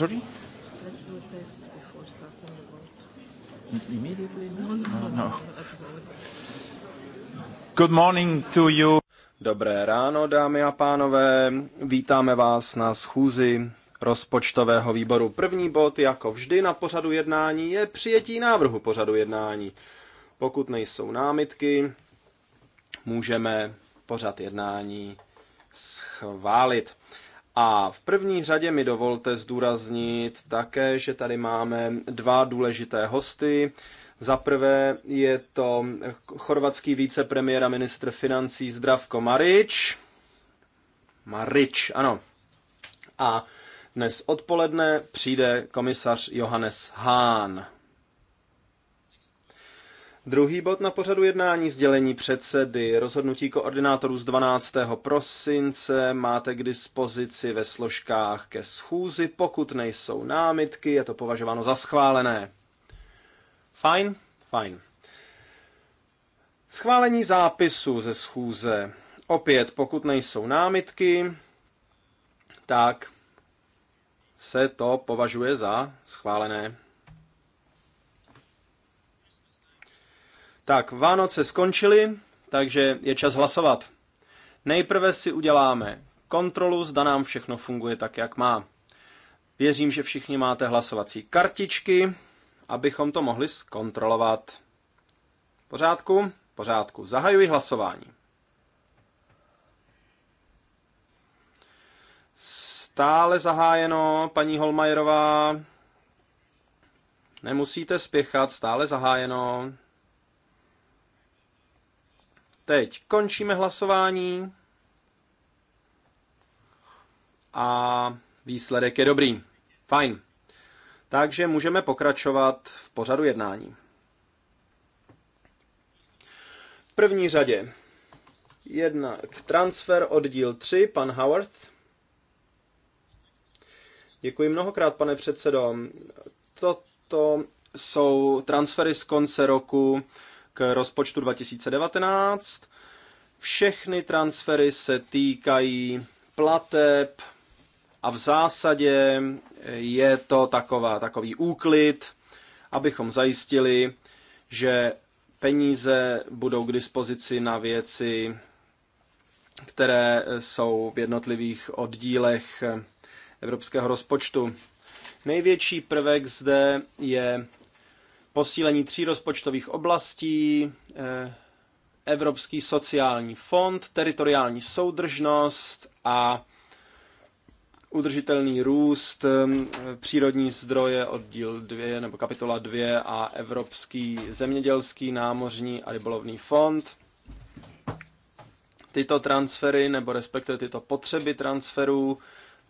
Sorry? Let's do a test before starting the vote. Immediately? No. no, no, no. no. Good morning to you. Dobré ráno, dámy a pánové. Vítáme vás na schůzi rozpočtového výboru. První bod, jako vždy na pořadu jednání, je přijetí návrhu pořadu jednání. Pokud nejsou námitky, můžeme pořad jednání schválit. A v první řadě mi dovolte zdůraznit také, že tady máme dva důležité hosty. Za prvé je to chorvatský vicepremiér a ministr financí Zdravko Marič. Marič, ano. A dnes odpoledne přijde komisař Johannes Hahn. Druhý bod na pořadu jednání sdělení předsedy. Rozhodnutí koordinátorů z 12. prosince máte k dispozici ve složkách ke schůzi. Pokud nejsou námitky, je to považováno za schválené. Fajn, fajn. Schválení zápisu ze schůze. Opět, pokud nejsou námitky, tak se to považuje za schválené. Tak, Vánoce skončily, takže je čas hlasovat. Nejprve si uděláme kontrolu, zda nám všechno funguje tak, jak má. Věřím, že všichni máte hlasovací kartičky, abychom to mohli zkontrolovat. Pořádku? Pořádku. Zahajuji hlasování. Stále zahájeno, paní Holmajerová. Nemusíte spěchat, stále zahájeno. Teď končíme hlasování a výsledek je dobrý. Fajn. Takže můžeme pokračovat v pořadu jednání. V první řadě jednak transfer oddíl 3, pan Howard. Děkuji mnohokrát, pane předsedo. Toto jsou transfery z konce roku rozpočtu 2019. Všechny transfery se týkají plateb a v zásadě je to taková, takový úklid, abychom zajistili, že peníze budou k dispozici na věci, které jsou v jednotlivých oddílech evropského rozpočtu. Největší prvek zde je posílení tří rozpočtových oblastí, eh, Evropský sociální fond, teritoriální soudržnost a udržitelný růst, eh, přírodní zdroje, oddíl 2 nebo kapitola 2 a Evropský zemědělský námořní a rybolovný fond. Tyto transfery, nebo respektive tyto potřeby transferů,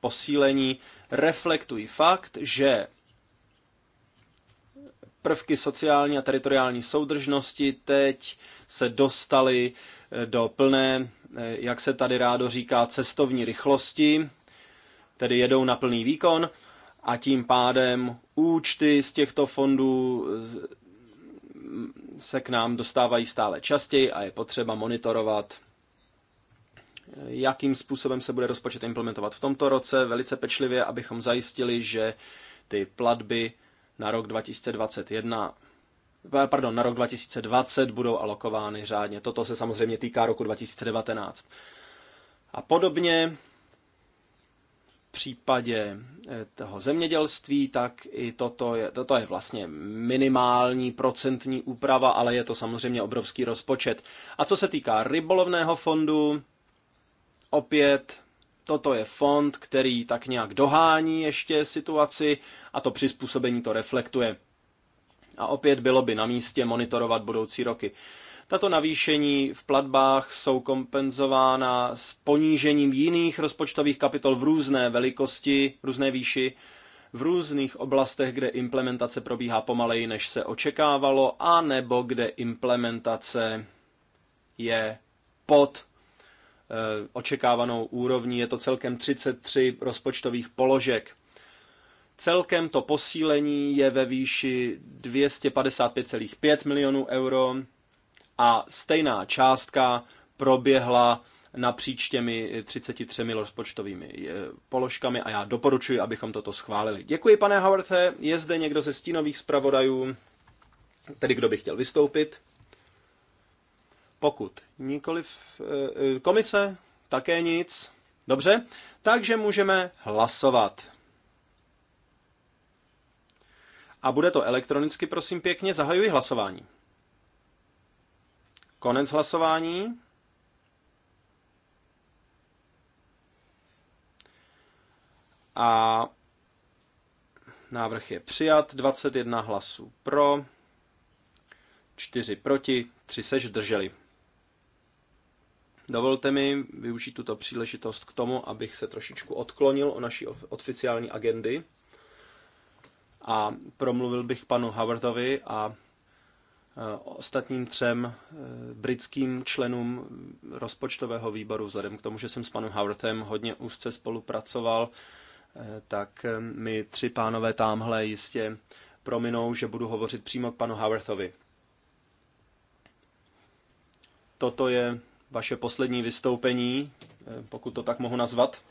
posílení, reflektují fakt, že prvky sociální a teritoriální soudržnosti teď se dostaly eh, do plné, eh, jak se tady rádo říká, cestovní rychlosti, tedy jedou na plný výkon a tím pádem účty z těchto fondů eh, se k nám dostávají stále častěji a je potřeba monitorovat, jakým způsobem se bude rozpočet implementovat v tomto roce, velice pečlivě, abychom zajistili, že ty platby na rok 2021 eh, pardon, na rok 2020 budou alokovány řádně. Toto se samozřejmě týká roku 2019. A podobně v případě eh, toho zemědělství, tak i toto je, toto je vlastně minimální procentní úprava, ale je to samozřejmě obrovský rozpočet. A co se týká rybolovného fondu, opět Toto je fond, který tak nějak dohání ještě situaci a to přizpůsobení to reflektuje. A opět bylo by na místě monitorovat budoucí roky. Tato navýšení v platbách jsou kompenzována s ponížením jiných rozpočtových kapitol v různé velikosti, v různé výši, v různých oblastech, kde implementace probíhá pomaleji, než se očekávalo, a nebo kde implementace je pod Eh, očekávanou úrovní. Je to celkem 33 rozpočtových položek. Celkem to posílení je ve výši 255,5 milionů euro a stejná částka proběhla napříč těmi 33 rozpočtovými eh, položkami a já doporučuji, abychom toto schválili. Děkuji, pane Howarthe. Je zde někdo ze stínových zpravodajů, tedy kdo by chtěl vystoupit? Pokud nikoliv eh, eh, komise, také nic. Dobře, takže můžeme hlasovat. A bude to elektronicky, prosím pěkně, zahajuji hlasování. Konec hlasování. A návrh je přijat, 21 hlasů pro, 4 proti, 3 se zdrželi. Dovolte mi využít tuto příležitost k tomu, abych se trošičku odklonil o naší oficiální agendy a promluvil bych panu Howardovi a e, ostatním třem e, britským členům rozpočtového výboru, vzhledem k tomu, že jsem s panem Howardem hodně úzce spolupracoval, e, tak mi tři pánové tamhle jistě prominou, že budu hovořit přímo k panu Howardovi. Toto je vaše poslední vystoupení, eh, pokud to tak mohu nazvat.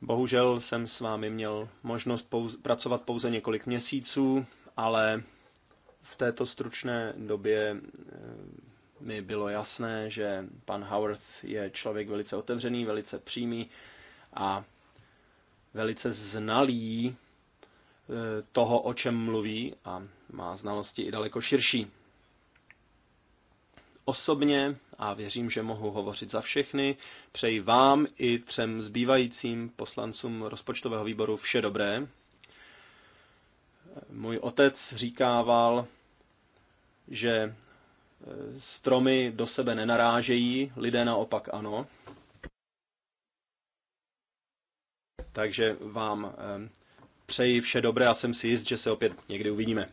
Bohužel jsem s vámi měl možnost pouz- pracovat pouze několik měsíců, ale v této stručné době eh, mi bylo jasné, že pan Howard je člověk velice otevřený, velice přímý a velice znalý eh, toho, o čem mluví a má znalosti i daleko širší osobně, a věřím, že mohu hovořit za všechny, přeji vám i třem zbývajícím poslancům rozpočtového výboru vše dobré. Můj otec říkával, že e, stromy do sebe nenarážejí, lidé naopak ano. Takže vám e, přeji vše dobré a jsem si jist, že se opět někdy uvidíme.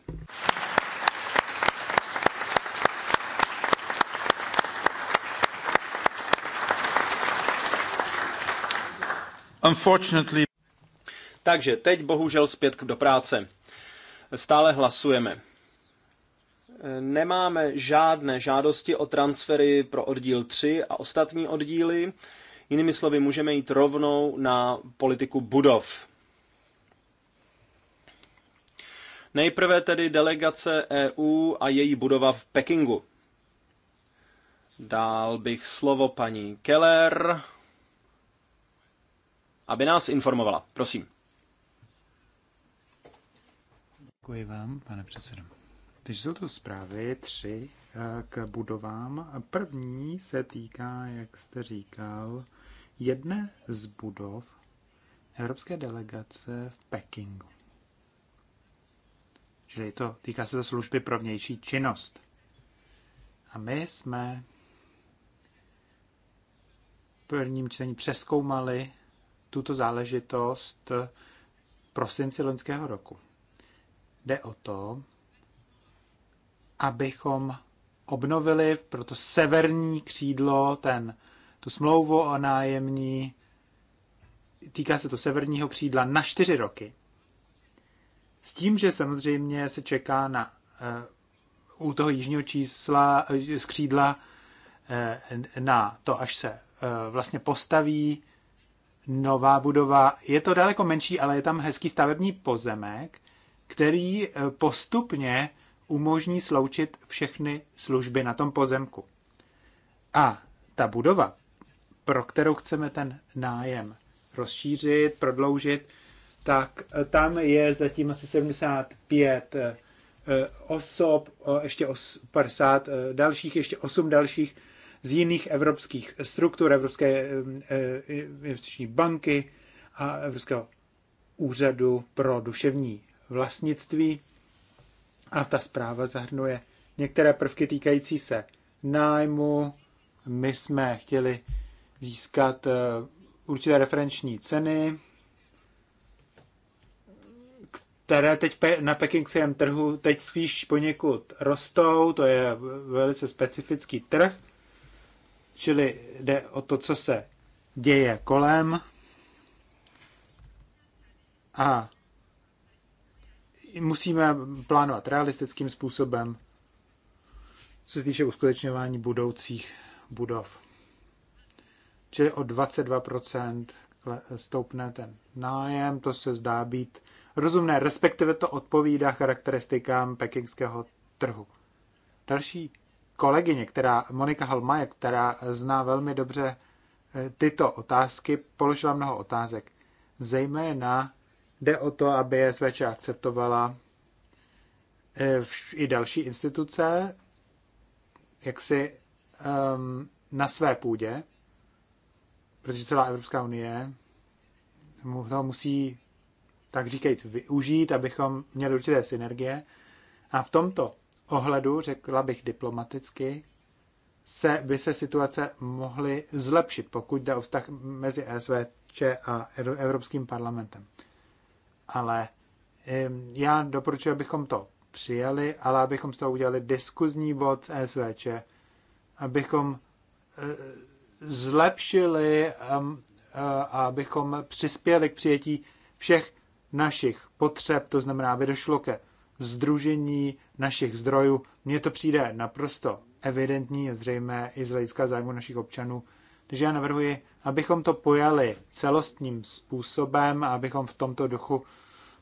Unfortunately... Takže teď bohužel zpět do práce. Stále hlasujeme. Nemáme žádné žádosti o transfery pro oddíl 3 a ostatní oddíly. Jinými slovy, můžeme jít rovnou na politiku budov. Nejprve tedy delegace EU a její budova v Pekingu. Dál bych slovo paní Keller aby nás informovala. Prosím. Děkuji vám, pane předsedo. Teď jsou to zprávy tři eh, k budovám. První se týká, jak jste říkal, jedné z budov Evropské delegace v Pekingu. Čili to, týká se to služby pro vnější činnost. A my jsme v prvním čtení přeskoumali tuto záležitost v prosinci loňského roku. Jde o to, abychom obnovili proto severní křídlo, ten, tu smlouvu o nájemní, týká se to severního křídla na čtyři roky. S tím, že samozřejmě se čeká na uh, u toho jižního čísla, uh, eh, skřídla uh, eh, na to, až se uh, vlastně postaví nová budova. Je to daleko menší, ale je tam hezký stavební pozemek, který e, postupně umožní sloučit všechny služby na tom pozemku. A ta budova, pro kterou chceme ten nájem rozšířit, prodloužit, tak e, tam je zatím asi 75 e, osob, ještě 50 dalších, ještě 8 dalších z jiných evropských struktur, Evropské eh, eh, investiční banky a Evropského úřadu pro duševní vlastnictví. A ta zpráva zahrnuje některé prvky týkající se nájmu. My jsme chtěli získat eh, určité referenční ceny, které teď na pekingském trhu teď spíš poněkud rostou, to je velice specifický trh, Čili jde o to, co se děje kolem a musíme plánovat realistickým způsobem, co se týče uskutečňování budoucích budov. Čili o 22% stoupne ten nájem, to se zdá být rozumné, respektive to odpovídá charakteristikám pekingského trhu. Další kolegyně, která, Monika Halmaje, která zná velmi dobře eh, tyto otázky, položila mnoho otázek. Zejména jde o to, aby SVČ akceptovala eh, i další instituce, jak si um, ehm, na své půdě, protože celá Evropská unie to musí, tak říkajíc, využít, abychom měli určité synergie. A v tomto ohledu, řekla bych diplomaticky, se, by se situace mohly zlepšit, pokud jde o vztah mezi SVČ a Evropským parlamentem. Ale já doporučuji, abychom to přijali, ale abychom z toho udělali diskuzní bod SVČ, abychom eh, zlepšili eh, a abychom přispěli k přijetí všech našich potřeb, to znamená, aby došlo ke združení našich zdrojů. Mně to přijde naprosto evidentní, zřejmé i z hlediska zájmu našich občanů. Takže já navrhuji, abychom to pojali celostním způsobem a abychom v tomto duchu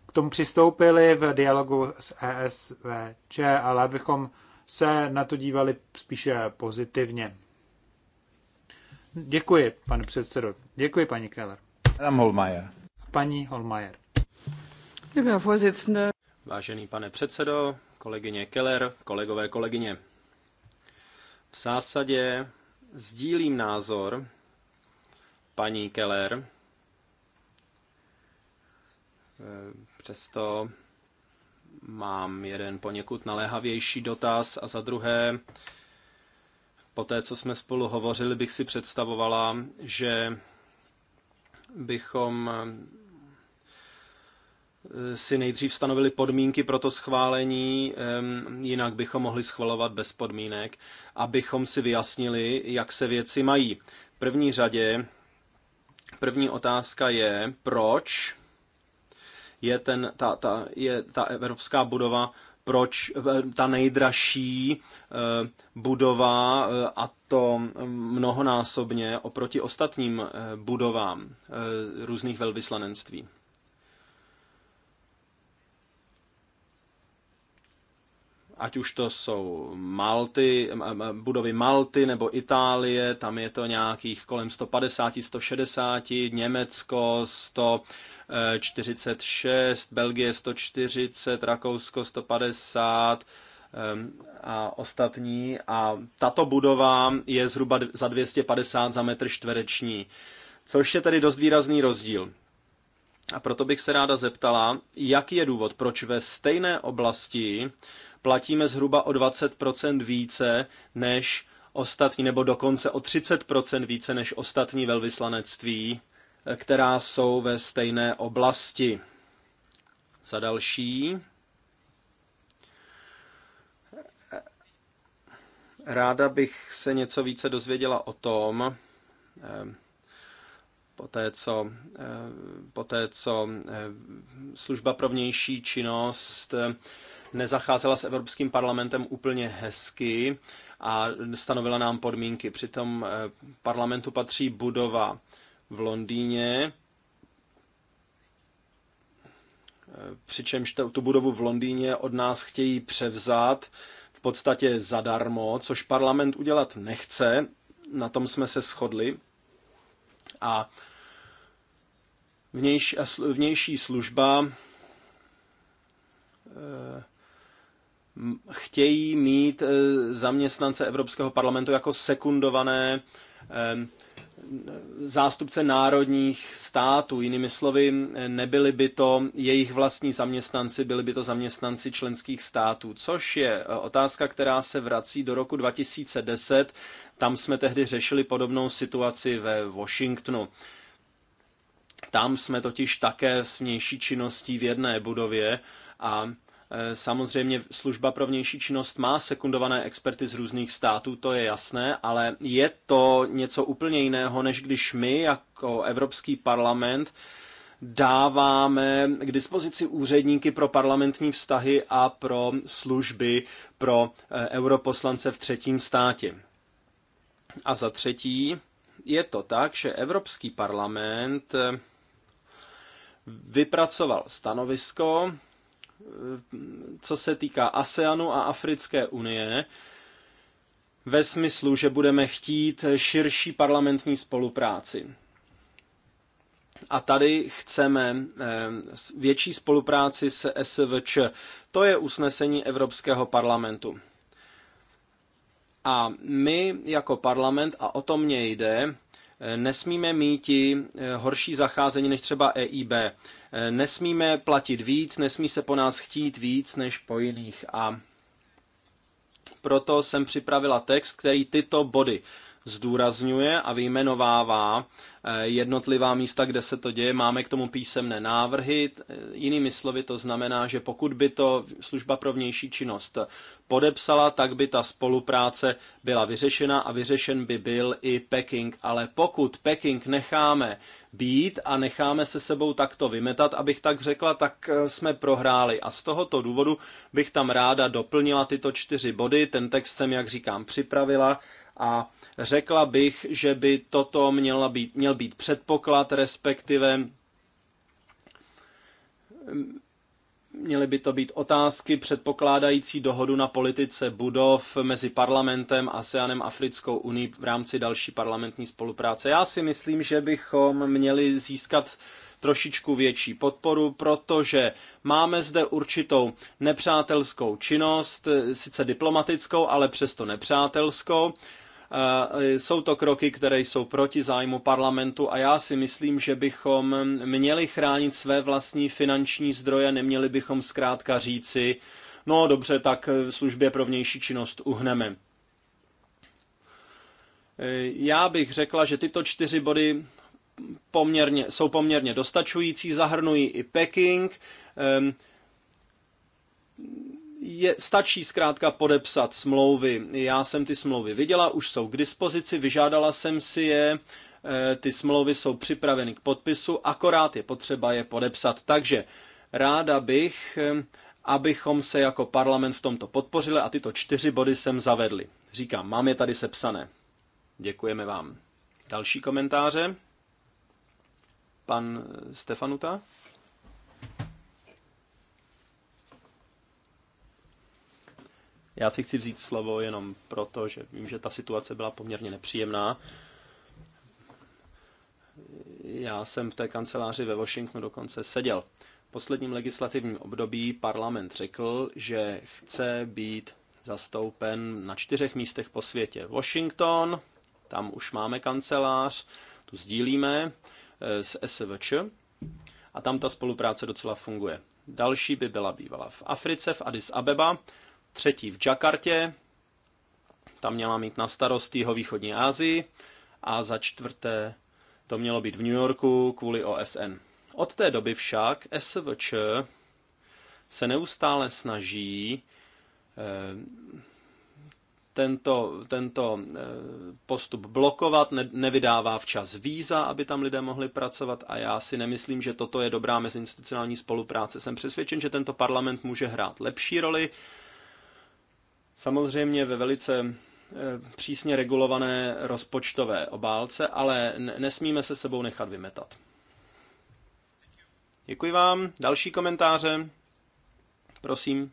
k tomu přistoupili v dialogu s ESVČ, ale abychom se na to dívali spíše pozitivně. Děkuji, pane předsedo. Děkuji, paní Keller. Adam Holmeier. Paní Holmeier. Vážený pane předsedo, kolegyně Keller, kolegové, kolegyně. V zásadě sdílím názor paní Keller, e, přesto mám jeden poněkud naléhavější dotaz a za druhé, po té, co jsme spolu hovořili, bych si představovala, že bychom Eh, si nejdřív stanovili podmínky pro to schválení, jinak bychom mohli schvalovat bez podmínek, abychom si vyjasnili, jak se věci mají. V první řadě, první otázka je, proč je, ten, ta, ta, je ta evropská budova proč eh, ta nejdražší eh, budova, a to mnohonásobně oproti ostatním budovám různých velvyslanectví. ať už to jsou Malty, budovy Malty nebo Itálie, tam je to nějakých kolem 150, 160, Německo 146, eh, Belgie 140, Rakousko 150 a ostatní. A tato budova je zhruba za 250 za metr čtvereční, což je tedy dost výrazný rozdíl. A proto bych se ráda zeptala, jaký je důvod, proč ve stejné oblasti platíme zhruba o 20% více než ostatní, nebo dokonce o 30% více než ostatní velvyslanectví, která jsou ve stejné oblasti. Za další. Ráda bych se něco více dozvěděla o tom, eh, poté co, eh, poté co eh, služba pro vnější činnost eh, nezacházela s Evropským parlamentem úplně hezky a stanovila nám podmínky. Přitom parlamentu patří budova v Londýně, přičemž tu budovu v Londýně od nás chtějí převzat v podstatě zadarmo, což parlament udělat nechce, na tom jsme se shodli. A vnější, služba eh, chtějí mít eh, zaměstnance Evropského parlamentu jako sekundované eh, zástupce národních států. Jinými slovy, nebyli by to jejich vlastní zaměstnanci, byli by to zaměstnanci členských států, což je eh, otázka, která se vrací do roku 2010. Tam jsme tehdy řešili podobnou situaci ve Washingtonu. Tam jsme totiž také s vnější činností v jedné budově a Eh, samozřejmě služba pro vnější činnost má sekundované experty z různých států, to je jasné, ale je to něco úplně jiného, než když my jako Evropský parlament dáváme k dispozici úředníky pro parlamentní vztahy a pro služby pro eh, europoslance v třetím státě. A za třetí je to tak, že Evropský parlament eh, vypracoval stanovisko, co se týká ASEANu a Africké unie, ve smyslu, že budeme chtít širší parlamentní spolupráci. A tady chceme eh, větší spolupráci s SVČ. To je usnesení Evropského parlamentu. A my jako parlament, a o to mě jde, eh, nesmíme mít eh, horší zacházení než třeba EIB. Nesmíme platit víc, nesmí se po nás chtít víc než po jiných. A proto jsem připravila text, který tyto body zdůrazňuje a vyjmenovává eh, jednotlivá místa, kde se to děje. Máme k tomu písemné návrhy. Eh, jinými slovy to znamená, že pokud by to služba pro vnější činnost podepsala, tak by ta spolupráce byla vyřešena a vyřešen by byl i Peking. Ale pokud Peking necháme být a necháme se sebou takto vymetat, abych tak řekla, tak eh, jsme prohráli. A z tohoto důvodu bych tam ráda doplnila tyto čtyři body. Ten text jsem, jak říkám, připravila a řekla bych, že by toto měla být, měl být předpoklad, respektive měly by to být otázky předpokládající dohodu na politice budov mezi parlamentem, ASEANem, Africkou unii v rámci další parlamentní spolupráce. Já si myslím, že bychom měli získat trošičku větší podporu, protože máme zde určitou nepřátelskou činnost, sice diplomatickou, ale přesto nepřátelskou, Eh, jsou to kroky, které jsou proti zájmu parlamentu a já si myslím, že bychom měli chránit své vlastní finanční zdroje, neměli bychom zkrátka říci, no dobře, tak v službě pro vnější činnost uhneme. Eh, já bych řekla, že tyto čtyři body poměrně, jsou poměrně dostačující, zahrnují i Peking. Ehm, je, stačí zkrátka podepsat smlouvy. Já jsem ty smlouvy viděla, už jsou k dispozici, vyžádala jsem si je, eh, ty smlouvy jsou připraveny k podpisu, akorát je potřeba je podepsat. Takže ráda bych, eh, abychom se jako parlament v tomto podpořili a tyto čtyři body jsem zavedli. Říkám, mám je tady sepsané. Děkujeme vám. Další komentáře? Pan Stefanuta? Já si chci vzít slovo jenom proto, že vím, že ta situace byla poměrně nepříjemná. Já jsem v té kanceláři ve Washingtonu dokonce seděl. V posledním legislativním období parlament řekl, že chce být zastoupen na čtyřech místech po světě. Washington, tam už máme kancelář, tu sdílíme eh, s SVČ a tam ta spolupráce docela funguje. Další by byla bývala v Africe, v Addis Abeba, třetí v Jakartě, tam měla mít na starost jeho východní Asii a za čtvrté to mělo být v New Yorku kvůli OSN. Od té doby však SVČ se neustále snaží eh, tento, tento eh, postup blokovat, nevydává včas víza, aby tam lidé mohli pracovat a já si nemyslím, že toto je dobrá mezinstitucionální spolupráce. Jsem přesvědčen, že tento parlament může hrát lepší roli, samozřejmě ve velice eh, přísně regulované rozpočtové obálce, ale nesmíme se sebou nechat vymetat. Děkuji vám. Další komentáře? Prosím.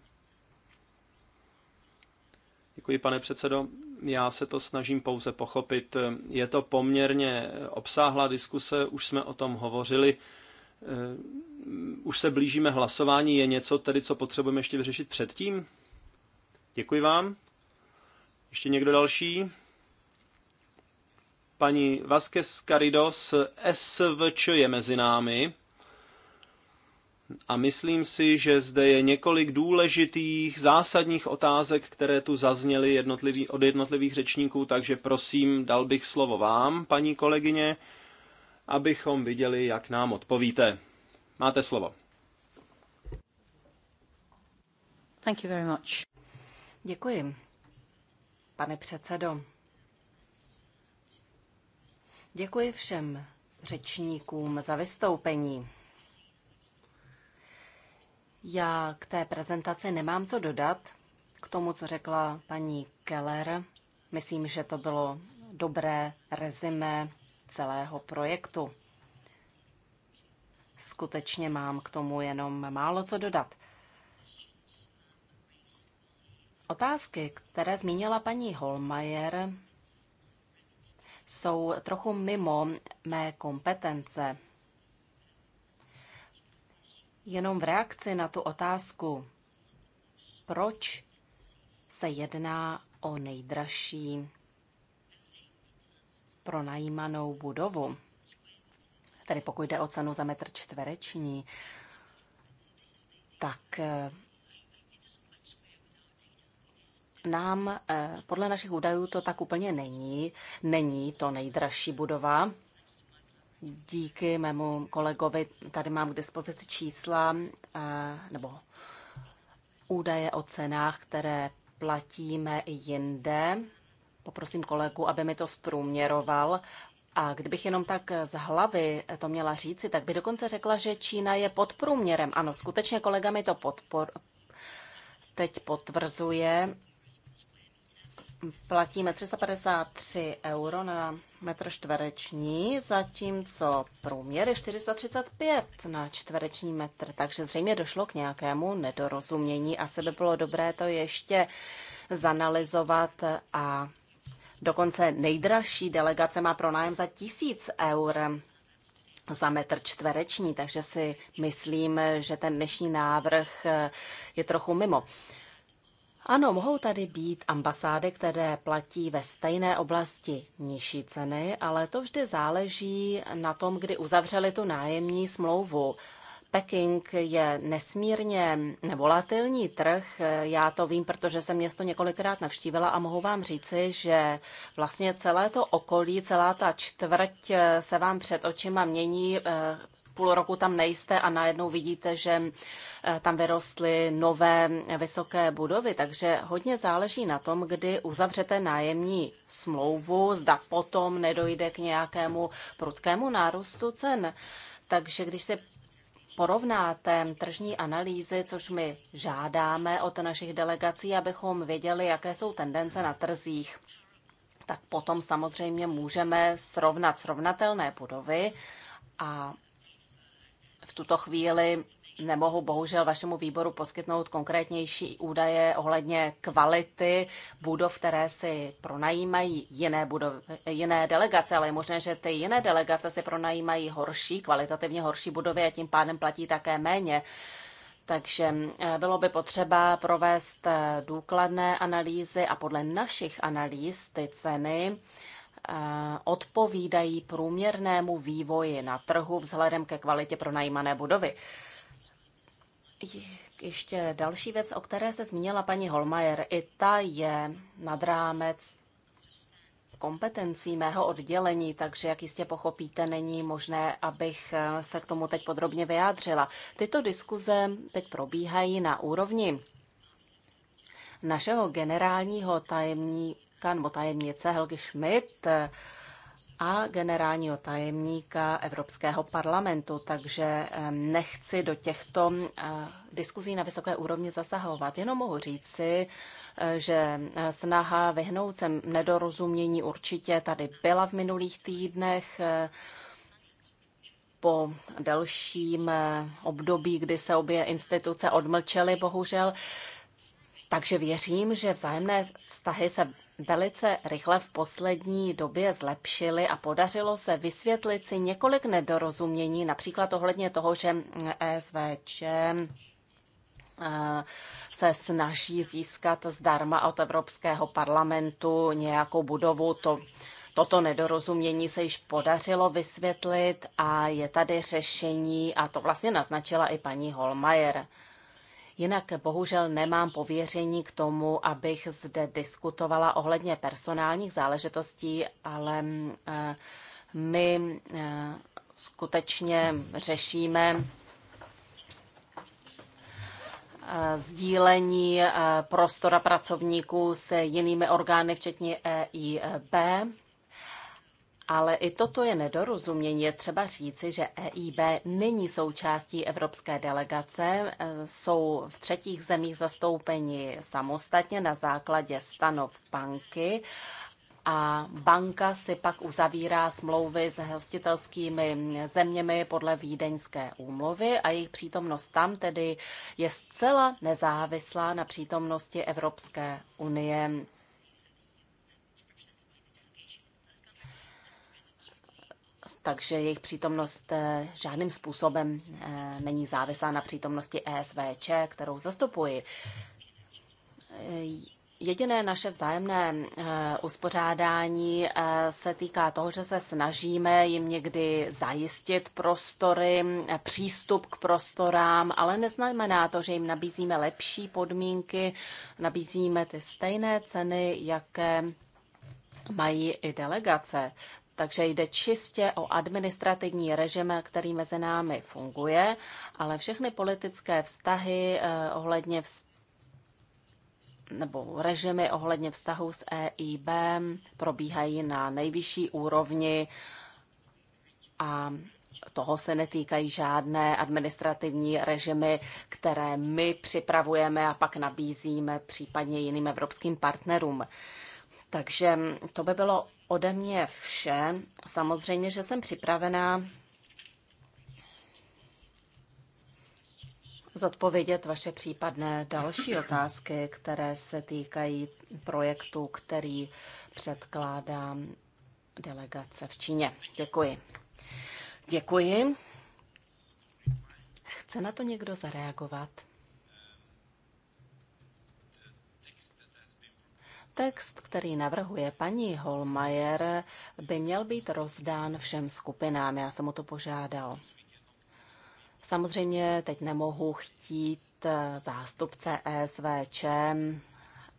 Děkuji, pane předsedo. Já se to snažím pouze pochopit. Je to poměrně eh, obsáhlá diskuse, už jsme o tom hovořili. Eh, už se blížíme hlasování. Je něco tedy, co potřebujeme ještě vyřešit předtím? Děkuji vám. Ještě někdo další? Paní Vasquez Carido z SVČ je mezi námi. A myslím si, že zde je několik důležitých, zásadních otázek, které tu zazněly jednotlivý, od jednotlivých řečníků, takže prosím, dal bych slovo vám, paní kolegyně, abychom viděli, jak nám odpovíte. Máte slovo. Thank you very much. Děkuji, pane předsedo. Děkuji všem řečníkům za vystoupení. Já k té prezentaci nemám co dodat, k tomu, co řekla paní Keller. Myslím, že to bylo dobré rezime celého projektu. Skutečně mám k tomu jenom málo co dodat. Otázky, které zmínila paní Holmajer, jsou trochu mimo mé kompetence. Jenom v reakci na tu otázku, proč se jedná o nejdražší pronajímanou budovu, tedy pokud jde o cenu za metr čtvereční, tak eh, nám, eh, podle našich údajů, to tak úplně není. Není to nejdražší budova. Díky mému kolegovi tady mám k dispozici čísla eh, nebo údaje o cenách, které platíme i jinde. Poprosím kolegu, aby mi to zprůměroval. A kdybych jenom tak z hlavy to měla říci, tak by dokonce řekla, že Čína je pod průměrem. Ano, skutečně kolega mi to podpor, teď potvrzuje, platíme 353 euro na metr čtvereční, zatímco průměr je 435 na čtvereční metr. Takže zřejmě došlo k nějakému nedorozumění. Asi by bylo dobré to ještě zanalizovat a dokonce nejdražší delegace má pronájem za 1000 eur za metr čtvereční, takže si myslím, že ten dnešní návrh je trochu mimo. Ano, mohou tady být ambasády, které platí ve stejné oblasti nižší ceny, ale to vždy záleží na tom, kdy uzavřeli tu nájemní smlouvu. Peking je nesmírně volatilní trh. Já to vím, protože jsem město několikrát navštívila a mohu vám říci, že vlastně celé to okolí, celá ta čtvrť se vám před očima mění eh, půl roku tam nejste a najednou vidíte, že eh, tam vyrostly nové vysoké budovy, takže hodně záleží na tom, kdy uzavřete nájemní smlouvu, zda potom nedojde k nějakému prudkému nárůstu cen. Takže když se porovnáte tržní analýzy, což my žádáme od našich delegací, abychom věděli, jaké jsou tendence na trzích, tak potom samozřejmě můžeme srovnat srovnatelné budovy a v tuto chvíli nemohu bohužel vašemu výboru poskytnout konkrétnější údaje ohledně kvality budov, které si pronajímají jiné, budov, jiné delegace, ale je možné, že ty jiné delegace si pronajímají horší, kvalitativně horší budovy a tím pádem platí také méně. Takže eh, bylo by potřeba provést eh, důkladné analýzy a podle našich analýz ty ceny odpovídají průměrnému vývoji na trhu vzhledem ke kvalitě pronajímané budovy. Ještě další věc, o které se zmínila paní Holmajer, i ta je nad rámec kompetencí mého oddělení, takže jak jistě pochopíte, není možné, abych e, se k tomu teď podrobně vyjádřila. Tyto diskuze teď probíhají na úrovni našeho generálního tajemní, tajemníka nebo tajemnice Helgi Schmidt a generálního tajemníka Evropského parlamentu, takže nechci do těchto diskuzí na vysoké úrovni zasahovat. Jenom mohu říci, že snaha vyhnout se nedorozumění určitě tady byla v minulých týdnech po delším období, kdy se obě instituce odmlčely, bohužel. Takže věřím, že vzájemné vztahy se velice rychle v poslední době zlepšily a podařilo se vysvětlit si několik nedorozumění, například ohledně toho, že ESVČ eh, se snaží získat zdarma od Evropského parlamentu nějakou budovu. To, toto nedorozumění se již podařilo vysvětlit a je tady řešení a to vlastně naznačila i paní Holmajer. Jinak bohužel nemám pověření k tomu, abych zde diskutovala ohledně personálních záležitostí, ale mm, eh, my eh, skutečně řešíme eh, sdílení prostora pracovníků s jinými orgány, včetně EIB. Ale i toto je nedorozumění. Je třeba říci, že EIB není součástí evropské delegace, e, jsou v třetích zemích zastoupeni samostatně na základě stanov banky a banka si pak uzavírá smlouvy s hostitelskými zeměmi podle Vídeňské úmluvy a jejich přítomnost tam tedy je zcela nezávislá na přítomnosti Evropské unie takže jejich přítomnost eh, žádným způsobem eh, není závislá na přítomnosti ESVČ, kterou zastupuji. Eh, jediné naše vzájemné uspořádání se týká toho, že se snažíme jim někdy zajistit prostory, přístup k prostorám, ale neznamená to, že jim nabízíme lepší podmínky, nabízíme ty stejné ceny, jaké mají i delegace. Takže jde čistě o administrativní režim, který mezi námi funguje, ale všechny politické vztahy eh, ohledně vz... nebo režimy ohledně vztahu s EIB probíhají na nejvyšší úrovni a toho se netýkají žádné administrativní režimy, které my připravujeme a pak nabízíme případně jiným evropským partnerům. Takže to by bylo ode mě vše. Samozřejmě, že jsem připravená zodpovědět vaše případné další otázky, které se týkají projektu, který předkládá delegace v Číně. Děkuji. Děkuji. Chce na to někdo zareagovat? Text, který navrhuje paní Holmajer, by měl být rozdán všem skupinám. Já jsem o to požádal. Samozřejmě teď nemohu chtít eh, zástupce ESVČ,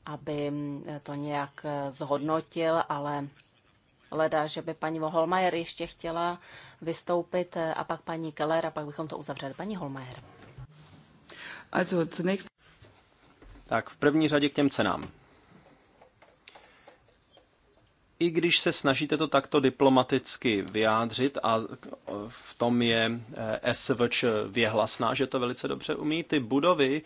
aby eh, to nějak eh, zhodnotil, ale leda, že by paní Holmajer ještě chtěla vystoupit a pak paní Keller a pak bychom to uzavřeli. Paní Holmajer. Also zunächst... Tak v první řadě k těm cenám i když se snažíte to takto diplomaticky vyjádřit a v tom je eh, SVČ věhlasná, že to velice dobře umí, ty budovy,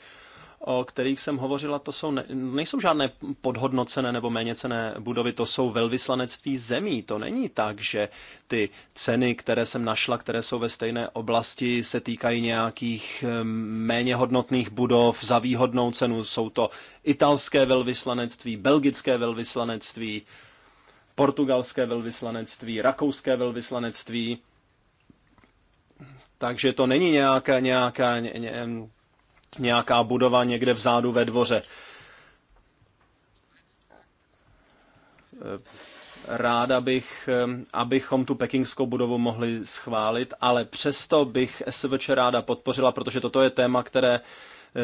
o kterých jsem hovořila, to jsou, ne, nejsou žádné podhodnocené nebo méněcené budovy, to jsou velvyslanectví zemí. To není tak, že ty ceny, které jsem našla, které jsou ve stejné oblasti, se týkají nějakých eh, méně hodnotných budov za výhodnou cenu. Jsou to italské velvyslanectví, belgické velvyslanectví, portugalské velvyslanectví, rakouské velvyslanectví. Takže to není nějaká, nějaká, ně, nějaká budova někde vzadu ve dvoře. Ráda bych, abychom tu pekingskou budovu mohli schválit, ale přesto bych SVČ ráda podpořila, protože toto je téma, které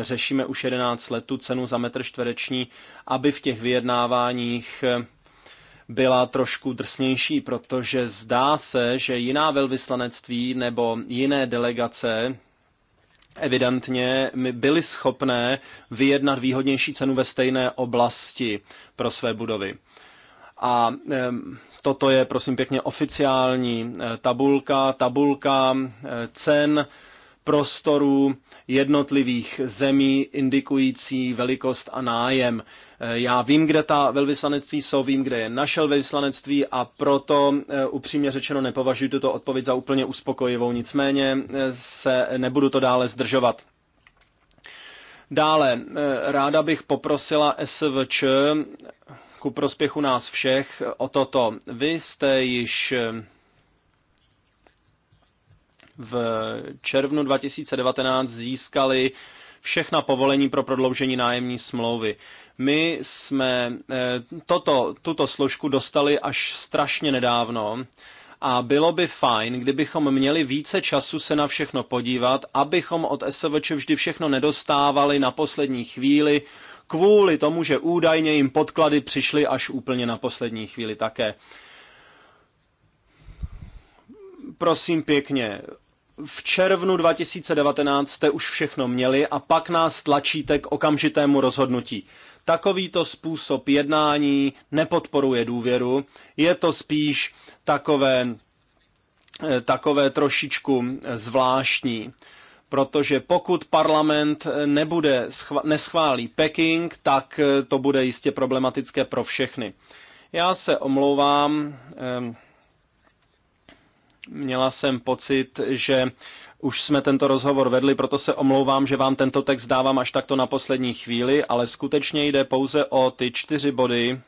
řešíme už 11 let, tu cenu za metr čtvereční, aby v těch vyjednáváních byla trošku drsnější, protože zdá se, že jiná velvyslanectví nebo jiné delegace evidentně byly schopné vyjednat výhodnější cenu ve stejné oblasti pro své budovy. A toto je, prosím pěkně, oficiální eh, tabulka, tabulka eh, cen prostorů jednotlivých zemí indikující velikost a nájem. Eh, já vím, kde ta velvyslanectví jsou, vím, kde je naše velvyslanectví a proto eh, upřímně řečeno nepovažuji tuto odpověď za úplně uspokojivou, nicméně eh, se nebudu to dále zdržovat. Dále, ráda bych poprosila SVČ ku prospěchu nás všech o toto. Vy jste již v červnu 2019 získali všechna povolení pro prodloužení nájemní smlouvy. My jsme eh, toto, tuto složku dostali až strašně nedávno a bylo by fajn, kdybychom měli více času se na všechno podívat, abychom od SVČ vždy všechno nedostávali na poslední chvíli, kvůli tomu, že údajně jim podklady přišly až úplně na poslední chvíli také prosím pěkně, v červnu 2019 jste už všechno měli a pak nás tlačíte k okamžitému rozhodnutí. Takovýto způsob jednání nepodporuje důvěru, je to spíš takové, eh, takové trošičku zvláštní protože pokud parlament eh, nebude, neschválí Peking, tak eh, to bude jistě problematické pro všechny. Já se omlouvám, Měla jsem pocit, že už jsme tento rozhovor vedli, proto se omlouvám, že vám tento text dávám až takto na poslední chvíli, ale skutečně jde pouze o ty čtyři body.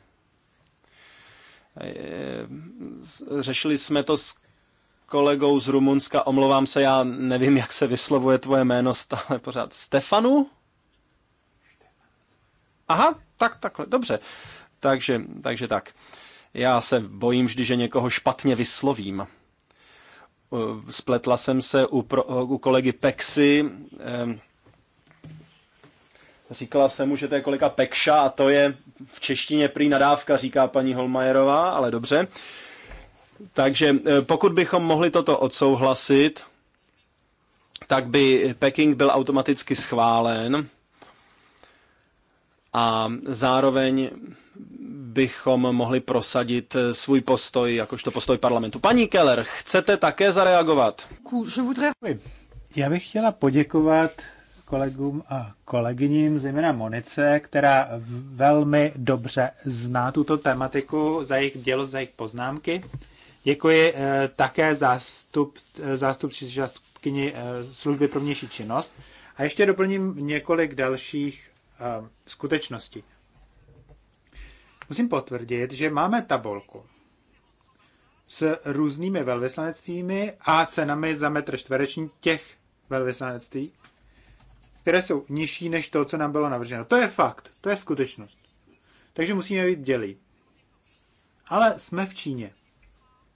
E, řešili jsme to s kolegou z Rumunska, omlouvám se, já nevím, jak se vyslovuje tvoje jméno stále pořád. Stefanu? Aha, tak, takhle, dobře. Takže, takže tak. Já se bojím vždy, že někoho špatně vyslovím. Eh, spletla jsem se u, pro, eh, u kolegy Pexy. Eh, říkala jsem mu, že to je kolega Pekša a to je v češtině prý nadávka, říká paní Holmajerová, ale dobře. Takže pokud bychom mohli toto odsouhlasit, tak by Peking byl automaticky schválen a zároveň bychom mohli prosadit eh, svůj postoj, jakožto postoj parlamentu. Paní Keller, chcete také zareagovat? Já bych chtěla poděkovat kolegům a kolegyním, zejména Monice, která velmi dobře zná tuto tematiku, za jejich dělo, za jejich poznámky. Děkuji eh, také zástup, zástupci eh, zástupkyni služby pro vnější činnost. A ještě doplním několik dalších skutečností. Musím potvrdit, že máme tabulku s různými velvyslanectvími a cenami za metr čtvereční těch velvyslanectví, které jsou nižší než to, co nám bylo navrženo. To je fakt, to je skutečnost. Takže musíme být dělí. Ale jsme v Číně.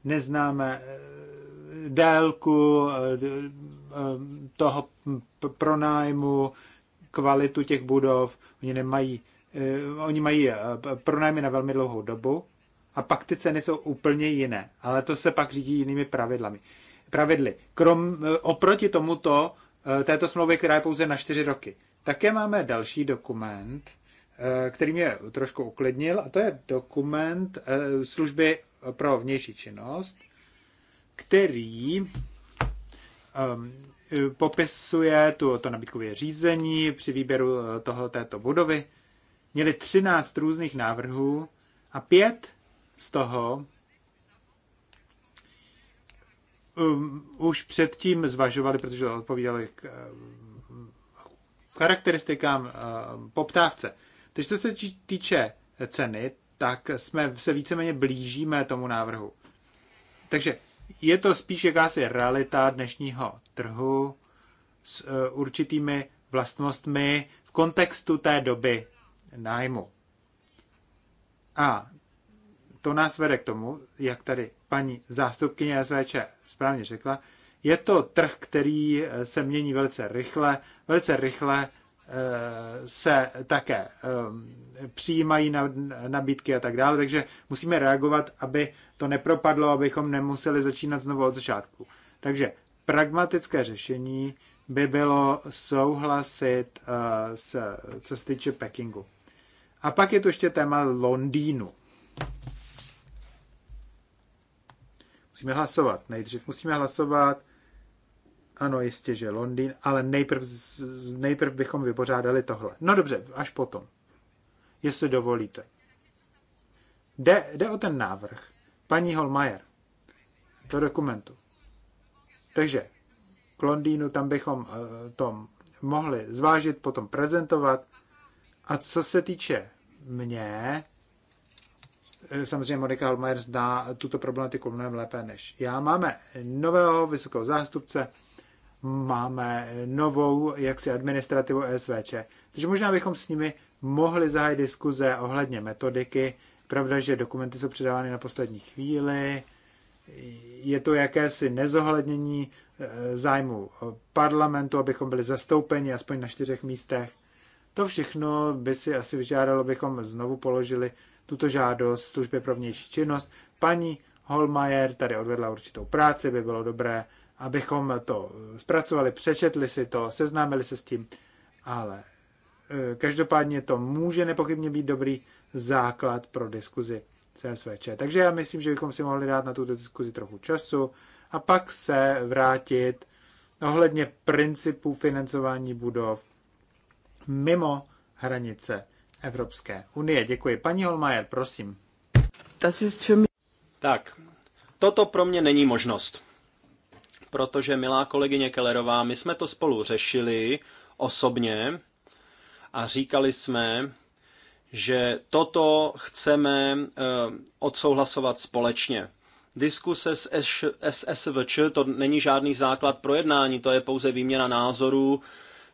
Neznáme eh, délku eh, eh, toho pronájmu, kvalitu těch budov. Oni nemají Eh, oni mají eh, pronájmy na velmi dlouhou dobu a pak ty ceny jsou úplně jiné, ale to se pak řídí jinými pravidlami. Pravidly. Krom, eh, oproti tomuto, této smlouvy, která je pouze na čtyři roky. Také máme další dokument, který mě trošku uklidnil, a to je dokument služby pro vnější činnost, který popisuje tu, to nabídkové řízení při výběru toho, této budovy měli 13 různých návrhů a pět z toho um, už předtím zvažovali, protože odpovídali k um, charakteristikám um, poptávce. Takže co se týče ceny, tak jsme se víceméně blížíme tomu návrhu. Takže je to spíš jakási realita dnešního trhu s uh, určitými vlastnostmi v kontextu té doby nájmu. A to nás vede k tomu, jak tady paní zástupkyně SVČ správně řekla, je to trh, který eh, se mění velice rychle, velice rychle eh, se také eh, přijímají nabídky a tak dále, takže musíme reagovat, aby to nepropadlo, abychom nemuseli začínat znovu od začátku. Takže pragmatické řešení by bylo souhlasit, s, co se týče Pekingu. A pak je to ještě téma Londýnu. Musíme hlasovat. Nejdřív musíme hlasovat. Ano, jistě, že Londýn, ale nejprv, nejprv bychom vypořádali tohle. No dobře, až potom. Jestli dovolíte. Jde, jde o ten návrh. Paní Holmajer. Do dokumentu. Takže k Londýnu tam bychom uh, tom mohli zvážit, potom prezentovat a co se týče mě, samozřejmě Monika Holmeier zná tuto problematiku mnohem lépe než já. Máme nového vysokého zástupce, máme novou jaksi administrativu SVČ. Takže možná bychom s nimi mohli zahájit diskuze ohledně metodiky. Pravda, že dokumenty jsou předávány na poslední chvíli. Je to jakési nezohlednění eh, zájmu eh, parlamentu, abychom byli zastoupeni aspoň na čtyřech místech. To všechno by si asi vyžádalo, abychom znovu položili tuto žádost služby pro vnější činnost. Paní Holmajer tady odvedla určitou práci, by bylo dobré, abychom to zpracovali, přečetli si to, seznámili se s tím, ale e, každopádně to může nepochybně být dobrý základ pro diskuzi CSVČ. Takže já myslím, že bychom si mohli dát na tuto diskuzi trochu času a pak se vrátit ohledně principů financování budov mimo hranice Evropské unie. Děkuji. Paní Holmajer, prosím. Tak, toto pro mě není možnost. Protože, milá kolegyně Kellerová, my jsme to spolu řešili osobně a říkali jsme, že toto chceme eh, odsouhlasovat společně. Diskuse s SSVČ to není žádný základ pro jednání, to je pouze výměna názorů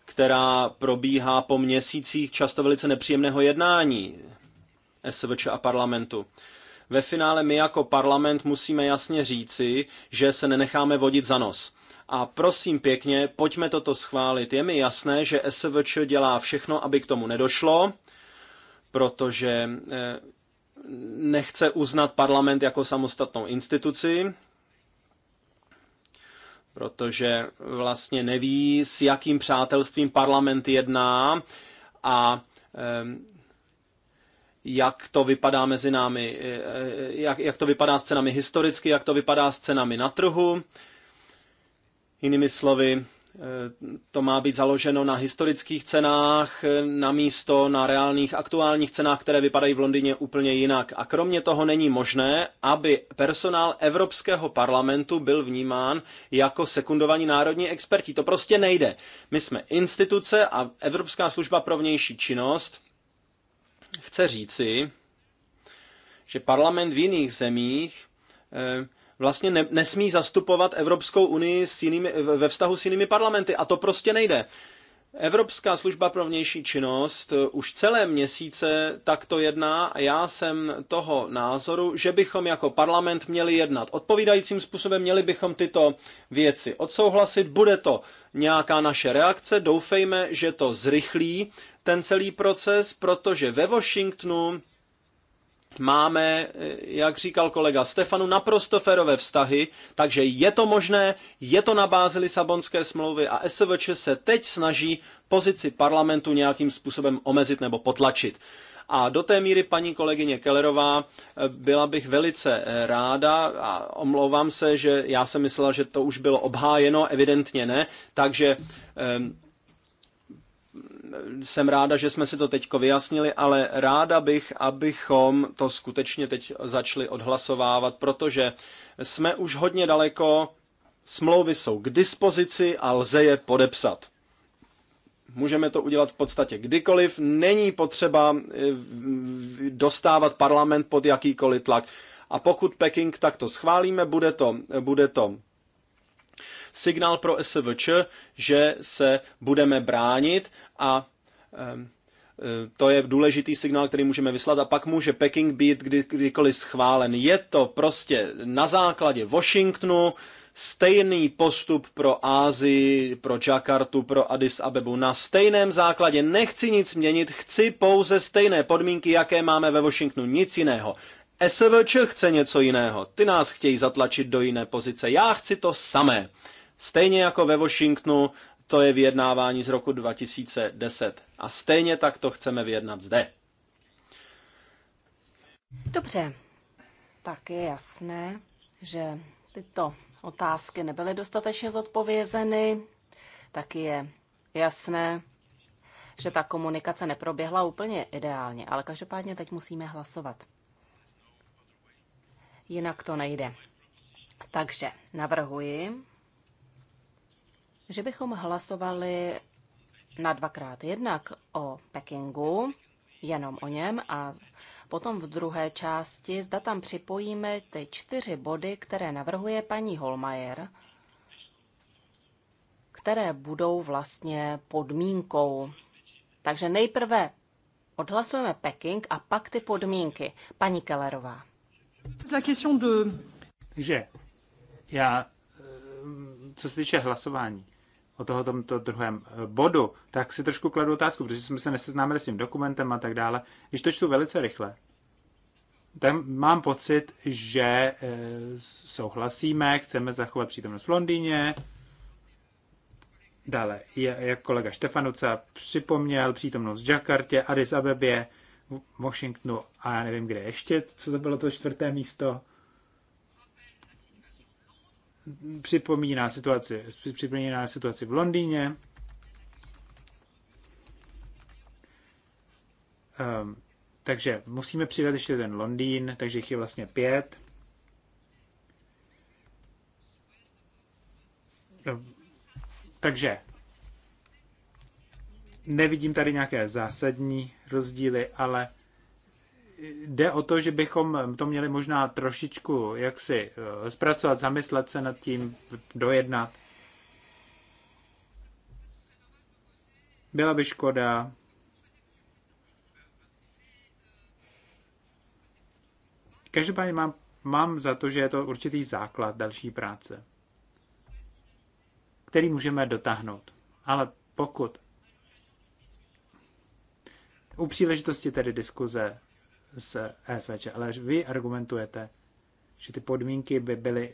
která probíhá po měsících často velice nepříjemného jednání SVČ a parlamentu. Ve finále my jako parlament musíme jasně říci, že se nenecháme vodit za nos. A prosím pěkně, pojďme toto schválit. Je mi jasné, že SVČ dělá všechno, aby k tomu nedošlo, protože eh, nechce uznat parlament jako samostatnou instituci, protože vlastně neví, s jakým přátelstvím parlament jedná a jak to vypadá mezi námi, eh, jak, jak to vypadá s cenami historicky, jak to vypadá s cenami na trhu. Jinými slovy, Eh, to má být založeno na historických cenách, eh, na místo na reálných aktuálních cenách, které vypadají v Londýně úplně jinak. A kromě toho není možné, aby personál Evropského parlamentu byl vnímán jako sekundovaní národní experti. To prostě nejde. My jsme instituce a Evropská služba pro vnější činnost chce říci, že parlament v jiných zemích eh, vlastně ne, nesmí zastupovat Evropskou unii s jinými, ve vztahu s jinými parlamenty. A to prostě nejde. Evropská služba pro vnější činnost eh, už celé měsíce takto jedná a já jsem toho názoru, že bychom jako parlament měli jednat odpovídajícím způsobem, měli bychom tyto věci odsouhlasit. Bude to nějaká naše reakce, doufejme, že to zrychlí ten celý proces, protože ve Washingtonu máme, eh, jak říkal kolega Stefanu, naprosto férové vztahy, takže je to možné, je to na bázi Lisabonské smlouvy a SVČ se teď snaží pozici parlamentu nějakým způsobem omezit nebo potlačit. A do té míry paní kolegyně Kellerová eh, byla bych velice eh, ráda a omlouvám se, že já jsem myslela, že to už bylo obhájeno, evidentně ne, takže jsem ráda, že jsme si to teďko vyjasnili, ale ráda bych, abychom to skutečně teď začali odhlasovávat, protože jsme už hodně daleko, smlouvy jsou k dispozici a lze je podepsat. Můžeme to udělat v podstatě kdykoliv, není potřeba eh, dostávat parlament pod jakýkoliv tlak. A pokud Peking takto schválíme, bude to, bude to signál pro SVČ, že se budeme bránit a e, to je důležitý signál, který můžeme vyslat a pak může Peking být kdy, kdykoliv schválen. Je to prostě na základě Washingtonu stejný postup pro Ázii, pro Jakartu, pro Addis Abebu. Na stejném základě nechci nic měnit, chci pouze stejné podmínky, jaké máme ve Washingtonu, nic jiného. SVČ chce něco jiného, ty nás chtějí zatlačit do jiné pozice, já chci to samé. Stejně jako ve Washingtonu, to je vyjednávání z roku 2010. A stejně tak to chceme vyjednat zde. Dobře, tak je jasné, že tyto otázky nebyly dostatečně zodpovězeny, tak je jasné, že ta komunikace neproběhla úplně ideálně, ale každopádně teď musíme hlasovat. Jinak to nejde. Takže navrhuji, že bychom hlasovali na dvakrát. Jednak o Pekingu, jenom o něm a potom v druhé části, zda tam připojíme ty čtyři body, které navrhuje paní Holmajer, které budou vlastně podmínkou. Takže nejprve odhlasujeme Peking a pak ty podmínky. Paní Kellerová. Takže já, eh, co se týče hlasování, o toho tomto druhém bodu, tak si trošku kladu otázku, protože jsme se neseznámili s tím dokumentem a tak dále. Když to čtu velice rychle, tam mám pocit, že e, souhlasíme, chceme zachovat přítomnost v Londýně. Dále, jak kolega Štefanuca připomněl, přítomnost v Jakartě, Addis Abebě, Washingtonu a já nevím, kde ještě, co to bylo to čtvrté místo připomíná situaci, připomíná situaci v Londýně. Um, takže musíme přidat ještě ten Londýn, takže jich je vlastně pět. Ehm, takže nevidím tady nějaké zásadní rozdíly, ale jde o to, že bychom to měli možná trošičku jaksi eh, zpracovat, zamyslet se nad tím, dojednat. Byla by škoda. Každopádně mám, mám za to, že je to určitý základ další práce, který můžeme dotáhnout. Ale pokud u příležitosti tedy diskuze z ESVČ, ale vy argumentujete, že ty podmínky by byly,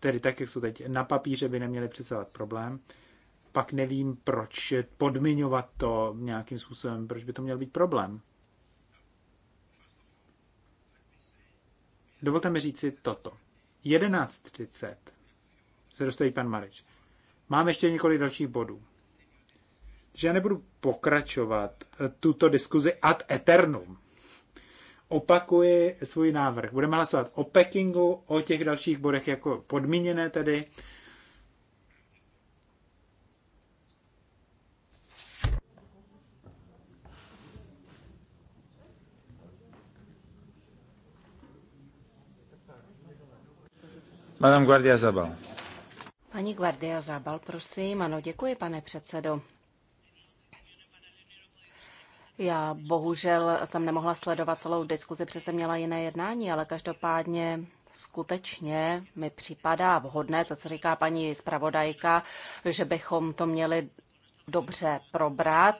tedy tak, jak jsou teď, na papíře by neměly představovat problém, pak nevím, proč podmiňovat to nějakým způsobem, proč by to měl být problém. Dovolte mi říct si toto. 11.30 se dostaví pan Marič. Mám ještě několik dalších bodů. Že já nebudu pokračovat tuto diskuzi ad eternum opakuji svůj návrh. Budeme hlasovat o Pekingu, o těch dalších bodech jako podmíněné tedy. Madame Guardia Zabal. Paní Guardia Zabal, prosím. Ano, děkuji, pane předsedo. Já bohužel jsem nemohla sledovat celou diskuzi, protože jsem měla jiné jednání, ale každopádně skutečně mi připadá vhodné to, co říká paní zpravodajka, že bychom to měli dobře probrat,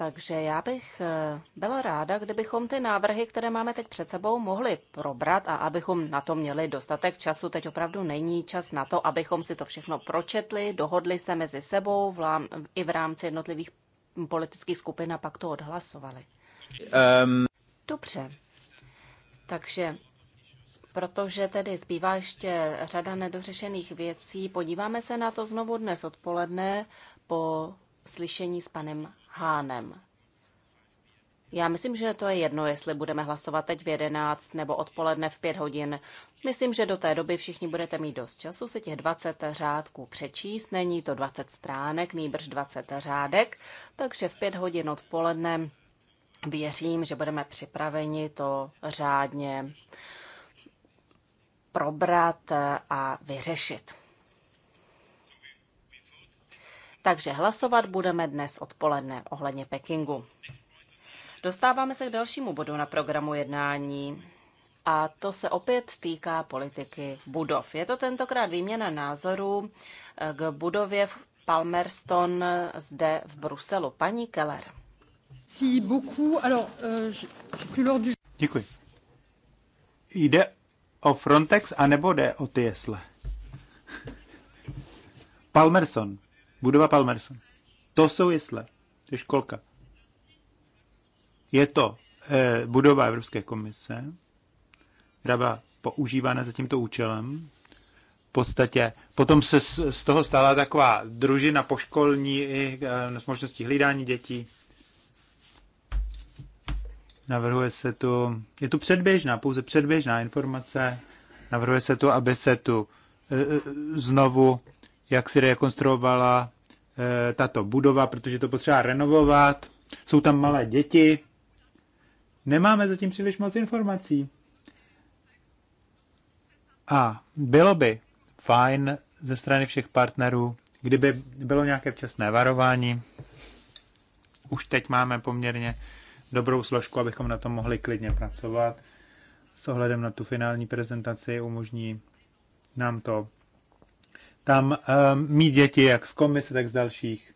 takže já bych eh, byla ráda, kdybychom ty návrhy, které máme teď před sebou, mohli probrat a abychom na to měli dostatek času. Teď opravdu není čas na to, abychom si to všechno pročetli, dohodli se mezi sebou lám, i v rámci jednotlivých politických skupin a pak to odhlasovali. Um... Dobře. Takže protože tedy zbývá ještě řada nedořešených věcí, podíváme se na to znovu dnes odpoledne po slyšení s panem Hánem. Já myslím, že to je jedno, jestli budeme hlasovat teď v 11 nebo odpoledne v 5 hodin. Myslím, že do té doby všichni budete mít dost času se těch 20 řádků přečíst. Není to 20 stránek, nýbrž 20 řádek, takže v 5 hodin odpoledne věřím, že budeme připraveni to řádně probrat a vyřešit. takže hlasovat budeme dnes odpoledne ohledně Pekingu. Dostáváme se k dalšímu bodu na programu jednání a to se opět týká politiky budov. Je to tentokrát výměna názorů eh, k budově v Palmerston zde v Bruselu. Paní Keller. Euh, Děkuji. Jde o Frontex anebo jde o ty jesle? Palmerson. Budova Palmerson. To jsou jesle. To je školka. Je to eh, budova Evropské komise, která byla používána za tímto účelem. V podstatě potom se z, z toho stala taková družina poškolní i eh, s možností hlídání dětí. Navrhuje se tu, je tu předběžná, pouze předběžná informace. Navrhuje se tu, aby se tu eh, eh, znovu jak si rekonstruovala eh, tato budova, protože to potřeba renovovat. Jsou tam malé děti. Nemáme zatím příliš moc informací. A bylo by fajn ze strany všech partnerů, kdyby bylo nějaké včasné varování. Už teď máme poměrně dobrou složku, abychom na tom mohli klidně pracovat. S ohledem na tu finální prezentaci umožní nám to tam mít ehm, děti jak z komise, tak z dalších,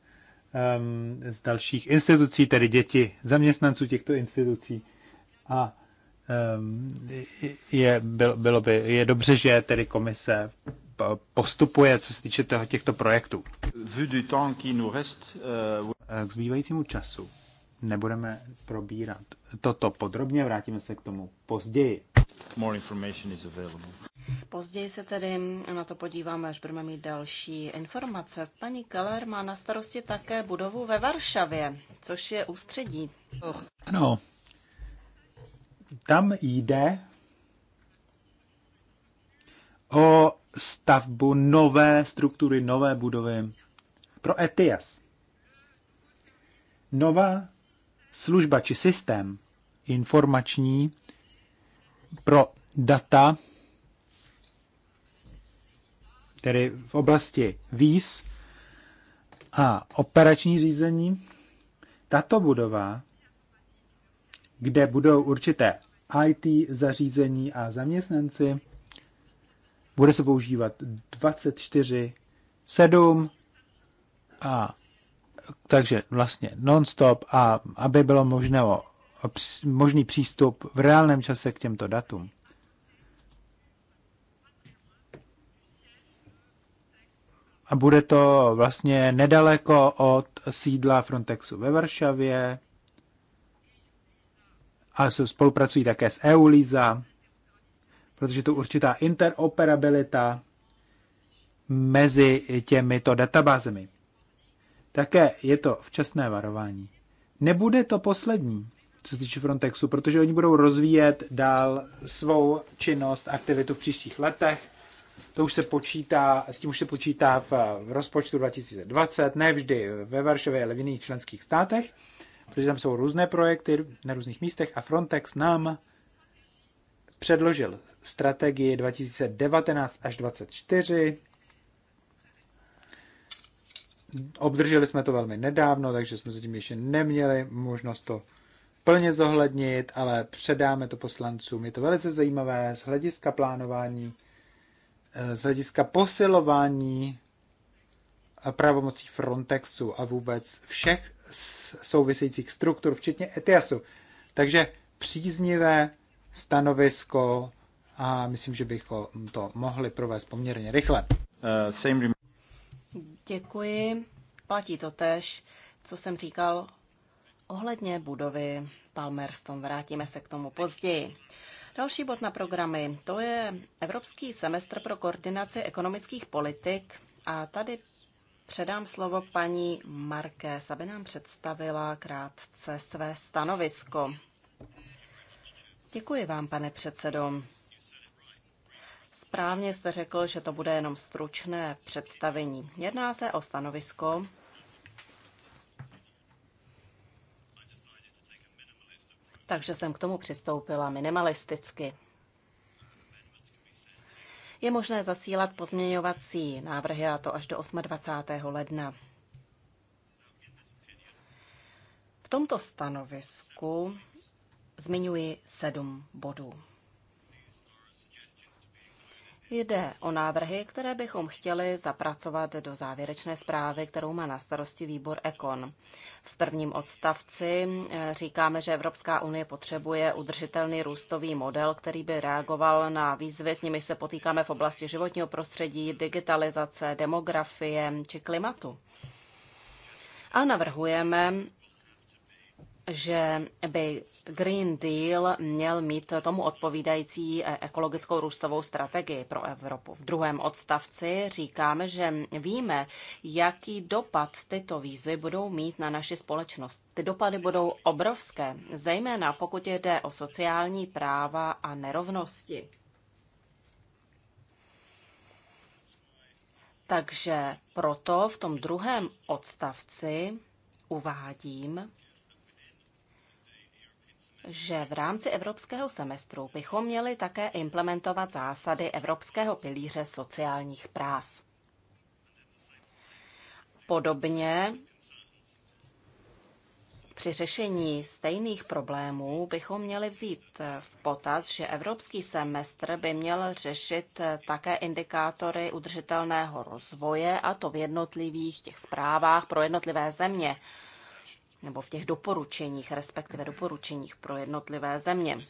ehm, z dalších institucí, tedy děti zaměstnanců těchto institucí. A ehm, je, bylo, bylo by, je dobře, že tedy komise postupuje, co se týče toho, těchto projektů. Euh, k zbývajícímu času nebudeme probírat toto podrobně, vrátíme se k tomu později. More information is available. Později se tedy na to podíváme, až budeme mít další informace. Paní Keller má na starosti také budovu ve Varšavě, což je ústředí. Ano, tam jde o stavbu nové struktury, nové budovy pro ETIAS. Nová služba či systém informační pro data tedy v oblasti výz a operační řízení, tato budova, kde budou určité IT zařízení a zaměstnanci, bude se používat 24 7 a takže vlastně non-stop a aby bylo možné, možný přístup v reálném čase k těmto datům. A bude to vlastně nedaleko od sídla Frontexu ve Varšavě. A spolupracují také s EULISA, protože tu určitá interoperabilita mezi těmito databázemi. Také je to včasné varování. Nebude to poslední, co se týče Frontexu, protože oni budou rozvíjet dál svou činnost, aktivitu v příštích letech to už se počítá, s tím už se počítá v, v rozpočtu 2020, ne vždy ve Varšavě, ale v jiných členských státech, protože tam jsou různé projekty na různých místech a Frontex nám předložil strategii 2019 až 2024. Obdrželi jsme to velmi nedávno, takže jsme zatím ještě neměli možnost to plně zohlednit, ale předáme to poslancům. Je to velice zajímavé z hlediska plánování z hlediska posilování pravomocí Frontexu a vůbec všech souvisejících struktur, včetně ETIASu. Takže příznivé stanovisko a myslím, že bychom to mohli provést poměrně rychle. Děkuji. Platí to tež, co jsem říkal ohledně budovy Palmerston. Vrátíme se k tomu později. Další bod na programy, to je Evropský semestr pro koordinaci ekonomických politik a tady předám slovo paní Marké, aby nám představila krátce své stanovisko. Děkuji vám, pane předsedo. Správně jste řekl, že to bude jenom stručné představení. Jedná se o stanovisko, takže jsem k tomu přistoupila minimalisticky. Je možné zasílat pozměňovací návrhy, a to až do 28. ledna. V tomto stanovisku zmiňuji sedm bodů. Jde o návrhy, které bychom chtěli zapracovat do závěrečné zprávy, kterou má na starosti výbor Ekon. V prvním odstavci eh, říkáme, že Evropská unie potřebuje udržitelný růstový model, který by reagoval na výzvy, s nimi se potýkáme v oblasti životního prostředí, digitalizace, demografie či klimatu. A navrhujeme že by Green Deal měl mít tomu odpovídající e- ekologickou růstovou strategii pro Evropu. V druhém odstavci říkáme, že víme, jaký dopad tyto výzvy budou mít na naši společnost. Ty dopady budou obrovské, zejména pokud jde o sociální práva a nerovnosti. Takže proto v tom druhém odstavci uvádím, že v rámci evropského semestru bychom měli také implementovat zásady Evropského pilíře sociálních práv. Podobně při řešení stejných problémů bychom měli vzít v potaz, že evropský semestr by měl řešit také indikátory udržitelného rozvoje, a to v jednotlivých těch zprávách pro jednotlivé země nebo v těch doporučeních, respektive doporučeních pro jednotlivé země.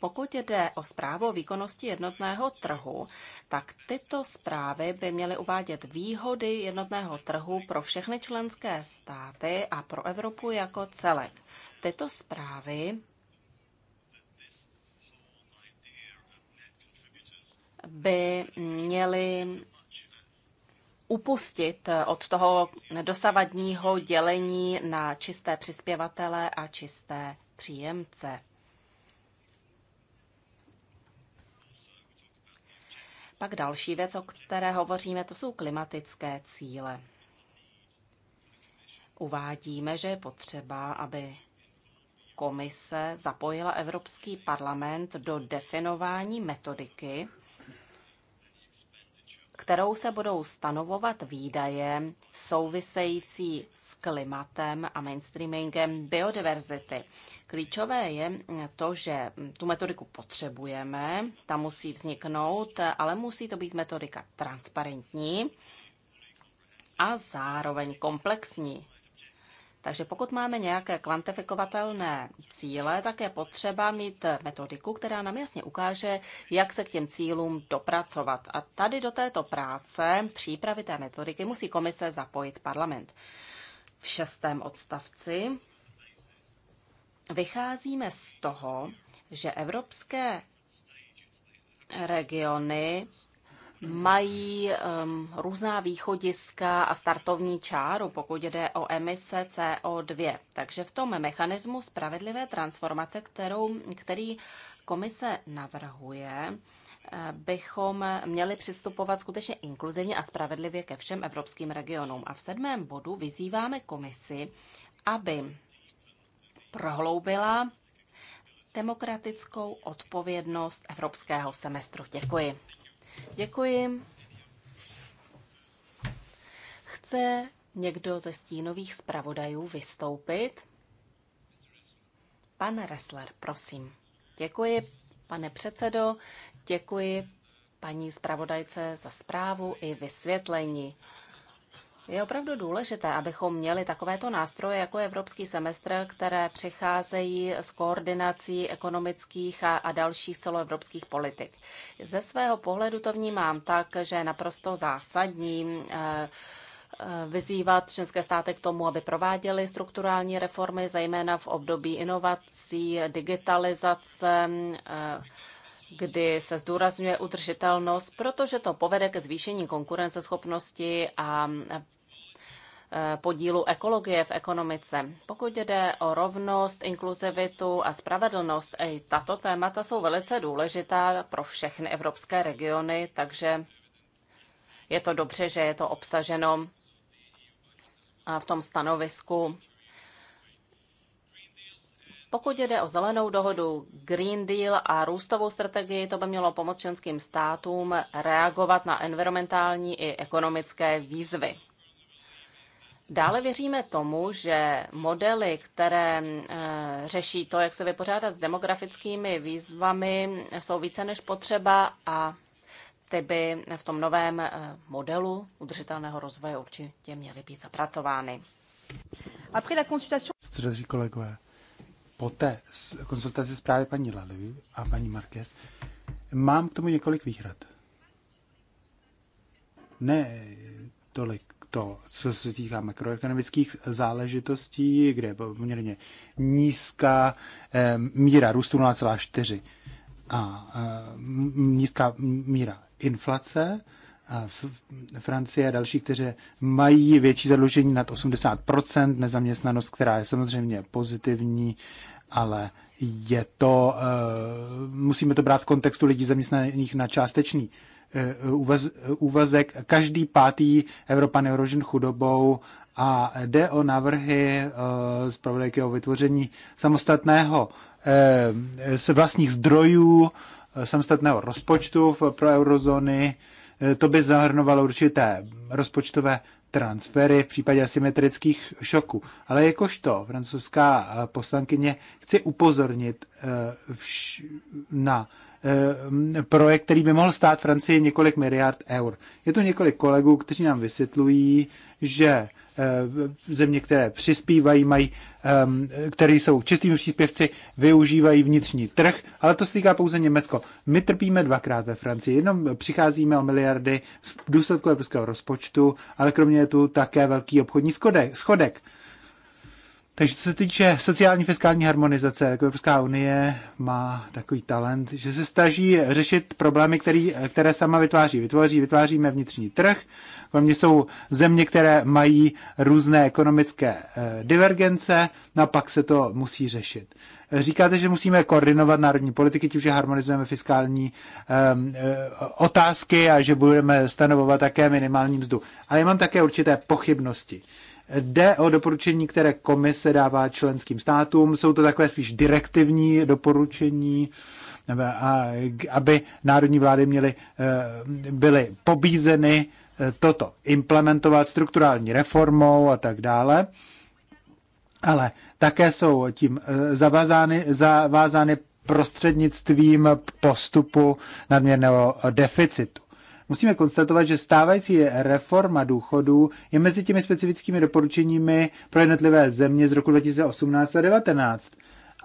Pokud jde o zprávu o výkonnosti jednotného trhu, tak tyto zprávy by měly uvádět výhody jednotného trhu pro všechny členské státy a pro Evropu jako celek. Tyto zprávy by měly upustit eh, od toho dosavadního dělení na čisté přispěvatele a čisté příjemce. Pak další věc, o které hovoříme, to jsou klimatické cíle. Uvádíme, že je potřeba, aby komise zapojila Evropský parlament do definování metodiky, kterou se budou stanovovat výdaje související s klimatem a mainstreamingem biodiverzity. Klíčové je to, že tu metodiku potřebujeme, ta musí vzniknout, ale musí to být metodika transparentní a zároveň komplexní. Takže pokud máme nějaké kvantifikovatelné cíle, tak je potřeba mít metodiku, která nám jasně ukáže, jak se k těm cílům dopracovat. A tady do této práce přípravy té metodiky musí komise zapojit parlament. V šestém odstavci vycházíme z toho, že evropské regiony mají um, různá východiska a startovní čáru, pokud jde o emise CO2. Takže v tom mechanismu spravedlivé transformace, kterou, který komise navrhuje, eh, bychom měli přistupovat skutečně inkluzivně a spravedlivě ke všem evropským regionům. A v sedmém bodu vyzýváme komisi, aby prohloubila demokratickou odpovědnost evropského semestru. Děkuji. Děkuji. Chce někdo ze stínových zpravodajů vystoupit? Pan Ressler, prosím. Děkuji, pane předsedo, děkuji paní zpravodajce za zprávu i vysvětlení. Je opravdu důležité, abychom měli takovéto nástroje, jako je evropský semestr, které přicházejí s koordinací ekonomických a, a dalších celoevropských politik. Ze svého pohledu to vnímám tak, že je naprosto zásadní eh, eh, vyzývat členské státy k tomu, aby prováděly strukturální reformy, zejména v období inovací, digitalizace, eh, kdy se zdůrazňuje udržitelnost, protože to povede ke zvýšení konkurenceschopnosti a Eh, podílu ekologie v ekonomice. Pokud jde o rovnost, inkluzivitu a spravedlnost, i tato témata jsou velice důležitá pro všechny evropské regiony, takže je to dobře, že je to obsaženo v tom stanovisku. Pokud jde o zelenou dohodu Green Deal a růstovou strategii, to by mělo pomoct členským státům reagovat na environmentální i ekonomické výzvy. Dále věříme tomu, že modely, které e, řeší to, jak se vypořádat s demografickými výzvami, jsou více než potřeba a ty by v tom novém e, modelu udržitelného rozvoje určitě měly být zapracovány. při la consultation... Drzí kolegové, po té konsultaci zprávy paní Lalivy a paní Marquez mám k tomu několik výhrad. Ne tolik to, co se týká makroekonomických záležitostí, kde je poměrně nízká eh, míra růstu 0,4 a eh, nízká míra inflace. A Francie a další, kteří mají větší zadlužení nad 80%, nezaměstnanost, která je samozřejmě pozitivní, ale je to, eh, musíme to brát v kontextu lidí zaměstnaných na částečný úvaz, eh, úvazek. Každý pátý Evropan je ohrožen chudobou a jde o návrhy eh, z o vytvoření samostatného eh, z vlastních zdrojů, samostatného rozpočtu pro eurozóny. To by zahrnovalo určité rozpočtové transfery v případě asymetrických šoků. Ale jakožto francouzská poslankyně chci upozornit na Eh, projekt, který by mohl stát Francii několik miliard eur. Je to několik kolegů, kteří nám vysvětlují, že eh, země, které přispívají, mají, eh, které jsou čistými příspěvci, využívají vnitřní trh, ale to se týká pouze Německo. My trpíme dvakrát ve Francii, jenom přicházíme o miliardy v důsledku evropského rozpočtu, ale kromě je tu také velký obchodní schodek. Takže co se týče sociální fiskální harmonizace, jako Evropská unie má takový talent, že se snaží řešit problémy, který, které sama vytváří. vytváří, vytváříme vnitřní trh, kromě jsou země, které mají různé ekonomické eh, divergence, no a pak se to musí řešit. Říkáte, že musíme koordinovat národní politiky, tím, že harmonizujeme fiskální um, otázky a že budeme stanovovat také minimální mzdu. Ale já mám také určité pochybnosti. Jde o doporučení, které komise dává členským státům. Jsou to takové spíš direktivní doporučení, aby národní vlády měly, eh, byly pobízeny eh, toto implementovat strukturální reformou a tak dále. Ale také jsou tím eh, zavázány, zavázány prostřednictvím postupu nadměrného deficitu musíme konstatovat, že stávající reforma důchodů je mezi těmi specifickými doporučeními pro jednotlivé země z roku 2018 a 2019.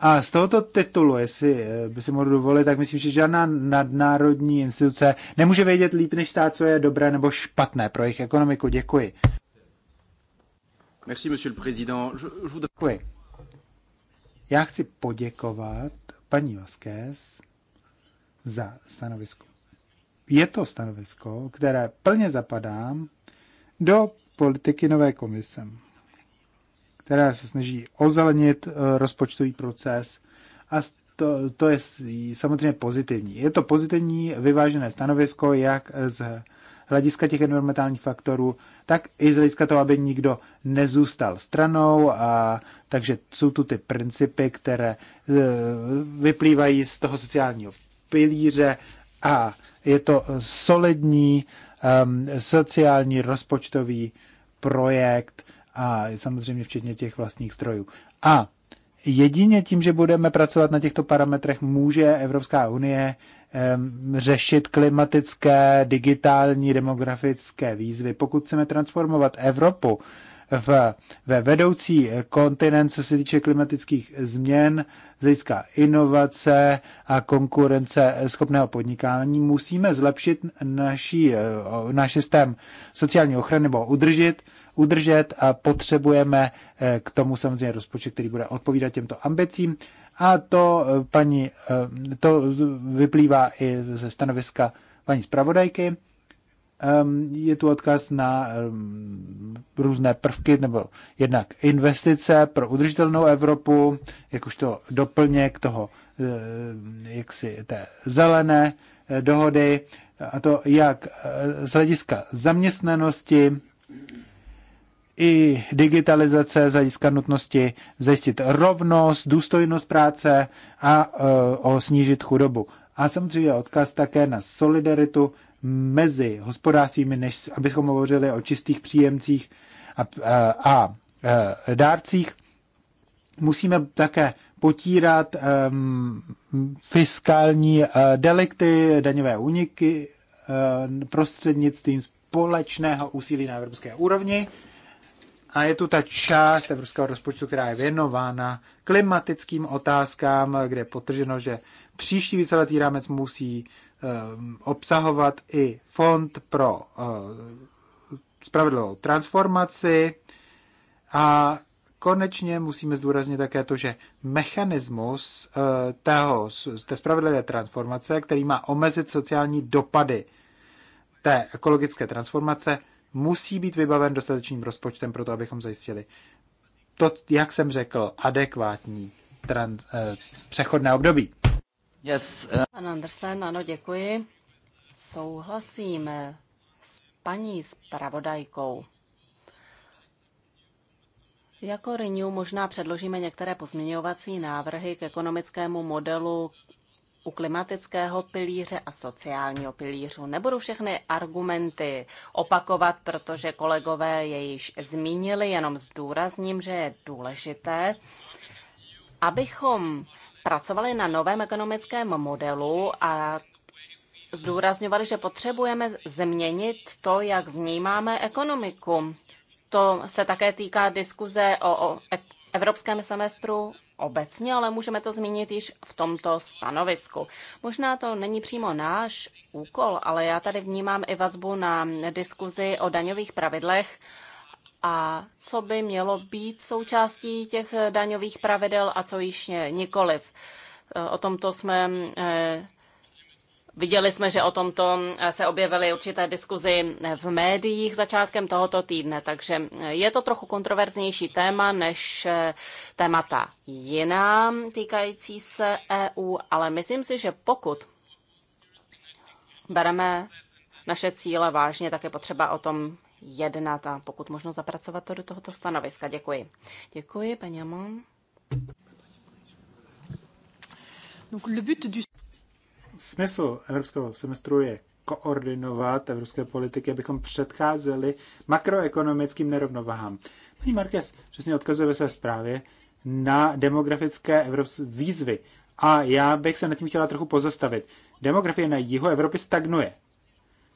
A z tohoto titulu, jestli eh, by si mohl dovolit, tak myslím, že žádná nadnárodní instituce nemůže vědět líp než stát, co je dobré nebo špatné pro jejich ekonomiku. Děkuji. Merci, monsieur le président. Je, je... Děkuji. Já chci poděkovat paní Vasquez za stanovisko je to stanovisko, které plně zapadá do politiky nové komise, která se snaží ozelenit eh, rozpočtový proces a to, to je samozřejmě pozitivní. Je to pozitivní vyvážené stanovisko, jak z hlediska těch environmentálních faktorů, tak i z hlediska toho, aby nikdo nezůstal stranou. A, takže jsou tu ty principy, které eh, vyplývají z toho sociálního pilíře a je to solidní um, sociální rozpočtový projekt a samozřejmě včetně těch vlastních strojů. A jedině tím, že budeme pracovat na těchto parametrech, může Evropská unie um, řešit klimatické, digitální, demografické výzvy. Pokud chceme transformovat Evropu, v, ve vedoucí kontinent, co se týče klimatických změn, získá inovace a konkurence schopného podnikání, musíme zlepšit naší, náš systém sociální ochrany nebo udržet, udržet a potřebujeme eh, k tomu samozřejmě rozpočet, který bude odpovídat těmto ambicím. A to, eh, paní, eh, to vyplývá i ze stanoviska paní zpravodajky. Ehm, je tu odkaz na ehm, různé prvky nebo jednak investice pro udržitelnou Evropu, jakožto doplněk toho ehm, jaksi té zelené eh, dohody, a to jak eh, z hlediska zaměstnanosti, i digitalizace z hlediska nutnosti zajistit rovnost, důstojnost práce a eh, o snížit chudobu. A samozřejmě odkaz také na solidaritu mezi hospodářstvími, než abychom hovořili o čistých příjemcích a, a, a e, dárcích. Musíme také potírat um, fiskální uh, delikty, daňové úniky uh, prostřednictvím společného úsilí na evropské úrovni. A je tu ta část evropského rozpočtu, která je věnována klimatickým otázkám, kde je potrženo, že příští víceletý rámec musí Ehm, obsahovat i fond pro eh, spravedlivou transformaci a konečně musíme zdůraznit také to, že mechanismus eh, tého, té spravedlivé transformace, který má omezit sociální dopady té ekologické transformace, musí být vybaven dostatečným rozpočtem pro to, abychom zajistili to, jak jsem řekl, adekvátní tran, eh, přechodné období. Yes. Uh, Pan Andersen, ano, děkuji. Souhlasím s paní zpravodajkou. Jako Renew možná předložíme některé pozměňovací návrhy k ekonomickému modelu u klimatického pilíře a sociálního pilířu. Nebudu všechny argumenty opakovat, protože kolegové je již zmínili, jenom zdůrazním, že je důležité, abychom pracovali na novém ekonomickém modelu a zdůrazňovali, že potřebujeme změnit to, jak vnímáme ekonomiku. To se také týká diskuze o, o e- evropském semestru obecně, ale můžeme to zmínit již v tomto stanovisku. Možná to není přímo náš úkol, ale já tady vnímám i vazbu na diskuzi o daňových pravidlech a co by mělo být součástí těch daňových pravidel a co již nikoliv. E, o tomto jsme e, Viděli jsme, že o tomto se objevily určité diskuzi v médiích začátkem tohoto týdne, takže je to trochu kontroverznější téma než e, témata jiná týkající se EU, ale myslím si, že pokud bereme naše cíle vážně, tak je potřeba o tom jednat a pokud možno zapracovat to do tohoto stanoviska. Děkuji. Děkuji, paní Amon. Smysl evropského semestru je koordinovat evropské politiky, abychom předcházeli makroekonomickým nerovnovahám. Paní Marquez přesně odkazuje ve své zprávě na demografické výzvy. A já bych se nad tím chtěla trochu pozastavit. Demografie na jihu Evropy stagnuje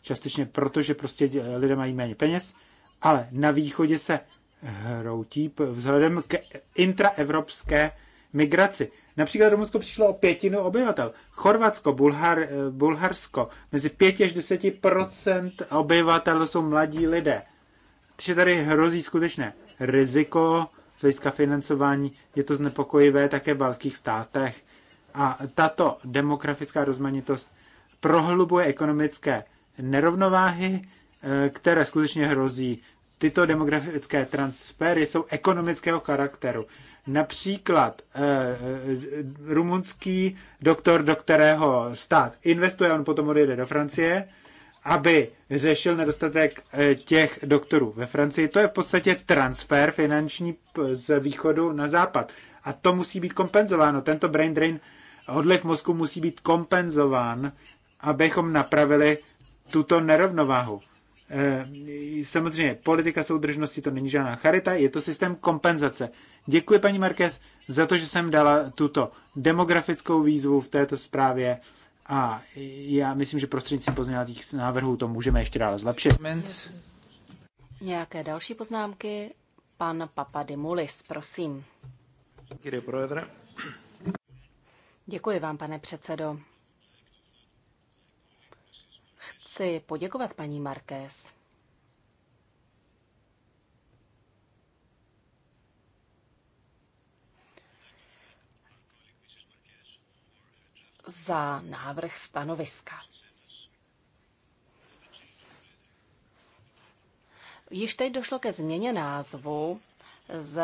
částečně proto, že prostě lidé mají méně peněz, ale na východě se hroutí vzhledem k intraevropské migraci. Například Rumunsko přišlo o pětinu obyvatel. Chorvatsko, Bulhar, eh, Bulharsko, mezi 5 až 10 obyvatel jsou mladí lidé. Takže tady hrozí skutečné riziko z hlediska financování. Je to znepokojivé také v balských státech. A tato demografická rozmanitost prohlubuje ekonomické nerovnováhy, eh, které skutečně hrozí. Tyto demografické transfery jsou ekonomického charakteru. Například eh, eh, rumunský doktor, do kterého stát investuje, on potom odjede do Francie, aby řešil nedostatek těch doktorů ve Francii. To je v podstatě transfer finanční z východu na západ. A to musí být kompenzováno. Tento brain drain, odliv mozku musí být kompenzován, abychom napravili tuto nerovnováhu. Eh, samozřejmě, politika soudržnosti to není žádná charita, je to systém kompenzace. Děkuji, paní Marquez, za to, že jsem dala tuto demografickou výzvu v této zprávě a já myslím, že prostřednictvím pozměňovacích návrhů to můžeme ještě dále zlepšit. Nějaké další poznámky? Pan Papadimulis, prosím. Děkuji vám, pane předsedo chci poděkovat paní Marquez. za návrh stanoviska. Již teď došlo ke změně názvu z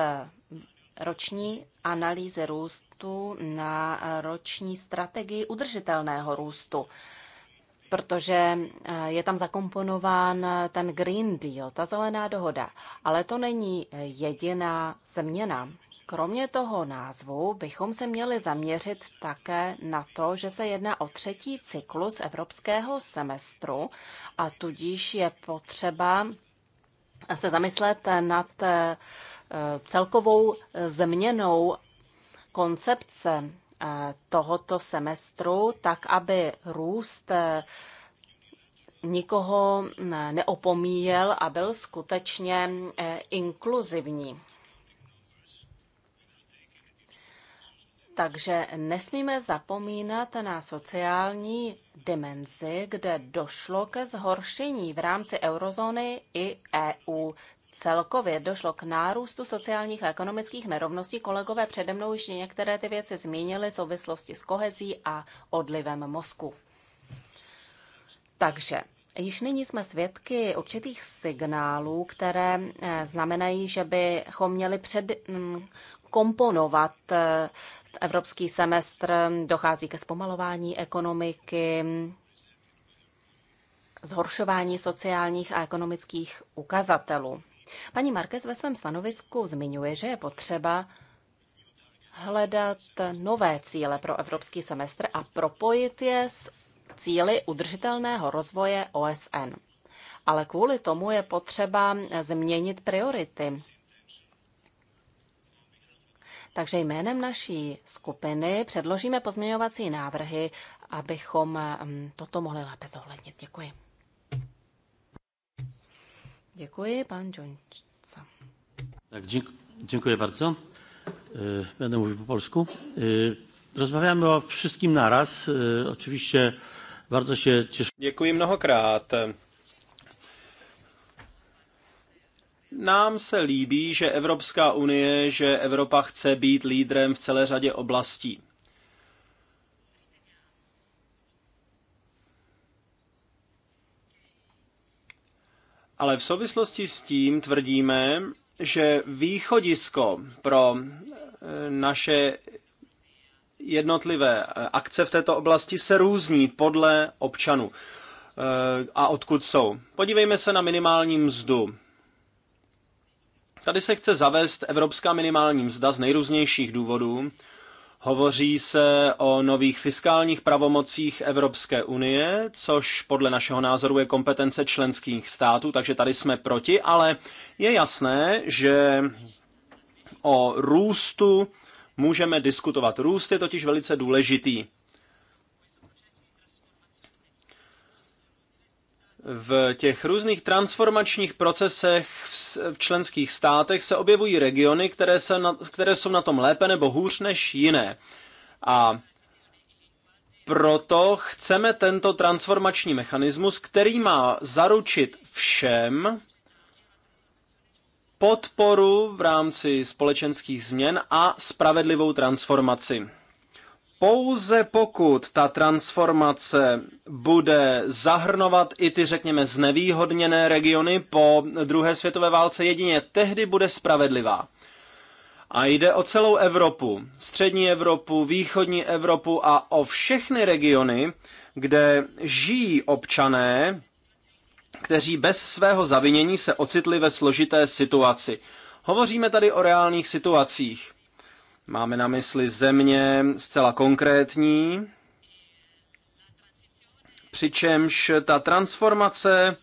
roční analýzy růstu na roční strategii udržitelného růstu protože eh, je tam zakomponován eh, ten Green Deal, ta zelená dohoda. Ale to není eh, jediná změna. Kromě toho názvu bychom se měli zaměřit také na to, že se jedná o třetí cyklus evropského semestru a tudíž je potřeba se zamyslet nad celkovou změnou koncepce Eh, tohoto semestru, tak aby růst eh, nikoho mm, neopomíjel a byl skutečně eh, inkluzivní. Takže nesmíme zapomínat na sociální dimenzi, kde došlo ke zhoršení v rámci eurozóny i EU. Celkově došlo k nárůstu sociálních a ekonomických nerovností. Kolegové přede mnou již některé ty věci zmínili v souvislosti s kohezí a odlivem mozku. Takže Již nyní jsme svědky určitých signálů, které eh, znamenají, že bychom měli před, mm, komponovat eh, evropský semestr. Dochází ke zpomalování ekonomiky, zhoršování sociálních a ekonomických ukazatelů. Paní Marquez ve svém stanovisku zmiňuje, že je potřeba hledat nové cíle pro evropský semestr a propojit je s cíly udržitelného rozvoje OSN. Ale kvůli tomu je potřeba změnit priority. Takže jménem naší skupiny předložíme pozměňovací návrhy, abychom mm, toto mohli lépe zohlednit. Děkuji. Děkuji, pan Jońca. Tak, děkuji, děkuji bardzo. E, będę mówił po polsku. E, rozmawiamy o wszystkim naraz. E, oczywiście bardzo się cieszę. Děkuji mnohokrát. Nám se líbí, že Evropská unie, že Evropa chce být lídrem v celé řadě oblastí. Ale v souvislosti s tím tvrdíme, že východisko pro e, naše jednotlivé e, akce v této oblasti se různí podle občanů e, a odkud jsou. Podívejme se na minimální mzdu. Tady se chce zavést evropská minimální mzda z nejrůznějších důvodů, Hovoří se o nových fiskálních pravomocích Evropské unie, což podle našeho názoru je kompetence členských států, takže tady jsme proti, ale je jasné, že o růstu můžeme diskutovat. Růst je totiž velice důležitý. v těch různých transformačních procesech v členských státech se objevují regiony, které, se na, které jsou na tom lépe nebo hůř než jiné. A proto chceme tento transformační mechanismus, který má zaručit všem podporu v rámci společenských změn a spravedlivou transformaci pouze pokud ta transformace bude zahrnovat i ty, řekněme, znevýhodněné regiony po druhé světové válce, jedině tehdy bude spravedlivá. A jde o celou Evropu, střední Evropu, východní Evropu a o všechny regiony, kde žijí občané, kteří bez svého zavinění se ocitli ve složité situaci. Hovoříme tady o reálných situacích. Máme na mysli země zcela konkrétní, přičemž ta transformace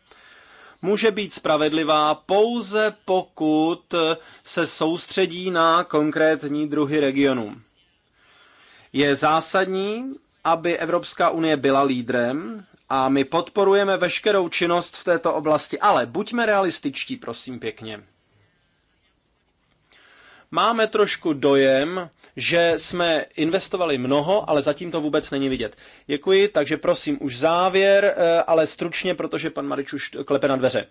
může být spravedlivá pouze pokud se soustředí na konkrétní druhy regionů. Je zásadní, aby Evropská unie byla lídrem a my podporujeme veškerou činnost v této oblasti, ale buďme realističtí, prosím pěkně máme trošku dojem, že jsme investovali mnoho, ale zatím to vůbec není vidět. Děkuji, takže prosím už závěr, eh, ale stručně, protože pan Marič už klepe na dveře.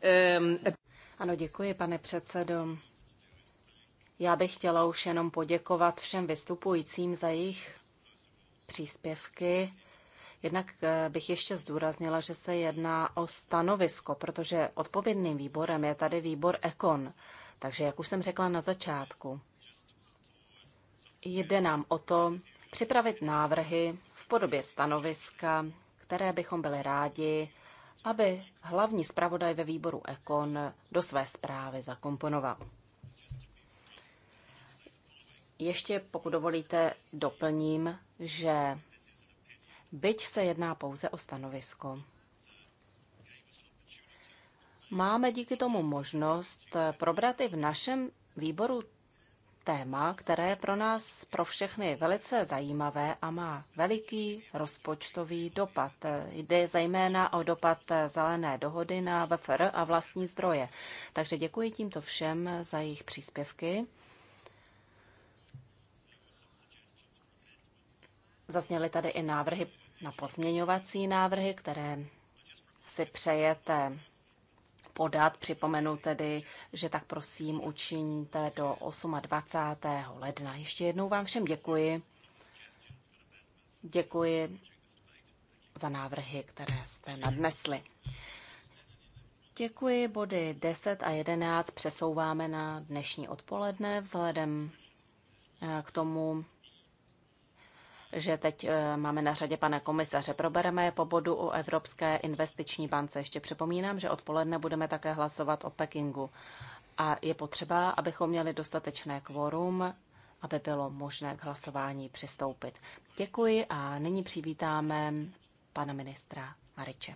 Ehm, e- ano, děkuji, pane předsedo. Já bych chtěla už jenom poděkovat všem vystupujícím za jejich příspěvky. Jednak eh, bych ještě zdůraznila, že se jedná o stanovisko, protože odpovědným výborem je tady výbor Ekon. Takže, jak už jsem řekla na začátku, jde nám o to připravit návrhy v podobě stanoviska, které bychom byli rádi, aby hlavní zpravodaj ve výboru Ekon do své zprávy zakomponoval. Ještě, pokud dovolíte, doplním, že byť se jedná pouze o stanovisko, máme díky tomu možnost eh, probrat i v našem výboru téma, které je pro nás, pro všechny, velice zajímavé a má veliký rozpočtový dopad. Eh, jde zejména o dopad eh, zelené dohody na VFR a vlastní zdroje. Takže děkuji tímto všem za jejich příspěvky. Zazněly tady i návrhy na pozměňovací návrhy, které si přejete podat. Připomenu tedy, že tak prosím učiníte do 28. ledna. Ještě jednou vám všem děkuji. Děkuji za návrhy, které jste nadnesli. Děkuji. Body 10 a 11 přesouváme na dnešní odpoledne vzhledem eh, k tomu, že teď eh, máme na řadě pana komisaře. Probereme je po bodu o Evropské investiční bance. Ještě připomínám, že odpoledne budeme také hlasovat o Pekingu. A je potřeba, abychom měli dostatečné kvorum, aby bylo možné k hlasování přistoupit. Děkuji a nyní přivítáme pana ministra Mariče.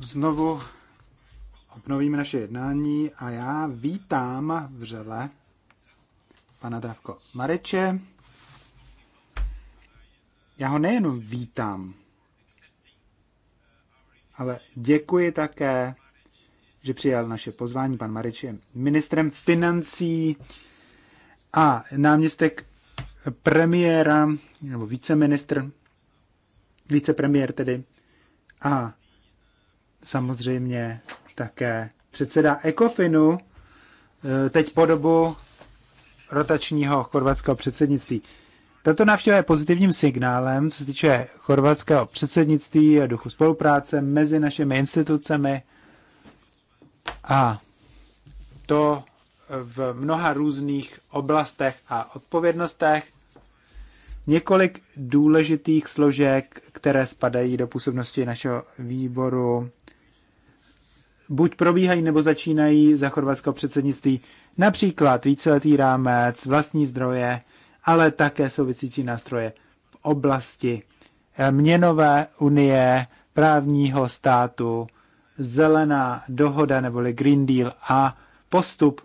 Znovu obnovíme naše jednání a já vítám vřele pana Dravko Mareče. Já ho nejenom vítám, ale děkuji také, že přijal naše pozvání. Pan Marič je ministrem financí a náměstek premiéra nebo viceministr vicepremiér tedy, a samozřejmě také předseda Ekofinu, e, teď po dobu rotačního chorvatského předsednictví. Tato návštěva je pozitivním signálem, co se týče chorvatského předsednictví a duchu spolupráce mezi našimi institucemi a to v mnoha různých oblastech a odpovědnostech. Několik důležitých složek, které spadají do působnosti našeho výboru, buď probíhají nebo začínají za chorvatského předsednictví, například víceletý rámec, vlastní zdroje, ale také souvisící nástroje v oblasti měnové unie, právního státu, zelená dohoda neboli Green Deal a postup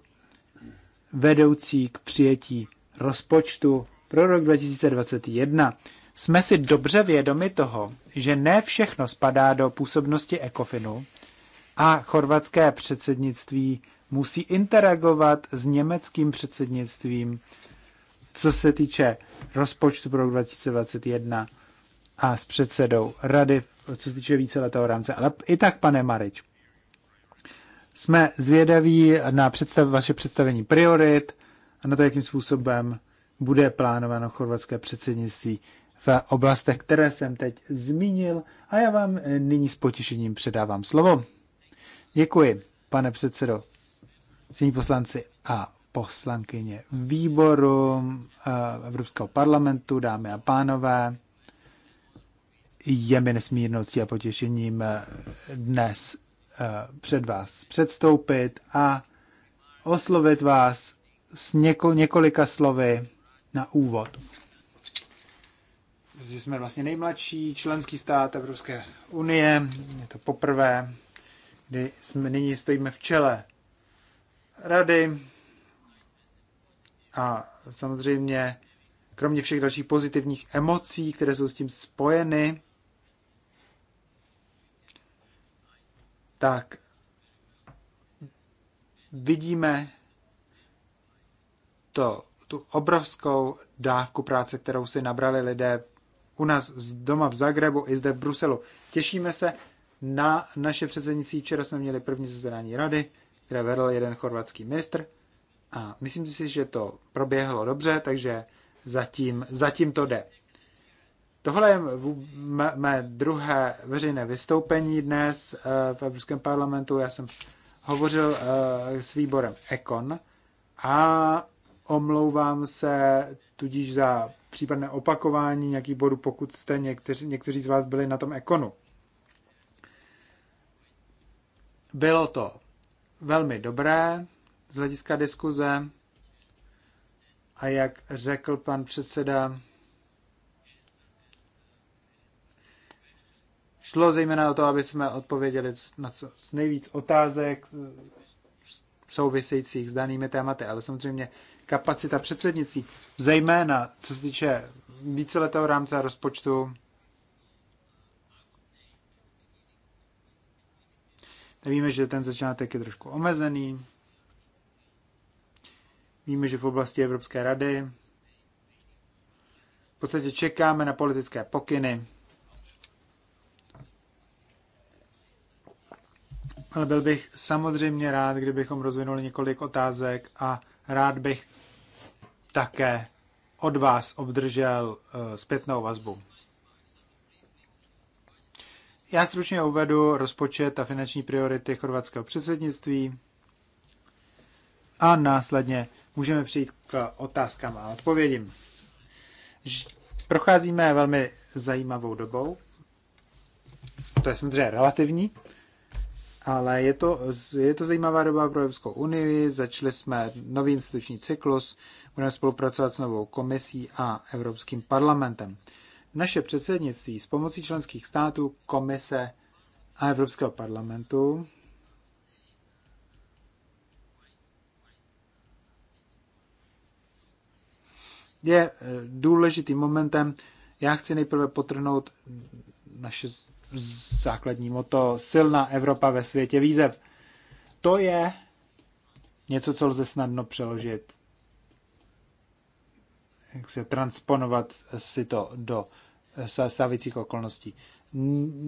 vedoucí k přijetí rozpočtu pro rok 2021. Jsme si dobře vědomi toho, že ne všechno spadá do působnosti ECOFINu a chorvatské předsednictví musí interagovat s německým předsednictvím, co se týče rozpočtu pro rok 2021 a s předsedou rady, co se týče víceletého rámce. Ale i tak, pane Marič, jsme zvědaví na představ, vaše představení priorit a na to, jakým způsobem bude plánováno chorvatské předsednictví v oblastech, které jsem teď zmínil a já vám eh, nyní s potěšením předávám slovo. Děkuji, pane předsedo, cení poslanci a poslankyně výboru eh, Evropského parlamentu, dámy a pánové. Je mi nesmírností a potěšením eh, dnes před vás předstoupit a oslovit vás s něko, několika slovy na úvod. Že jsme vlastně nejmladší členský stát Evropské unie, je to poprvé, kdy jsme nyní stojíme v čele rady a samozřejmě kromě všech dalších pozitivních emocí, které jsou s tím spojeny, tak vidíme to tu obrovskou dávku práce, kterou si nabrali lidé u nás z doma v Zagrebu i zde v Bruselu. Těšíme se na naše předsednictví. Včera jsme měli první zasedání rady, které vedl jeden chorvatský ministr a myslím si, že to proběhlo dobře, takže zatím, zatím to jde. Tohle je mé druhé veřejné vystoupení dnes eh, v Evropském parlamentu. Já jsem hovořil eh, s výborem Econ a Omlouvám se tudíž za případné opakování nějakých bodů, pokud jste někteří, někteří z vás byli na tom ekonu. Bylo to velmi dobré z hlediska diskuze a jak řekl pan předseda, šlo zejména o to, aby jsme odpověděli na co z nejvíc otázek souvisejících s danými tématy, ale samozřejmě kapacita předsednicí, zejména co se týče víceletého rámce a rozpočtu. Víme, že ten začátek je trošku omezený. Víme, že v oblasti Evropské rady v podstatě čekáme na politické pokyny. Ale byl bych samozřejmě rád, kdybychom rozvinuli několik otázek a Rád bych také od vás obdržel eh, zpětnou vazbu. Já stručně uvedu rozpočet a finanční priority chorvatského předsednictví a následně můžeme přijít k otázkám a odpovědím. Procházíme velmi zajímavou dobou. To je samozřejmě relativní, ale je to, je to zajímavá doba pro Evropskou unii. Začali jsme nový instituční cyklus, budeme spolupracovat s novou komisí a Evropským parlamentem. Naše předsednictví s pomocí členských států, komise a Evropského parlamentu je eh, důležitým momentem. Já chci nejprve potrhnout naše základní moto Silná Evropa ve světě výzev. To je něco, co lze snadno přeložit. Jak se transponovat si to do stávajících okolností.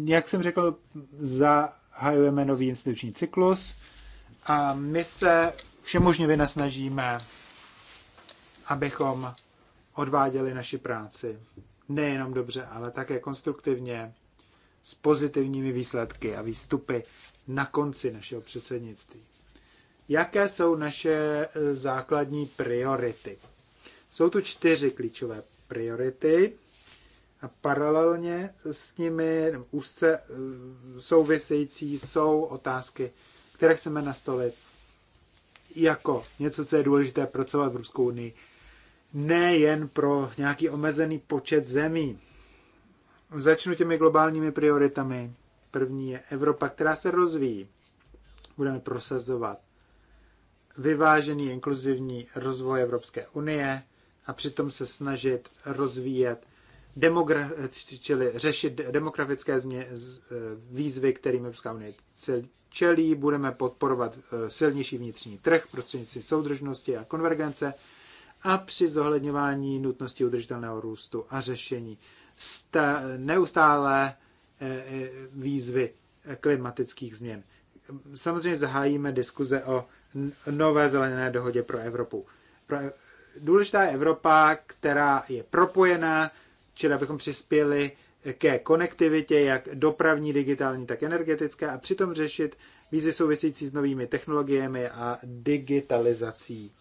Jak jsem řekl, zahajujeme nový instituční cyklus a my se všemožně vynasnažíme, abychom odváděli naši práci nejenom dobře, ale také konstruktivně s pozitivními výsledky a výstupy na konci našeho předsednictví. Jaké jsou naše e, základní priority? Jsou tu čtyři klíčové priority a paralelně s nimi úzce e, související jsou otázky, které chceme nastolit jako něco, co je důležité pracovat v Ruskou unii, nejen pro nějaký omezený počet zemí. Začnu těmi globálními prioritami. První je Evropa, která se rozvíjí. Budeme prosazovat vyvážený inkluzivní rozvoj Evropské unie a přitom se snažit rozvíjet demogra- čili řešit demografické změ- eh, výzvy, kterým Evropská unie čelí. Budeme podporovat eh, silnější vnitřní trh prostřednictví soudržnosti a konvergence a při zohledňování nutnosti udržitelného růstu a řešení neustále e, e, výzvy klimatických změn. Samozřejmě zahájíme diskuze o nové zelené dohodě pro Evropu. Pro, důležitá je Evropa, která je propojená, čili abychom přispěli ke konektivitě, jak dopravní, digitální, tak energetické a přitom řešit výzvy související s novými technologiemi a digitalizací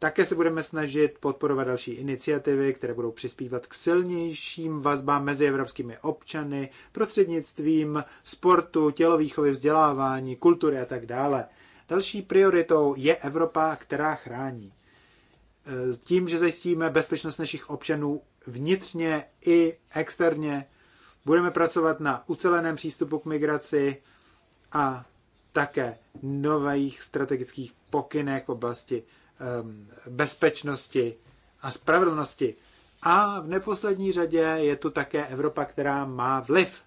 také se budeme snažit podporovat další iniciativy, které budou přispívat k silnějším vazbám mezi evropskými občany prostřednictvím sportu, tělovýchovy, vzdělávání, kultury a tak dále. Další prioritou je Evropa, která chrání. E, tím, že zajistíme bezpečnost našich občanů vnitřně i externě, budeme pracovat na uceleném přístupu k migraci a také nových strategických pokynech v oblasti bezpečnosti a spravedlnosti. A v neposlední řadě je tu také Evropa, která má vliv,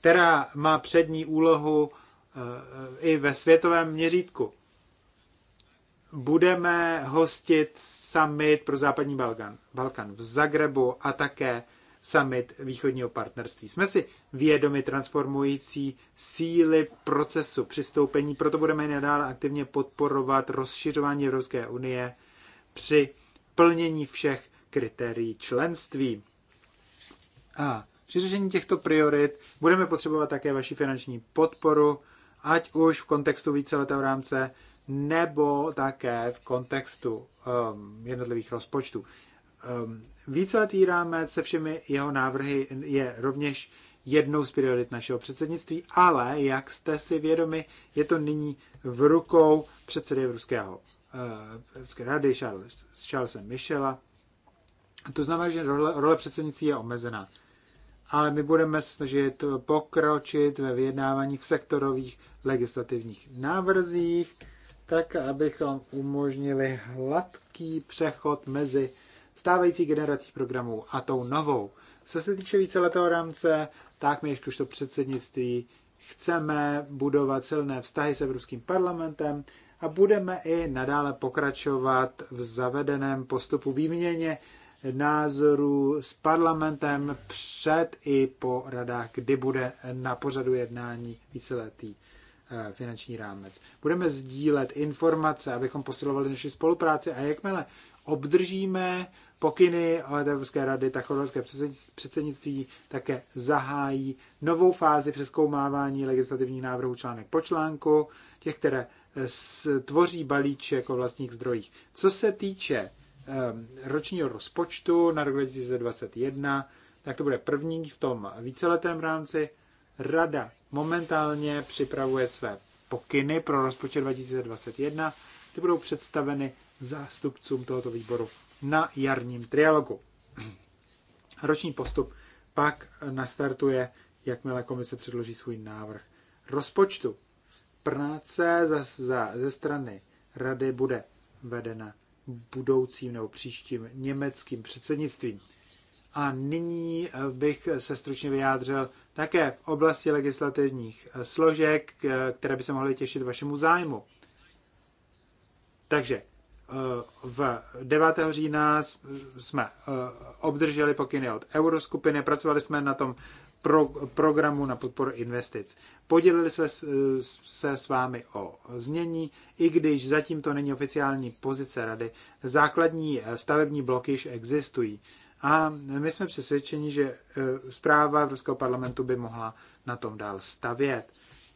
která má přední úlohu eh, i ve světovém měřítku. Budeme hostit summit pro západní Balkan, Balkan v Zagrebu a také summit východního partnerství. Jsme si vědomi transformující síly procesu přistoupení, proto budeme nadále aktivně podporovat rozšiřování Evropské unie při plnění všech kritérií členství. A při řešení těchto priorit budeme potřebovat také vaši finanční podporu, ať už v kontextu víceletého rámce, nebo také v kontextu um, jednotlivých rozpočtů. Ehm, víceletý rámec se všemi jeho návrhy je rovněž jednou z priorit našeho předsednictví, ale jak jste si vědomi, je to nyní v rukou předsedy Evropského, eh, Evropské rady Charles, Charlesa Michela. To znamená, že role, role předsednictví je omezená. Ale my budeme snažit pokročit ve vyjednávání v sektorových legislativních návrzích, tak abychom umožnili hladký přechod mezi stávající generací programů a tou novou. Co se týče víceletého rámce, tak my, to předsednictví, chceme budovat silné vztahy s Evropským parlamentem a budeme i nadále pokračovat v zavedeném postupu výměně názorů s parlamentem před i po radách, kdy bude na pořadu jednání víceletý eh, finanční rámec. Budeme sdílet informace, abychom posilovali naši spolupráci a jakmile obdržíme pokyny od Evropské rady, tak chorvatské předsednictví také zahájí novou fázi přeskoumávání legislativních návrhů článek po článku, těch, které eh, tvoří balíček o vlastních zdrojích. Co se týče ehm, ročního rozpočtu na rok 2021, tak to bude první v tom víceletém rámci. Rada momentálně připravuje své pokyny pro rozpočet 2021, ty budou představeny zástupcům tohoto výboru na jarním trialogu. Roční postup pak nastartuje, jakmile komise předloží svůj návrh rozpočtu. Práce za, za, ze strany rady bude vedena budoucím nebo příštím německým předsednictvím. A nyní eh, bych se stručně vyjádřil také v oblasti legislativních eh, složek, eh, které by se mohly těšit vašemu zájmu. Takže v 9. října jsme eh, obdrželi pokyny od euroskupiny, pracovali jsme na tom pro, programu na podporu investic. Podělili jsme eh, se s vámi o znění, i když zatím to není oficiální pozice rady. Základní eh, stavební bloky již existují. A my jsme přesvědčeni, že zpráva Evropského parlamentu by mohla na tom dál stavět.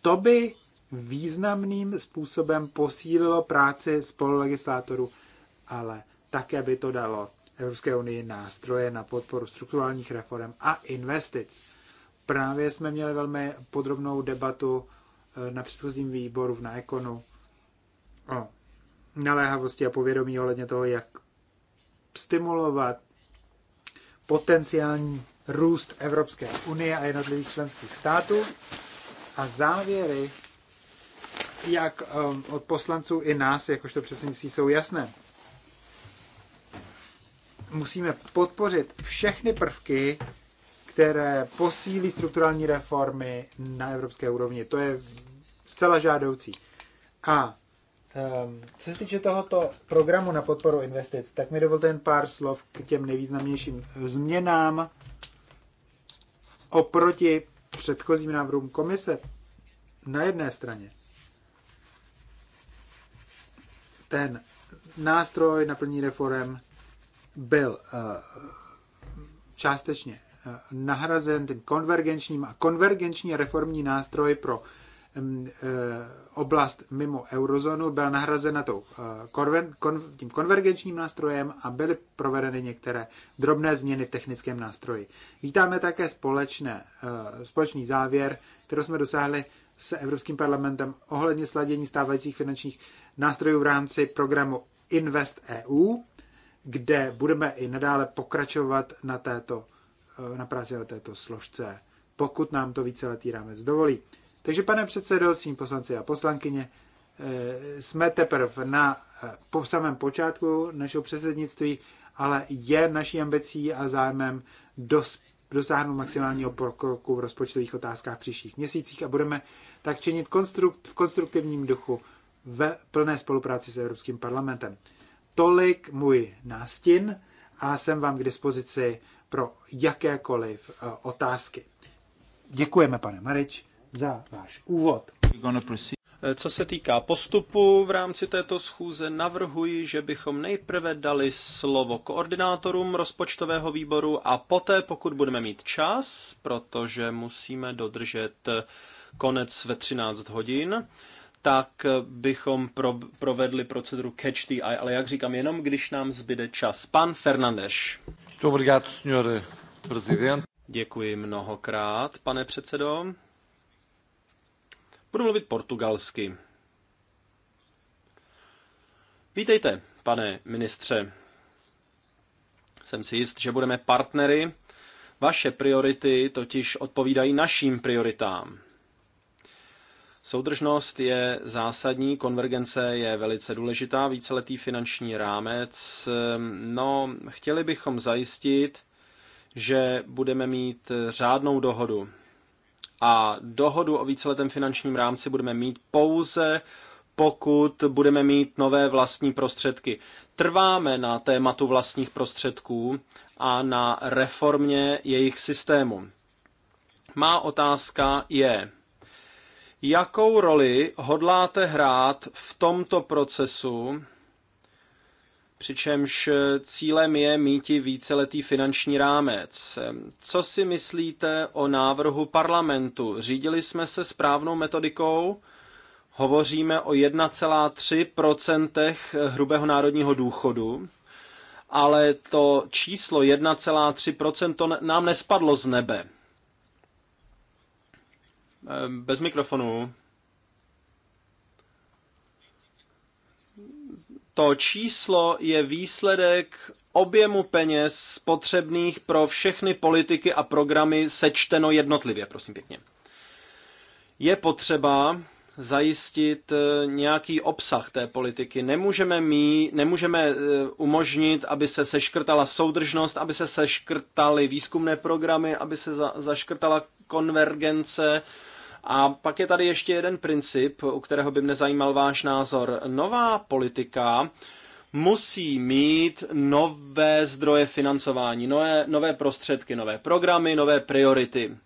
To by významným způsobem posílilo práci spolulegislátorů, ale také by to dalo Evropské unii nástroje na podporu strukturálních reform a investic. Právě jsme měli velmi podrobnou debatu eh, na předchozím výboru v Naekonu o naléhavosti a povědomí ohledně toho, jak stimulovat potenciální růst Evropské unie a jednotlivých členských států. A závěry jak um, od poslanců i nás, jakožto předsednictví, jsou jasné. Musíme podpořit všechny prvky, které posílí strukturální reformy na evropské úrovni. To je zcela žádoucí. A um, co se týče tohoto programu na podporu investic, tak mi dovolte jen pár slov k těm nejvýznamnějším změnám oproti předchozím návrhům komise. Na jedné straně ten nástroj naplní reform byl eh, částečně eh, nahrazen ten konvergenčním a konvergenční reformní nástroj pro mm, eh, oblast mimo eurozónu byl nahrazen tou, tím konvergenčním nástrojem a byly provedeny některé drobné změny v technickém nástroji. Vítáme také společné, společný závěr, kterou jsme dosáhli s Evropským parlamentem ohledně sladění stávajících finančních nástrojů v rámci programu Invest EU, kde budeme i nadále pokračovat na, této, eh, na práci na této složce, pokud nám to víceletý rámec dovolí. Takže pane předsedo, svým poslanci a poslankyně, eh, jsme teprve na eh, po samém počátku našeho předsednictví, ale je naší ambicí a zájmem dospět dosáhnout maximálního pokroku v rozpočtových otázkách v příštích měsících a budeme tak činit konstrukt, v konstruktivním duchu ve plné spolupráci s Evropským parlamentem. Tolik můj nástin a jsem vám k dispozici pro jakékoliv eh, otázky. Děkujeme, pane Marič, za váš úvod. Co se týká postupu v rámci této schůze, navrhuji, že bychom nejprve dali slovo koordinátorům rozpočtového výboru a poté, pokud budeme mít čas, protože musíme dodržet konec ve 13 hodin, tak bychom pro, provedli proceduru catch the eye, ale jak říkám, jenom když nám zbyde čas. Pan Fernandeš. Děkuji mnohokrát, pane předsedo. Budu mluvit portugalsky. Vítejte, pane ministře. Jsem si jist, že budeme partnery. Vaše priority totiž odpovídají našim prioritám. Soudržnost je zásadní, konvergence je velice důležitá, víceletý finanční rámec. No, chtěli bychom zajistit, že budeme mít řádnou dohodu a dohodu o víceletém finančním rámci budeme mít pouze pokud budeme mít nové vlastní prostředky. Trváme na tématu vlastních prostředků a na reformě jejich systému. Má otázka je, jakou roli hodláte hrát v tomto procesu přičemž eh, cílem je i víceletý finanční rámec. Ehm, co si myslíte o návrhu parlamentu? Řídili jsme se správnou metodikou? Hovoříme o 1,3 eh, hrubého národního důchodu, ale to číslo 1,3 to nám nespadlo z nebe. Ehm, bez mikrofonu. To číslo je výsledek objemu peněz potřebných pro všechny politiky a programy sečteno jednotlivě, prosím pěkně. Je potřeba zajistit eh, nějaký obsah té politiky. Nemůžeme, mít, nemůžeme eh, umožnit, aby se seškrtala soudržnost, aby se seškrtaly výzkumné programy, aby se za, zaškrtala konvergence, a pak je tady ještě jeden princip, u kterého by mě zajímal váš názor. Nová politika musí mít nové zdroje financování, nové, nové prostředky, nové programy, nové priority.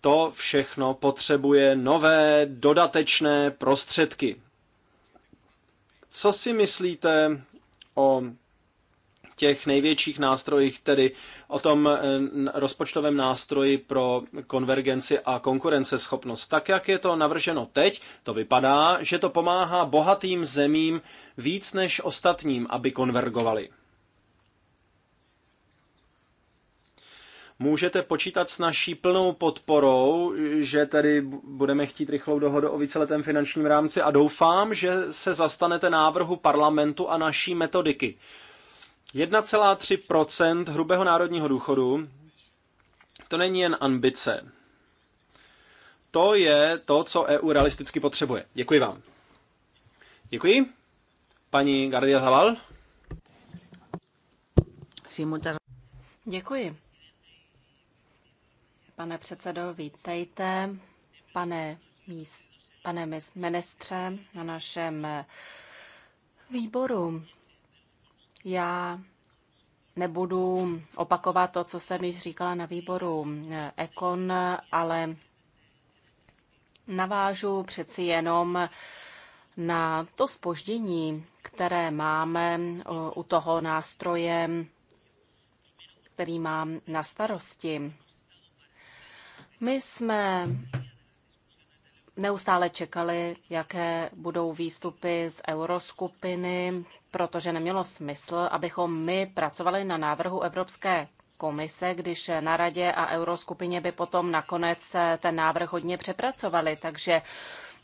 To všechno potřebuje nové dodatečné prostředky. Co si myslíte o těch největších nástrojích, tedy o tom eh, rozpočtovém nástroji pro konvergenci a konkurenceschopnost. Tak, jak je to navrženo teď, to vypadá, že to pomáhá bohatým zemím víc než ostatním, aby konvergovali. můžete počítat s naší plnou podporou, že tedy budeme chtít rychlou dohodu o víceletém finančním rámci a doufám, že se zastanete návrhu parlamentu a naší metodiky. 1,3 hrubého národního důchodu to není jen ambice. To je to, co EU realisticky potřebuje. Děkuji vám. Děkuji. Paní Gardia Zaval. Děkuji. Pane předsedo, vítejte. Pane, míst, pane ministře na našem eh, výboru. Já nebudu opakovat to, co jsem již říkala na výboru Ekon, eh, ale navážu přeci jenom na to spoždění, které máme eh, u toho nástroje, který mám na starosti. My jsme neustále čekali, jaké budou výstupy z euroskupiny, protože nemělo smysl, abychom my pracovali na návrhu Evropské komise, když na radě a euroskupině by potom nakonec ten návrh hodně přepracovali. Takže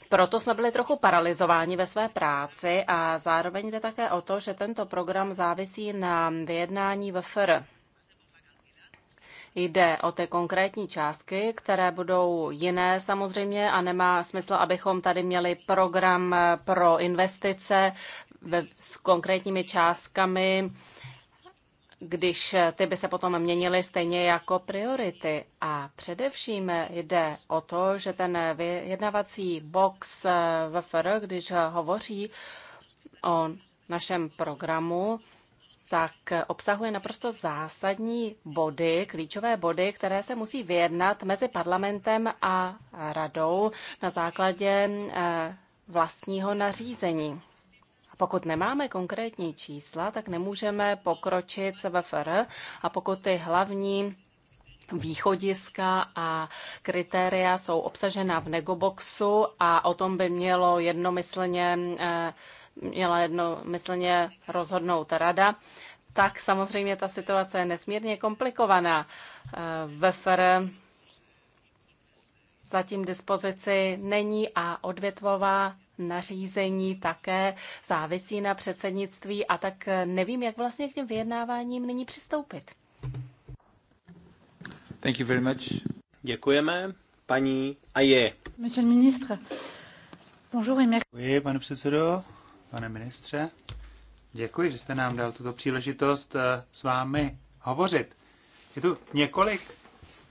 proto jsme byli trochu paralizováni ve své práci a zároveň jde také o to, že tento program závisí na vyjednání VFR. Jde o ty konkrétní částky, které budou jiné samozřejmě a nemá smysl, abychom tady měli program pro investice s konkrétními částkami, když ty by se potom měnily stejně jako priority. A především jde o to, že ten vyjednavací box eh, VFR, když hovoří o našem programu, tak obsahuje naprosto zásadní body, klíčové body, které se musí vyjednat mezi parlamentem a radou na základě eh, vlastního nařízení. A pokud nemáme konkrétní čísla, tak nemůžeme pokročit VFR a pokud ty hlavní východiska a kritéria jsou obsažena v negoboxu a o tom by mělo jednomyslně eh, měla jednomyslně rozhodnout rada, tak samozřejmě ta situace je nesmírně komplikovaná. Eh, VFR zatím dispozici není a odvětvová nařízení také závisí na předsednictví a tak eh, nevím, jak vlastně k těm vyjednáváním nyní přistoupit. Thank you very much. Děkujeme. Paní Aje. Monsieur le ministre, bonjour et merci. Oui, pane předsedo pane ministře. Děkuji, že jste nám dal tuto příležitost eh, s vámi hovořit. Je tu několik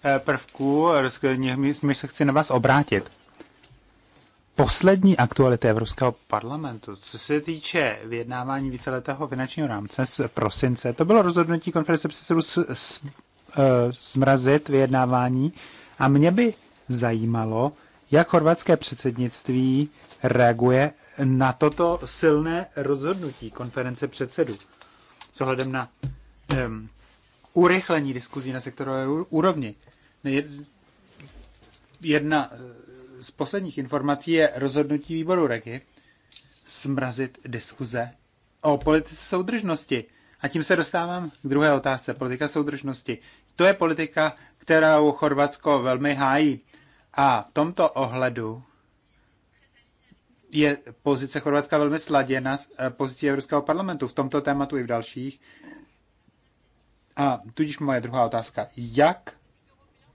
eh, prvků, s nimi se chci na vás obrátit. Poslední aktuality Evropského parlamentu, co se týče vyjednávání víceletého finančního rámce z prosince, to bylo rozhodnutí konference předsedů eh, zmrazit vyjednávání a mě by zajímalo, jak chorvatské předsednictví reaguje na toto silné rozhodnutí konference předsedů s ohledem na um, urychlení diskuzí na sektorové úrovni. Jedna eh, z posledních informací je rozhodnutí výboru Regi smrazit diskuze o politice soudržnosti. A tím se dostávám k druhé otázce. Politika soudržnosti. To je politika, kterou Chorvatsko velmi hájí. A v tomto ohledu je pozice Chorvatska velmi sladěna s eh, pozicí Evropského parlamentu v tomto tématu i v dalších. A tudíž moje druhá otázka. Jak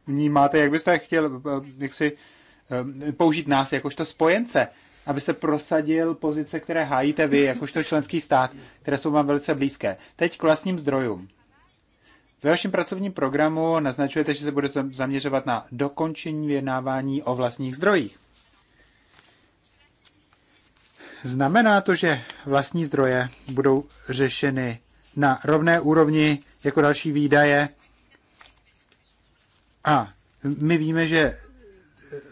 vnímáte, jak byste chtěl eh, jak si, eh, použít nás jakožto spojence, abyste prosadil pozice, které hájíte vy, jakožto členský stát, které jsou vám velice blízké. Teď k vlastním zdrojům. Ve vašem pracovním programu naznačujete, že se bude zaměřovat na dokončení vyjednávání o vlastních zdrojích. Znamená to, že vlastní zdroje budou řešeny na rovné úrovni jako další výdaje. A my víme, že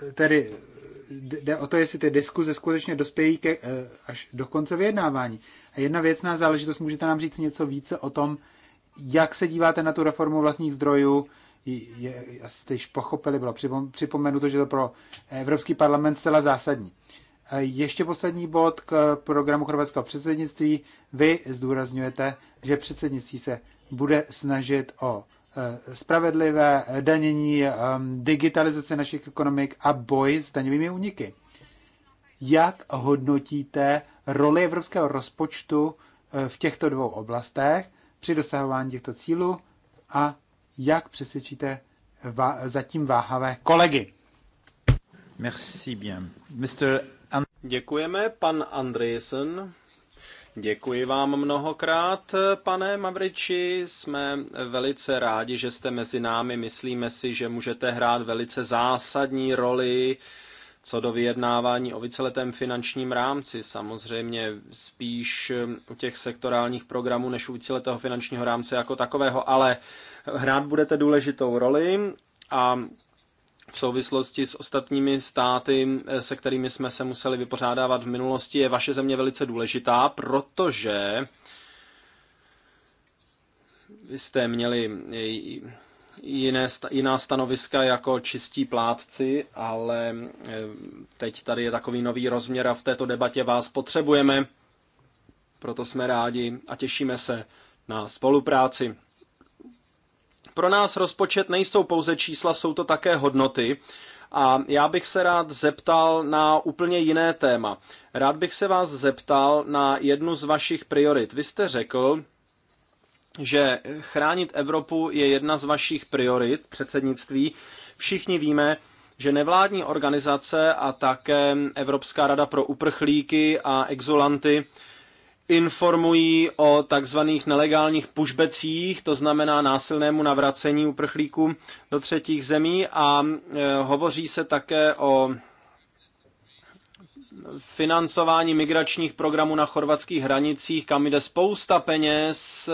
eh, tedy jde o to, jestli ty diskuze skutečně dospějí ke, eh, až do konce vyjednávání. A jedna věcná záležitost, můžete nám říct něco více o tom, jak se díváte na tu reformu vlastních zdrojů, je, jste již pochopili, bylo připomenuto, že to pro Evropský parlament zcela zásadní. Ještě poslední bod k programu chorvatského předsednictví. Vy zdůrazňujete, že předsednictví se bude snažit o eh, spravedlivé danění, ehm, digitalizace našich ekonomik a boj s daňovými úniky. Jak hodnotíte roli evropského rozpočtu eh, v těchto dvou oblastech při dosahování těchto cílů a jak přesvědčíte zatím váhavé kolegy? Merci bien. Mr. Děkujeme, pan Andresen. Děkuji vám mnohokrát, pane Mavriči. Jsme velice rádi, že jste mezi námi. Myslíme si, že můžete hrát velice zásadní roli co do vyjednávání o víceletém finančním rámci. Samozřejmě spíš u těch sektorálních programů než u víceletého finančního rámce jako takového, ale hrát budete důležitou roli a v souvislosti s ostatními státy, eh, se kterými jsme se museli vypořádávat v minulosti, je vaše země velice důležitá, protože vy jste měli jiné, jiná stanoviska jako čistí plátci, ale eh, teď tady je takový nový rozměr a v této debatě vás potřebujeme. Proto jsme rádi a těšíme se na spolupráci. Pro nás rozpočet nejsou pouze čísla, jsou to také hodnoty. A já bych se rád zeptal na úplně jiné téma. Rád bych se vás zeptal na jednu z vašich priorit. Vy jste řekl, že chránit Evropu je jedna z vašich priorit předsednictví. Všichni víme, že nevládní organizace a také Evropská rada pro uprchlíky a exulanty informují o takzvaných nelegálních pušbecích, to znamená násilnému navracení uprchlíků do třetích zemí a e, hovoří se také o financování migračních programů na chorvatských hranicích, kam jde spousta peněz.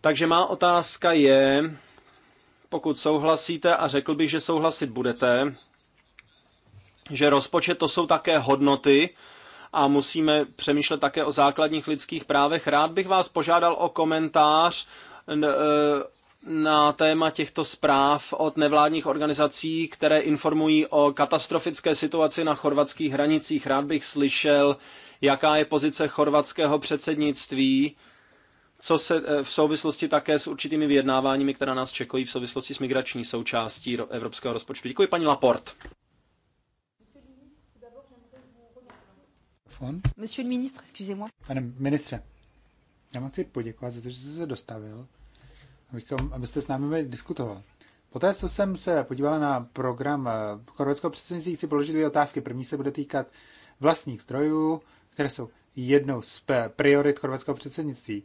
Takže má otázka je, pokud souhlasíte a řekl bych, že souhlasit budete, že rozpočet to jsou také hodnoty, a musíme přemýšlet také o základních lidských právech. Rád bych vás požádal o komentář e, na téma těchto zpráv od nevládních organizací, které informují o katastrofické situaci na chorvatských hranicích. Rád bych slyšel, jaká je pozice chorvatského předsednictví, co se e, v souvislosti také s určitými vyjednáváními, která nás čekají v souvislosti s migrační součástí evropského rozpočtu. Děkuji, paní Laport. mikrofon. Monsieur le ministre, excusez-moi. Pane ministře, já vám chci poděkovat za to, že jste se dostavil, abychom, abyste s námi diskutoval. Poté, co jsem se podíval na program eh, chorvatského předsednictví, chci položit dvě otázky. První se bude týkat vlastních zdrojů, které jsou jednou z priorit chorvatského předsednictví.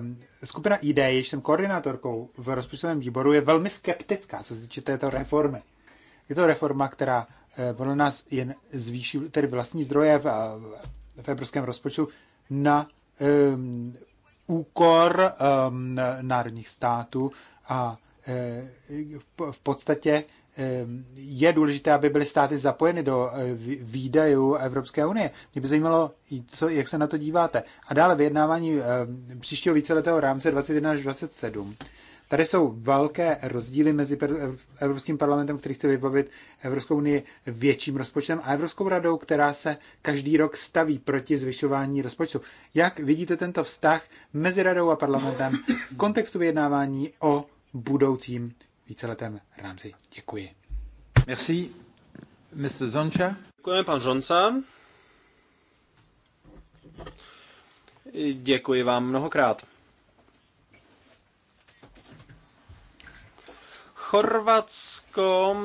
Um, skupina ID, jež jsem koordinátorkou v rozpočtovém výboru, je velmi skeptická, co se týče této reformy. Je to reforma, která Eh, podle nás jen zvýší tedy vlastní zdroje v, v evropském rozpočtu na um, úkor um, národních států a eh, v podstatě ehm, je důležité, aby byly státy zapojeny do eh, výdajů Evropské unie. Mě by zajímalo, co, jak se na to díváte. A dále vyjednávání příštího víceletého rámce 21 až 27. Tady jsou velké rozdíly mezi Evropským parlamentem, který chce vybavit Evropskou unii větším rozpočtem a Evropskou radou, která se každý rok staví proti zvyšování rozpočtu. Jak vidíte tento vztah mezi radou a parlamentem v kontextu vyjednávání o budoucím víceletém rámci? Děkuji. Merci. Mr. Zonča. Děkujeme, pan Zonča. Děkuji vám mnohokrát. Chorvatsko,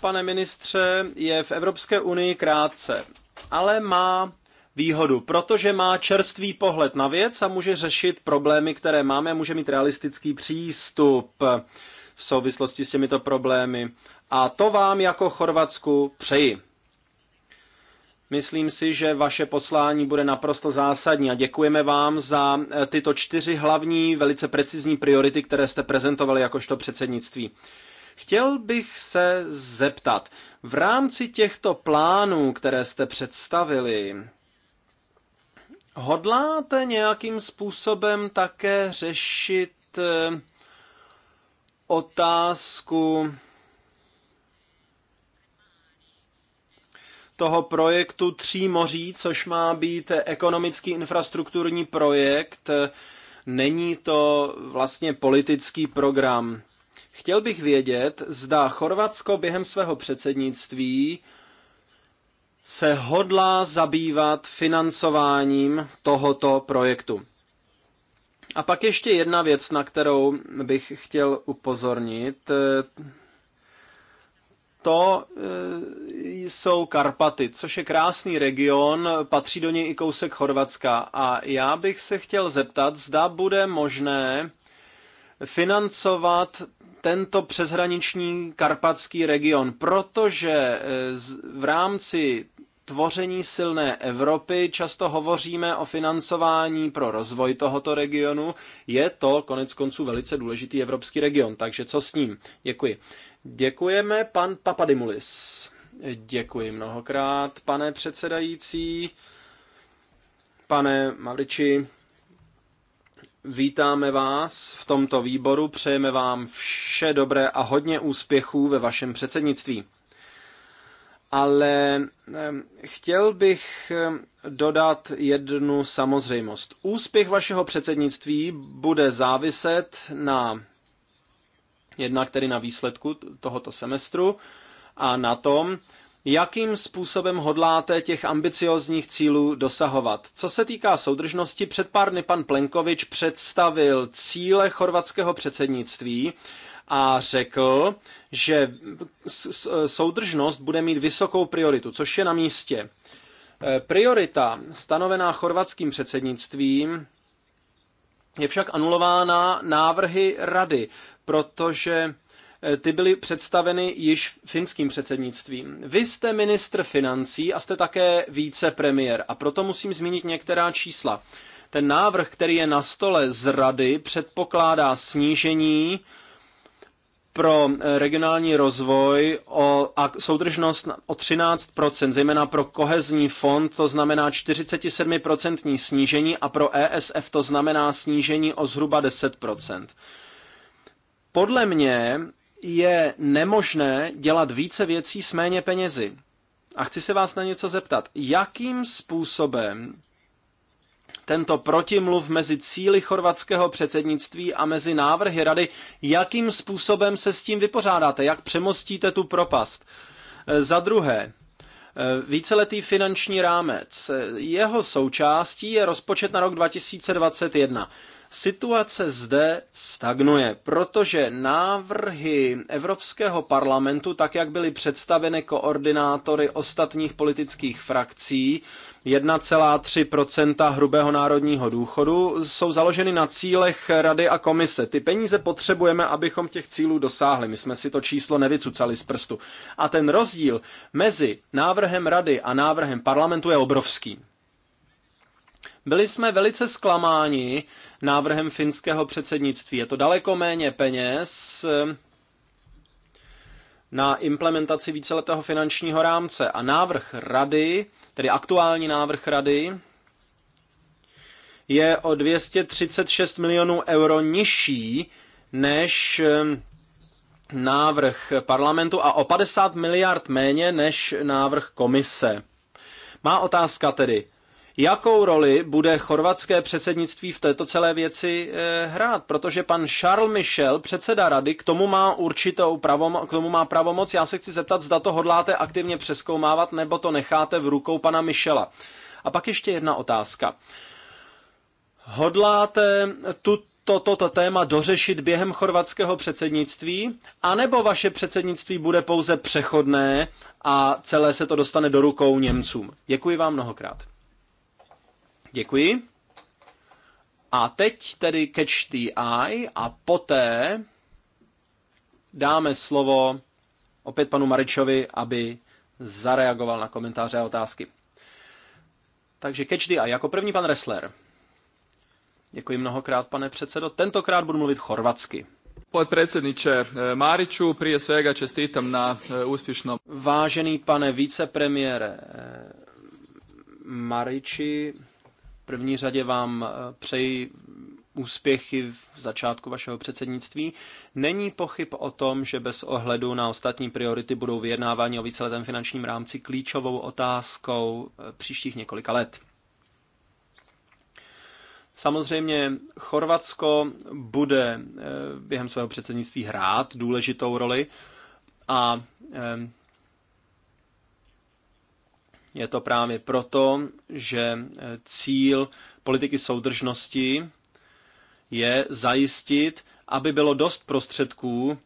pane ministře, je v Evropské unii krátce, ale má výhodu, protože má čerstvý pohled na věc a může řešit problémy, které máme a může mít realistický přístup v souvislosti s těmito problémy. A to vám jako Chorvatsku přeji. Myslím si, že vaše poslání bude naprosto zásadní a děkujeme vám za eh, tyto čtyři hlavní, velice precizní priority, které jste prezentovali jakožto předsednictví. Chtěl bych se zeptat, v rámci těchto plánů, které jste představili, hodláte nějakým způsobem také řešit eh, otázku toho projektu Tří moří, což má být ekonomický infrastrukturní projekt. Není to vlastně politický program. Chtěl bych vědět, zda Chorvatsko během svého předsednictví se hodlá zabývat financováním tohoto projektu. A pak ještě jedna věc, na kterou bych chtěl upozornit. To eh, jsou Karpaty, což je krásný region, patří do něj i kousek Chorvatska. A já bych se chtěl zeptat, zda bude možné financovat tento přeshraniční karpatský region, protože e, v rámci tvoření silné Evropy často hovoříme o financování pro rozvoj tohoto regionu. Je to konec konců velice důležitý evropský region, takže co s ním? Děkuji. Děkujeme, pan Papadimulis. Děkuji mnohokrát, pane předsedající, pane Mavriči, Vítáme vás v tomto výboru, přejeme vám vše dobré a hodně úspěchů ve vašem předsednictví. Ale chtěl bych dodat jednu samozřejmost. Úspěch vašeho předsednictví bude záviset na jednak tedy na výsledku tohoto semestru a na tom, Jakým způsobem hodláte těch ambiciozních cílů dosahovat? Co se týká soudržnosti, před pár dny pan Plenkovič představil cíle chorvatského předsednictví a řekl, že soudržnost bude mít vysokou prioritu, což je na místě. E, priorita stanovená chorvatským předsednictvím je však anulována návrhy rady, protože Eh, ty byly představeny již finským předsednictvím. Vy jste ministr financí a jste také vicepremiér a proto musím zmínit některá čísla. Ten návrh, který je na stole z rady, předpokládá snížení pro eh, regionální rozvoj o, a soudržnost o 13%, zejména pro kohezní fond, to znamená 47% snížení a pro ESF to znamená snížení o zhruba 10%. Podle mě je nemožné dělat více věcí s méně penězi. A chci se vás na něco zeptat. Jakým způsobem tento protimluv mezi cíly chorvatského předsednictví a mezi návrhy rady, jakým způsobem se s tím vypořádáte, jak přemostíte tu propast? E, za druhé, e, víceletý finanční rámec. E, jeho součástí je rozpočet na rok 2021. Situace zde stagnuje, protože návrhy Evropského parlamentu, tak jak byly představeny koordinátory ostatních politických frakcí, 1,3 hrubého národního důchodu jsou založeny na cílech Rady a komise. Ty peníze potřebujeme, abychom těch cílů dosáhli. My jsme si to číslo nevycucali z prstu. A ten rozdíl mezi návrhem Rady a návrhem parlamentu je obrovský. Byli jsme velice zklamáni návrhem finského předsednictví. Je to daleko méně peněz eh, na implementaci víceletého finančního rámce. A návrh rady, tedy aktuální návrh rady, je o 236 milionů euro nižší než eh, návrh parlamentu a o 50 miliard méně než návrh komise. Má otázka tedy, jakou roli bude chorvatské předsednictví v této celé věci eh, hrát, protože pan Charles Michel, předseda rady, k tomu má určitou pravomo- k tomu má pravomoc. Já se chci zeptat, zda to hodláte aktivně přeskoumávat, nebo to necháte v rukou pana Michela. A pak ještě jedna otázka. Hodláte tu, toto to téma dořešit během chorvatského předsednictví, anebo vaše předsednictví bude pouze přechodné a celé se to dostane do rukou Němcům? Děkuji vám mnohokrát. Děkuji. A teď tedy catch the eye a poté dáme slovo opět panu Maričovi, aby zareagoval na komentáře a otázky. Takže catch the eye. Jako první pan Ressler. Děkuji mnohokrát, pane předsedo. Tentokrát budu mluvit chorvatsky. Podpredsedniče eh, Mariču, prije svega čestitam na eh, úspěšnom. Vážený pane vicepremiére eh, Mariči, první řadě vám eh, přeji úspěchy v začátku vašeho předsednictví. Není pochyb o tom, že bez ohledu na ostatní priority budou vyjednávání o víceletém finančním rámci klíčovou otázkou eh, příštích několika let. Samozřejmě Chorvatsko bude eh, během svého předsednictví hrát důležitou roli a je to právě proto, že e, cíl politiky soudržnosti je zajistit, aby bylo dost prostředků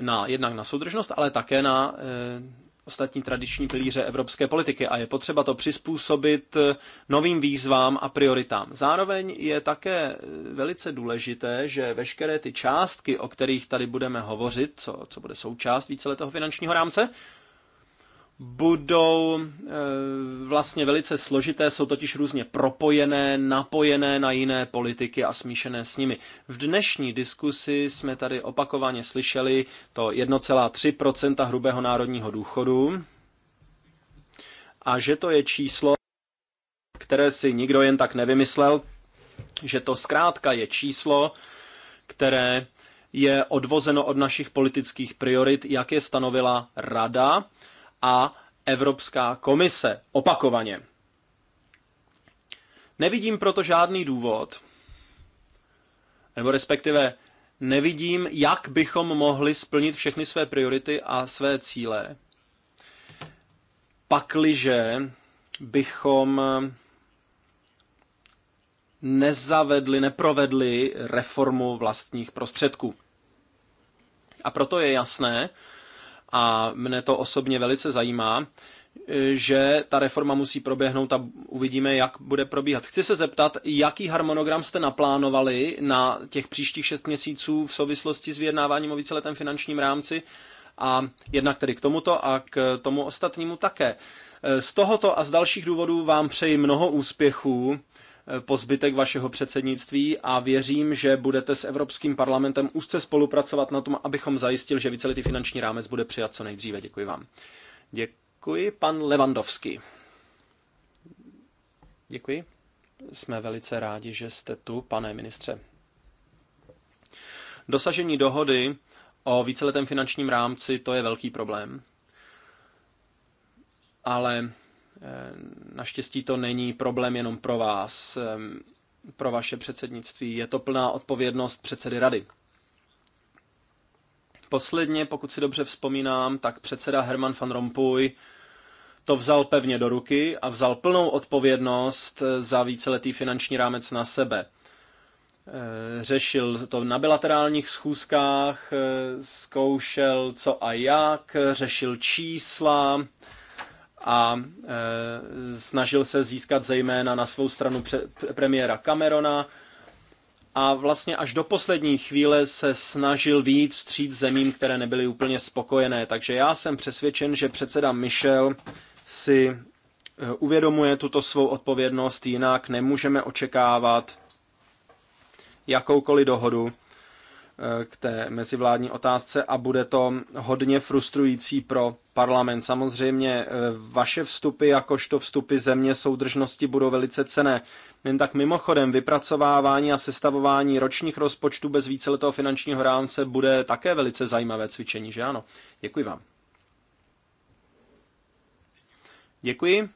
na jednak na soudržnost, ale také na e, ostatní tradiční pilíře evropské politiky a je potřeba to přizpůsobit e, novým výzvám a prioritám. Zároveň je také e, velice důležité, že veškeré ty částky, o kterých tady budeme hovořit, co, co bude součást víceletého finančního rámce, budou eh, vlastně velice složité, jsou totiž různě propojené, napojené na jiné politiky a smíšené s nimi. V dnešní diskusi jsme tady opakovaně slyšeli to 1,3 hrubého národního důchodu a že to je číslo, které si nikdo jen tak nevymyslel, že to zkrátka je číslo, které je odvozeno od našich politických priorit, jak je stanovila Rada a Evropská komise opakovaně. Nevidím proto žádný důvod, nebo respektive nevidím, jak bychom mohli splnit všechny své priority a své cíle, pakliže bychom nezavedli, neprovedli reformu vlastních prostředků. A proto je jasné, a mne to osobně velice zajímá, že ta reforma musí proběhnout a uvidíme, jak bude probíhat. Chci se zeptat, jaký harmonogram jste naplánovali na těch příštích šest měsíců v souvislosti s vyjednáváním o víceletém finančním rámci a jednak tedy k tomuto a k tomu ostatnímu také. Z tohoto a z dalších důvodů vám přeji mnoho úspěchů po zbytek vašeho předsednictví a věřím, že budete s Evropským parlamentem úzce spolupracovat na tom, abychom zajistil, že víceletý finanční rámec bude přijat co nejdříve. Děkuji vám. Děkuji, pan Levandovský. Děkuji. Jsme velice rádi, že jste tu, pane ministře. Dosažení dohody o víceletém finančním rámci, to je velký problém. Ale Eh, naštěstí to není problém jenom pro vás, pro vaše předsednictví. Je to plná odpovědnost předsedy rady. Posledně, pokud si dobře vzpomínám, tak předseda Herman van Rompuy to vzal pevně do ruky a vzal plnou odpovědnost za víceletý finanční rámec na sebe. Eh, řešil to na bilaterálních schůzkách, eh, zkoušel co a jak, řešil čísla, a eh, snažil se získat zejména na svou stranu premiéra Camerona a vlastně až do poslední chvíle se snažil výjít vstříc zemím, které nebyly úplně spokojené. Takže já jsem přesvědčen, že předseda Michel si eh, uvědomuje tuto svou odpovědnost, jinak nemůžeme očekávat jakoukoliv dohodu eh, k té mezivládní otázce a bude to hodně frustrující pro parlament. Samozřejmě eh, vaše vstupy, jakožto vstupy země soudržnosti, budou velice cené. Jen tak mimochodem, vypracovávání a sestavování ročních rozpočtů bez víceletého finančního rámce bude také velice zajímavé cvičení, že ano? Děkuji vám. Děkuji.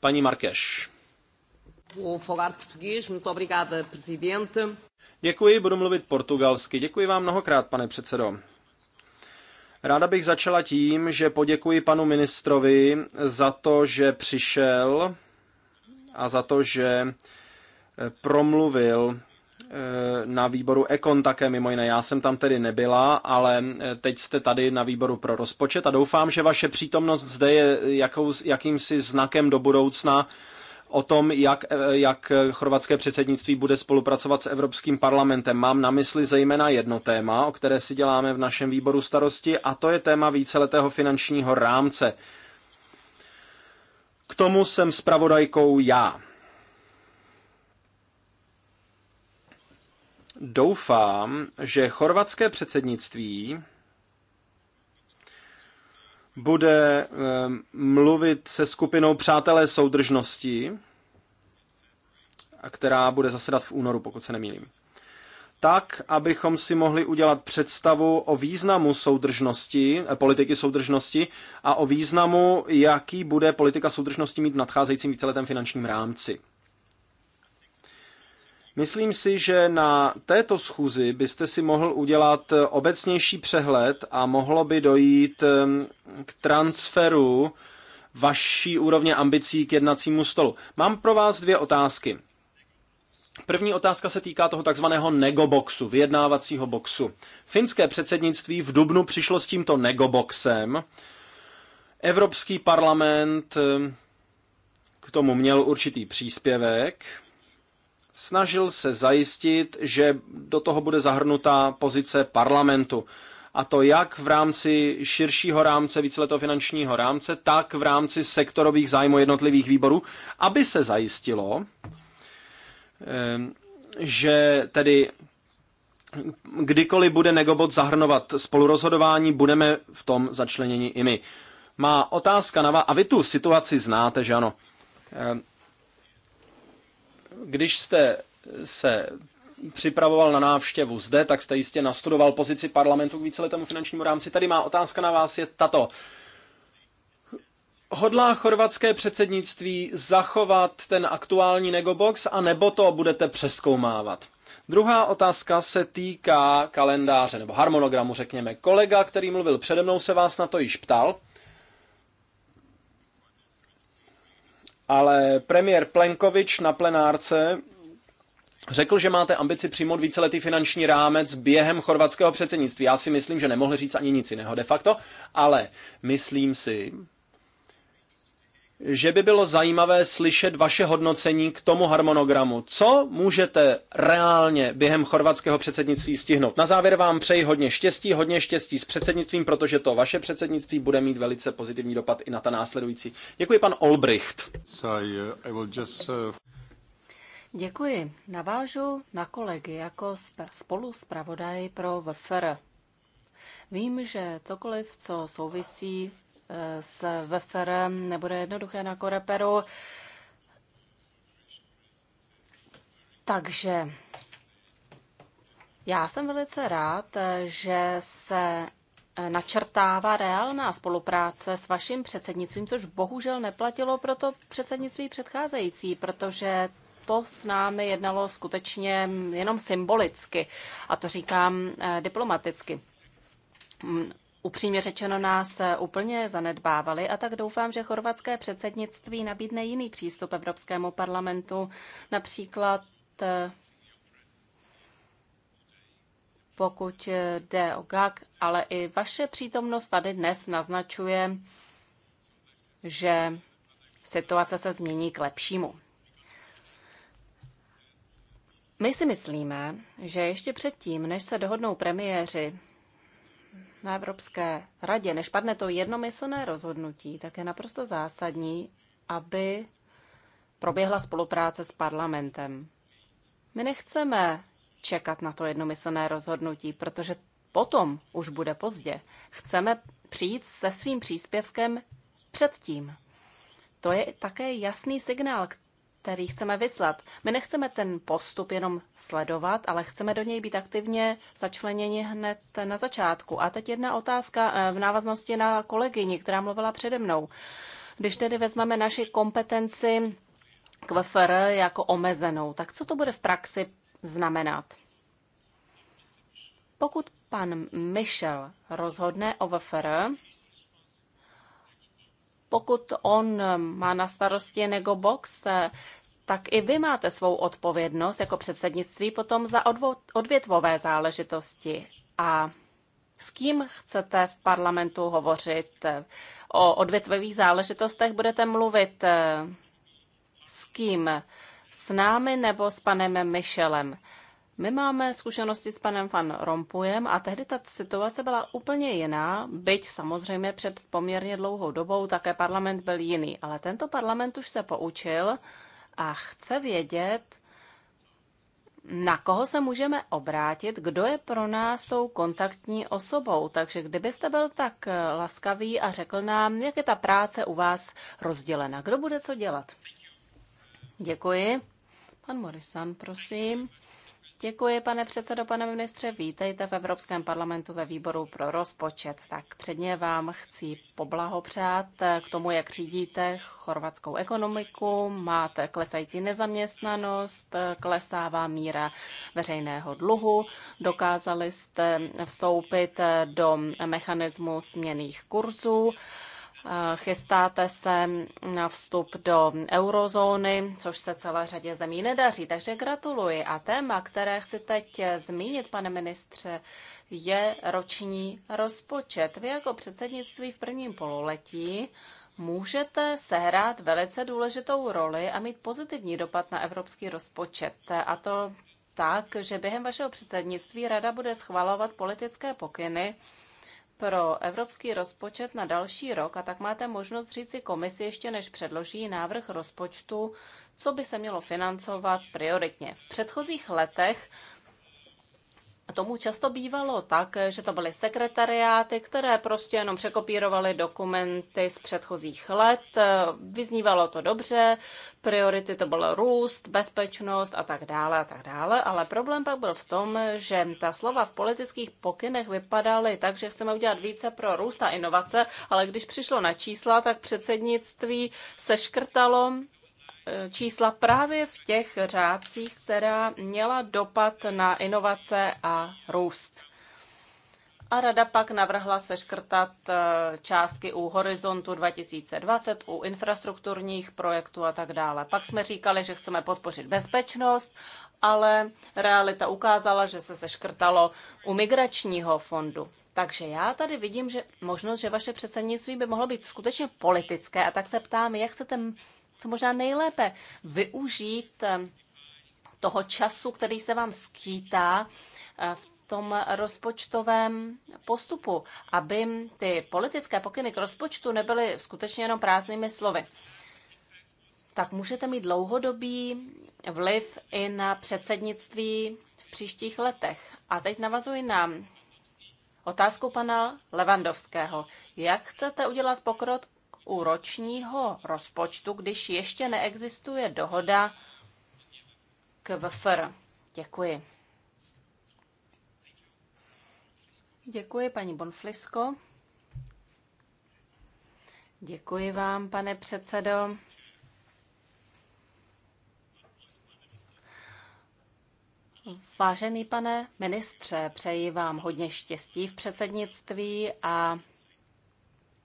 Paní Markeš. falar português. Muito obrigada, presidente. Děkuji, budu mluvit portugalsky. Děkuji vám mnohokrát, pane předsedo. Ráda bych začala tím, že poděkuji panu ministrovi za to, že přišel a za to, že eh, promluvil eh, na výboru Ekon také mimo jiné. Já jsem tam tedy nebyla, ale eh, teď jste tady na výboru pro rozpočet a doufám, že vaše přítomnost zde je jakou, jakýmsi znakem do budoucna o tom, jak, eh, jak chorvatské předsednictví bude spolupracovat s Evropským parlamentem. Mám na mysli zejména jedno téma, o které si děláme v našem výboru starosti, a to je téma víceletého finančního rámce. K tomu jsem spravodajkou já. Doufám, že chorvatské předsednictví bude eh, mluvit se skupinou Přátelé soudržnosti, která bude zasedat v únoru, pokud se nemýlím. Tak, abychom si mohli udělat představu o významu soudržnosti, eh, politiky soudržnosti a o významu, jaký bude politika soudržnosti mít v nadcházejícím víceletém finančním rámci. Myslím si, že na této schůzi byste si mohl udělat eh, obecnější přehled a mohlo by dojít eh, k transferu vaší úrovně ambicí k jednacímu stolu. Mám pro vás dvě otázky. První otázka se týká toho takzvaného negoboxu, vyjednávacího boxu. Finské předsednictví v Dubnu přišlo s tímto negoboxem. Evropský parlament eh, k tomu měl určitý příspěvek snažil se zajistit, že do toho bude zahrnuta pozice parlamentu. A to jak v rámci širšího rámce víceletého finančního rámce, tak v rámci sektorových zájmů jednotlivých výborů, aby se zajistilo, ehm, že tedy kdykoliv bude Negobot zahrnovat spolurozhodování, budeme v tom začleněni i my. Má otázka na vás, a vy tu situaci znáte, že ano? Ehm, když jste se připravoval na návštěvu zde, tak jste jistě nastudoval pozici parlamentu k víceletému finančnímu rámci. Tady má otázka na vás je tato. Hodlá chorvatské předsednictví zachovat ten aktuální negobox a nebo to budete přeskoumávat? Druhá otázka se týká kalendáře nebo harmonogramu, řekněme. Kolega, který mluvil přede mnou, se vás na to již ptal. ale premiér Plenkovič na plenárce řekl, že máte ambici přijmout víceletý finanční rámec během chorvatského předsednictví. Já si myslím, že nemohl říct ani nic jiného de facto, ale myslím si, že by bylo zajímavé slyšet vaše hodnocení k tomu harmonogramu. Co můžete reálně během chorvatského předsednictví stihnout? Na závěr vám přeji hodně štěstí, hodně štěstí s předsednictvím, protože to vaše předsednictví bude mít velice pozitivní dopad i na ta následující. Děkuji, pan Olbricht. Uh, Děkuji. Navážu na kolegy jako spolu zpravodaj pro VFR. Vím, že cokoliv, co souvisí s VFRem nebude jednoduché na Koreperu. Takže já jsem velice rád, že se načrtává reálná spolupráce s vaším předsednictvím, což bohužel neplatilo pro to předsednictví předcházející, protože to s námi jednalo skutečně jenom symbolicky. A to říkám eh, diplomaticky upřímně řečeno nás úplně zanedbávali a tak doufám, že chorvatské předsednictví nabídne jiný přístup Evropskému parlamentu, například eh, pokud jde o GAG, ale i vaše přítomnost tady dnes naznačuje, že situace se změní k lepšímu. My si myslíme, že ještě předtím, než se dohodnou premiéři na Evropské radě, než padne to jednomyslné rozhodnutí, tak je naprosto zásadní, aby proběhla spolupráce s parlamentem. My nechceme čekat na to jednomyslné rozhodnutí, protože potom už bude pozdě. Chceme přijít se svým příspěvkem předtím. To je také jasný signál, který chceme vyslat. My nechceme ten postup jenom sledovat, ale chceme do něj být aktivně začleněni hned na začátku. A teď jedna otázka eh, v návaznosti na kolegyni, která mluvila přede mnou. Když tedy vezmeme naši kompetenci KVFR jako omezenou, tak co to bude v praxi znamenat? Pokud pan Michel rozhodne o VFR, pokud on eh, má na starosti Nego Box, eh, tak i vy máte svou odpovědnost jako předsednictví potom za odvětvové záležitosti. A s kým chcete v parlamentu hovořit? O odvětvových záležitostech budete mluvit eh, s kým? S námi nebo s panem Michelem? My máme zkušenosti s panem Van Rompujem a tehdy ta situace byla úplně jiná, byť samozřejmě před poměrně dlouhou dobou také parlament byl jiný, ale tento parlament už se poučil a chce vědět, na koho se můžeme obrátit, kdo je pro nás tou kontaktní osobou. Takže kdybyste byl tak laskavý a řekl nám, jak je ta práce u vás rozdělena, kdo bude co dělat. Děkuji. Pan Morisan, prosím. Děkuji, pane předsedo, pane ministře. Vítejte v Evropském parlamentu ve výboru pro rozpočet. Tak předně vám chci poblahopřát k tomu, jak řídíte chorvatskou ekonomiku. Máte klesající nezaměstnanost, klesává míra veřejného dluhu. Dokázali jste vstoupit do mechanismu směných kurzů. Eh, chystáte se na vstup do eurozóny, což se celé řadě zemí nedaří. Takže gratuluji. A téma, které chci teď zmínit, pane ministře, je roční rozpočet. Vy jako předsednictví v prvním pololetí můžete sehrát velice důležitou roli a mít pozitivní dopad na evropský rozpočet. A to tak, že během vašeho předsednictví Rada bude schvalovat politické pokyny pro evropský rozpočet na další rok a tak máte možnost říci komisi ještě než předloží návrh rozpočtu, co by se mělo financovat prioritně. V předchozích letech tomu často bývalo tak, že to byly sekretariáty, které prostě jenom překopírovaly dokumenty z předchozích let. Vyznívalo to dobře, priority to byl růst, bezpečnost a tak dále a tak dále, ale problém pak byl v tom, že ta slova v politických pokynech vypadaly tak, že chceme udělat více pro růst a inovace, ale když přišlo na čísla, tak předsednictví seškrtalo Eh, čísla právě v těch řádcích, která měla dopad na inovace a růst. A rada pak navrhla seškrtat eh, částky u Horizontu 2020, u infrastrukturních projektů a tak dále. Pak jsme říkali, že chceme podpořit bezpečnost, ale realita ukázala, že se seškrtalo u migračního fondu. Takže já tady vidím, že možnost, že vaše předsednictví by mohlo být skutečně politické a tak se ptám, jak chcete co možná nejlépe využít eh, toho času, který se vám skýtá eh, v tom rozpočtovém postupu, aby ty politické pokyny k rozpočtu nebyly skutečně jenom prázdnými slovy tak můžete mít dlouhodobý vliv i na předsednictví v příštích letech. A teď navazuji na otázku pana Levandovského. Jak chcete udělat pokrok u ročního rozpočtu, když ještě neexistuje dohoda k VFR. Děkuji. Děkuji, paní Bonflisko. Děkuji vám, pane předsedo. Vážený pane ministře, přeji vám hodně štěstí v předsednictví a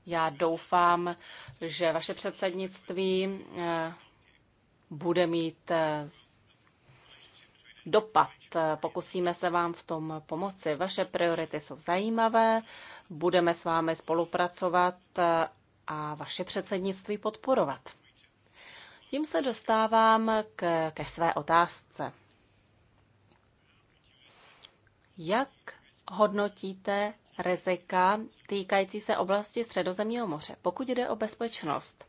já doufám, že vaše předsednictví eh, bude mít eh, dopad. Pokusíme se vám v tom pomoci. Vaše priority jsou zajímavé, budeme s vámi spolupracovat eh, a vaše předsednictví podporovat. Tím se dostávám k, ke své otázce. Jak hodnotíte rizika týkající se oblasti Středozemního moře, pokud jde o bezpečnost.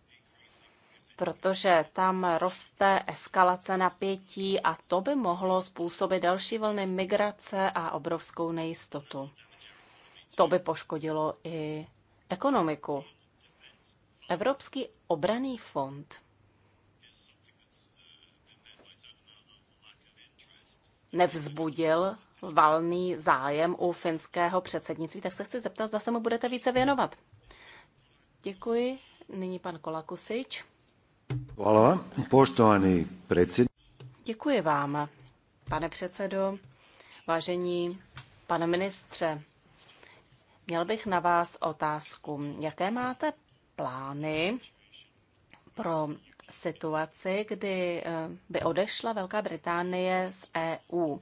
Protože tam roste eskalace napětí a to by mohlo způsobit další vlny migrace a obrovskou nejistotu. To by poškodilo i ekonomiku. Evropský obraný fond nevzbudil valný zájem u finského předsednictví, tak se chci zeptat, zda se mu budete více věnovat. Děkuji. Nyní pan Kolakusič. Hvala vám, poštovaný předsed. Děkuji vám, pane předsedo, vážení pane ministře. Měl bych na vás otázku. Jaké máte plány pro situaci, kdy eh, by odešla Velká Británie z EU?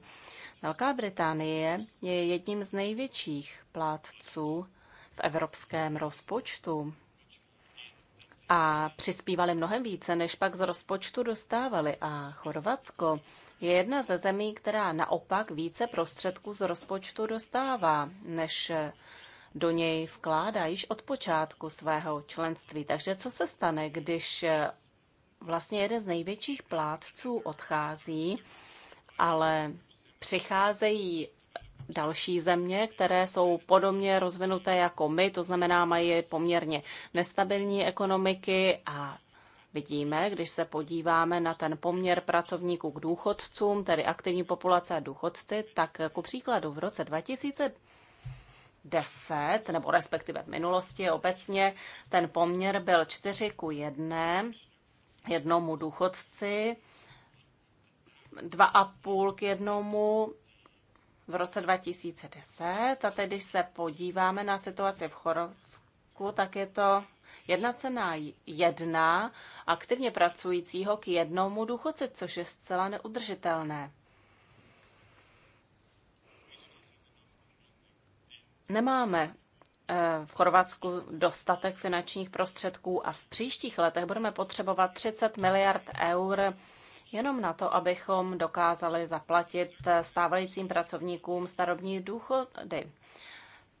Velká Británie je jedním z největších plátců v evropském rozpočtu a přispívali mnohem více, než pak z rozpočtu dostávali. A Chorvatsko je jedna ze zemí, která naopak více prostředků z rozpočtu dostává, než do něj vkládá již od počátku svého členství. Takže co se stane, když vlastně jeden z největších plátců odchází, ale přicházejí další země, které jsou podobně rozvinuté jako my, to znamená mají poměrně nestabilní ekonomiky a Vidíme, když se podíváme na ten poměr pracovníků k důchodcům, tedy aktivní populace a důchodci, tak ku příkladu v roce 2010, nebo respektive v minulosti obecně, ten poměr byl 4 ku 1, jednomu důchodci Dva a půl k jednomu v roce 2010. A teď, když se podíváme na situaci v Chorvatsku, tak je to jedna cena jedna aktivně pracujícího k jednomu důchodci, což je zcela neudržitelné. Nemáme eh, v Chorvatsku dostatek finančních prostředků a v příštích letech budeme potřebovat 30 miliard eur jenom na to, abychom dokázali zaplatit eh, stávajícím pracovníkům starobní důchody.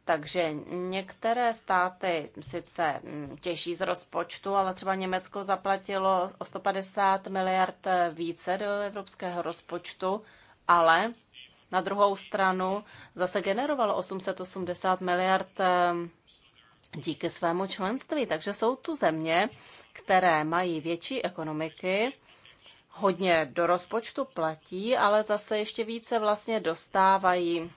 Takže některé státy sice hm, těší z rozpočtu, ale třeba Německo zaplatilo o 150 miliard eh, více do evropského rozpočtu, ale na druhou stranu zase generovalo 880 miliard hm, díky svému členství. Takže jsou tu země, které mají větší ekonomiky hodně do rozpočtu platí, ale zase ještě více vlastně dostávají.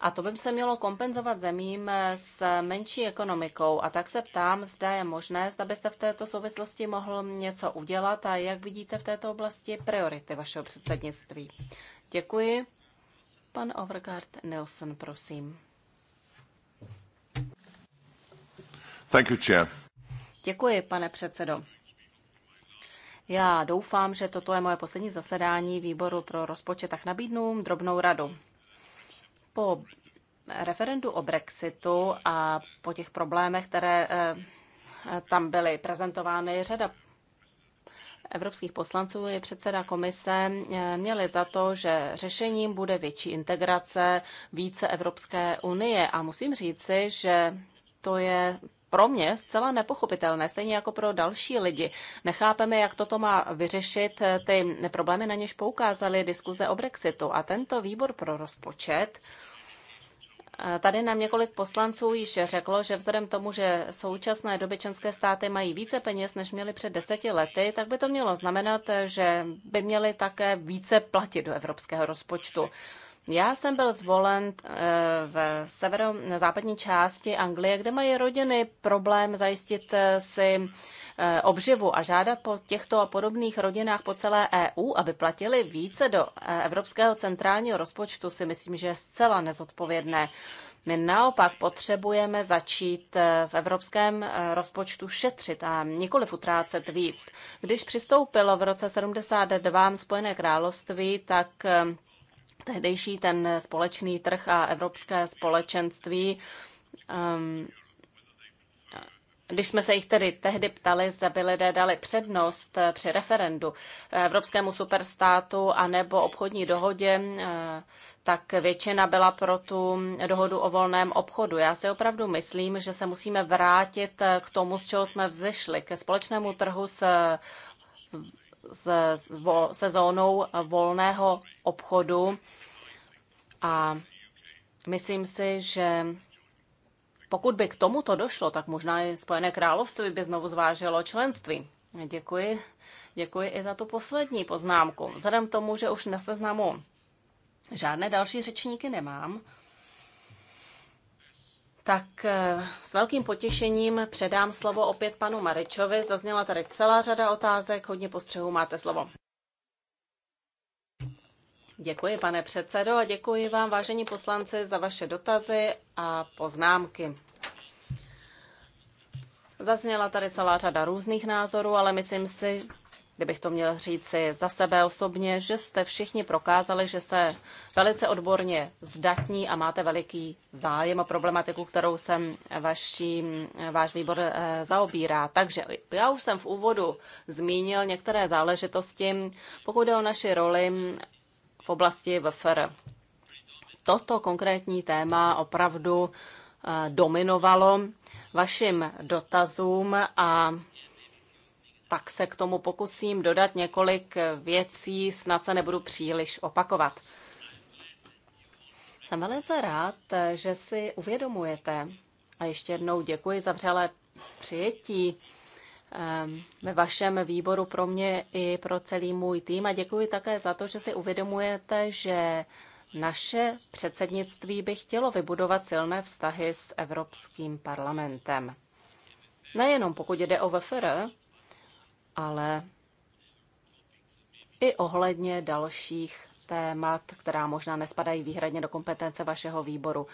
A to by se mělo kompenzovat zemím s menší ekonomikou. A tak se ptám, zda je možné, zda byste v této souvislosti mohl něco udělat a jak vidíte v této oblasti priority vašeho předsednictví. Děkuji. Pan Overgaard Nilsson, prosím. Thank you, chair. Děkuji, pane předsedo. Já doufám, že toto je moje poslední zasedání výboru pro rozpočet, tak nabídnu drobnou radu. Po referendu o Brexitu a po těch problémech, které eh, eh, tam byly prezentovány, řada evropských poslanců i předseda komise eh, měli za to, že řešením bude větší integrace, více Evropské unie. A musím říci, že to je pro mě zcela nepochopitelné, stejně jako pro další lidi. Nechápeme, jak toto má vyřešit eh, ty problémy, na něž poukázali diskuze o Brexitu. A tento výbor pro rozpočet eh, Tady nám několik poslanců již řeklo, že vzhledem tomu, že současné době členské státy mají více peněz, než měly před deseti lety, tak by to mělo znamenat, eh, že by měly také více platit do evropského rozpočtu. Já jsem byl zvolen eh, v západní části Anglie, kde mají rodiny problém zajistit eh, si eh, obživu a žádat po těchto a podobných rodinách po celé EU, aby platili více do Evropského centrálního rozpočtu, si myslím, že je zcela nezodpovědné. My naopak potřebujeme začít v evropském rozpočtu šetřit a nikoli utrácet víc. Když přistoupilo v roce 72 Spojené království, tak tehdejší ten společný trh a evropské společenství. Um, když jsme se jich tedy tehdy ptali, zda by lidé dali přednost eh, při referendu eh, Evropskému superstátu anebo obchodní dohodě, eh, tak většina byla pro tu dohodu o volném obchodu. Já si opravdu myslím, že se musíme vrátit k tomu, z čeho jsme vzešli, ke společnému trhu s se, se zónou volného obchodu a myslím si, že pokud by k tomuto došlo, tak možná i Spojené království by znovu zváželo členství. Děkuji. Děkuji i za tu poslední poznámku. Vzhledem k tomu, že už na seznamu žádné další řečníky nemám, tak eh, s velkým potěšením předám slovo opět panu Marečovi. Zazněla tady celá řada otázek, hodně postřehů máte slovo. Děkuji, pane předsedo, a děkuji vám, vážení poslanci, za vaše dotazy a poznámky. Zazněla tady celá řada různých názorů, ale myslím si, kdybych to měl říci za sebe osobně, že jste všichni prokázali, že jste velice odborně zdatní a máte veliký zájem o problematiku, kterou jsem vaší, váš výbor eh, zaobírá. Takže já už jsem v úvodu zmínil některé záležitosti, pokud jde o naši roli v oblasti VFR. Toto konkrétní téma opravdu eh, dominovalo vašim dotazům a tak se k tomu pokusím dodat několik věcí, snad se nebudu příliš opakovat. Jsem velice rád, že si uvědomujete, a ještě jednou děkuji za vřelé přijetí ehm, ve vašem výboru pro mě i pro celý můj tým a děkuji také za to, že si uvědomujete, že naše předsednictví by chtělo vybudovat silné vztahy s Evropským parlamentem. Nejenom pokud jde o VFR, ale i ohledně dalších témat, která možná nespadají výhradně do kompetence vašeho výboru.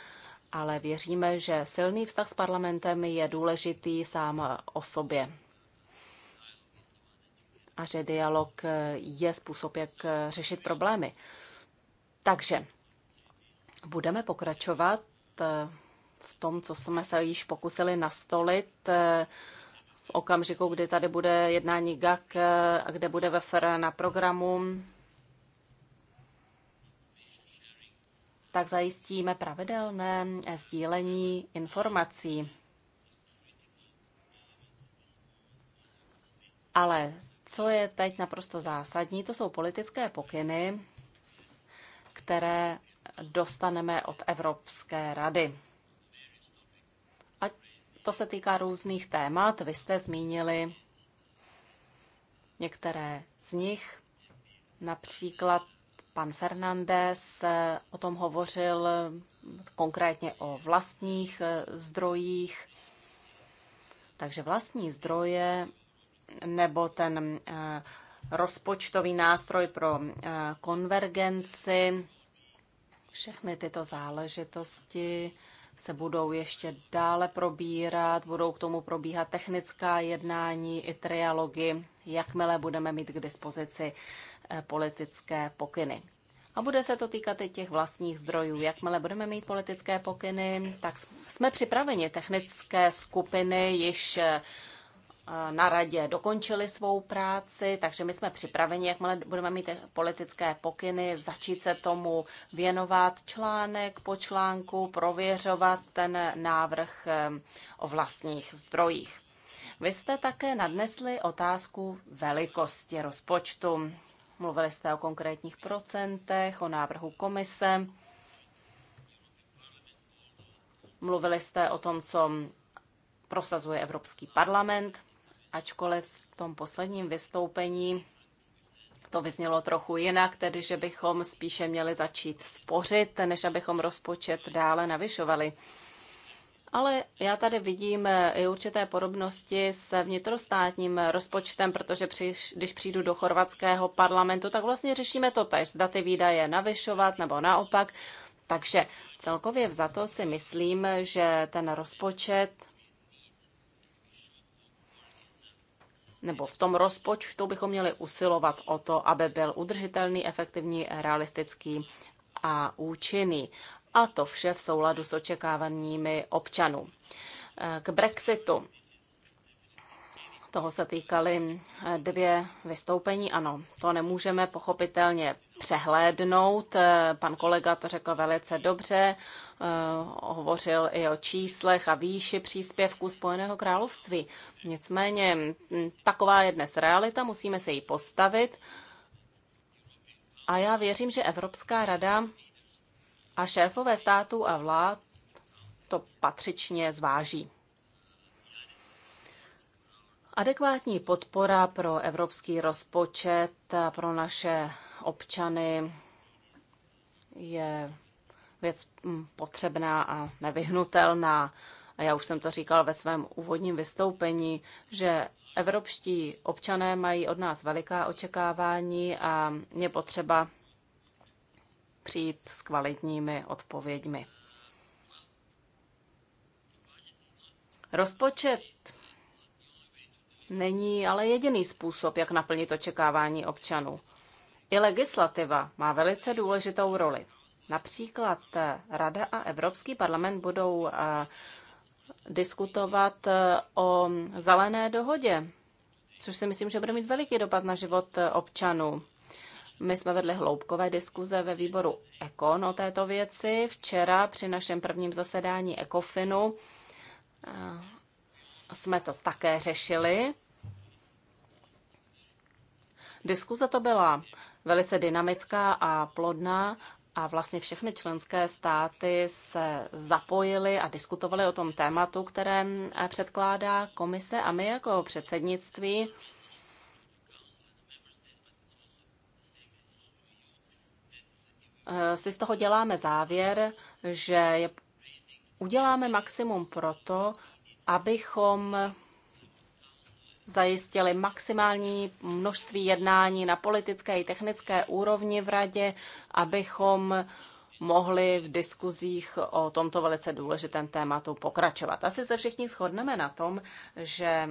Ale věříme, že silný vztah s parlamentem je důležitý sám o sobě a že dialog je způsob, jak řešit problémy. Takže budeme pokračovat v tom, co jsme se již pokusili nastolit okamžiku, kdy tady bude jednání GAK eh, a kde bude VFR na programu, tak zajistíme pravidelné sdílení informací. Ale co je teď naprosto zásadní, to jsou politické pokyny, které dostaneme od Evropské rady. To se týká různých témat. Vy jste zmínili některé z nich, například pan Fernandez o tom hovořil konkrétně o vlastních eh, zdrojích. Takže vlastní zdroje nebo ten eh, rozpočtový nástroj pro eh, konvergenci, všechny tyto záležitosti se budou ještě dále probírat, budou k tomu probíhat technická jednání i trialogy, jakmile budeme mít k dispozici eh, politické pokyny. A bude se to týkat i těch vlastních zdrojů. Jakmile budeme mít politické pokyny, tak jsme připraveni. Technické skupiny již eh, na radě dokončili svou práci, takže my jsme připraveni, jakmile budeme mít politické pokyny, začít se tomu věnovat článek po článku, prověřovat ten návrh o vlastních zdrojích. Vy jste také nadnesli otázku velikosti rozpočtu. Mluvili jste o konkrétních procentech, o návrhu komise. Mluvili jste o tom, co prosazuje Evropský parlament ačkoliv v tom posledním vystoupení to vyznělo trochu jinak, tedy že bychom spíše měli začít spořit, než abychom rozpočet dále navyšovali. Ale já tady vidím eh, i určité podobnosti s vnitrostátním rozpočtem, protože při, když přijdu do chorvatského parlamentu, tak vlastně řešíme to tež, zda ty výdaje navyšovat nebo naopak. Takže celkově vzato si myslím, že ten rozpočet nebo v tom rozpočtu bychom měli usilovat o to, aby byl udržitelný, efektivní, realistický a účinný. A to vše v souladu s očekávanými občanů. K Brexitu. Toho se týkaly dvě vystoupení. Ano, to nemůžeme pochopitelně přehlédnout. Pan kolega to řekl velice dobře. Eh, hovořil i o číslech a výši příspěvku Spojeného království. Nicméně mm, taková je dnes realita, musíme se jí postavit. A já věřím, že Evropská rada a šéfové států a vlád to patřičně zváží. Adekvátní podpora pro evropský rozpočet a pro naše občany je věc mm, potřebná a nevyhnutelná. A já už jsem to říkal ve svém úvodním vystoupení, že evropští občané mají od nás veliká očekávání a je potřeba přijít s kvalitními odpověďmi. Rozpočet není ale jediný způsob, jak naplnit očekávání občanů. I legislativa má velice důležitou roli. Například eh, Rada a Evropský parlament budou eh, diskutovat eh, o zelené dohodě, což si myslím, že bude mít veliký dopad na život občanů. My jsme vedli hloubkové diskuze ve výboru Ekon o této věci včera při našem prvním zasedání Ekofinu. Jsme to také řešili. Diskuze to byla velice dynamická a plodná a vlastně všechny členské státy se zapojily a diskutovaly o tom tématu, které eh, předkládá komise a my jako předsednictví eh, si z toho děláme závěr, že uděláme maximum pro to, abychom zajistili maximální množství jednání na politické i technické úrovni v radě, abychom mohli v diskuzích o tomto velice důležitém tématu pokračovat. Asi se všichni shodneme na tom, že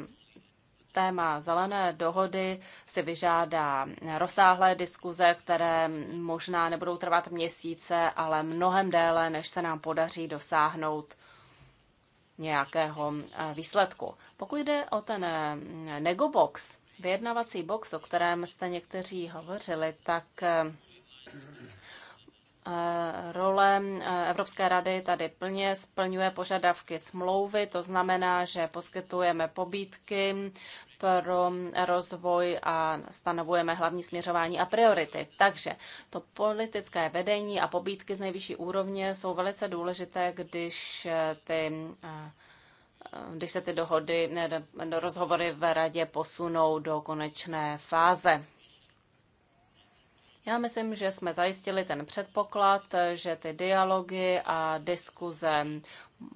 téma zelené dohody si vyžádá rozsáhlé diskuze, které možná nebudou trvat měsíce, ale mnohem déle, než se nám podaří dosáhnout nějakého eh, výsledku. Pokud jde o ten eh, negobox, vyjednavací box, o kterém jste někteří hovořili, tak eh, role Evropské rady tady plně splňuje požadavky smlouvy, to znamená, že poskytujeme pobídky pro rozvoj a stanovujeme hlavní směřování a priority. Takže to politické vedení a pobídky z nejvyšší úrovně jsou velice důležité, když ty eh, když se ty dohody, ne, rozhovory v radě posunou do konečné fáze. Já myslím, že jsme zajistili ten předpoklad, že ty dialogy a diskuze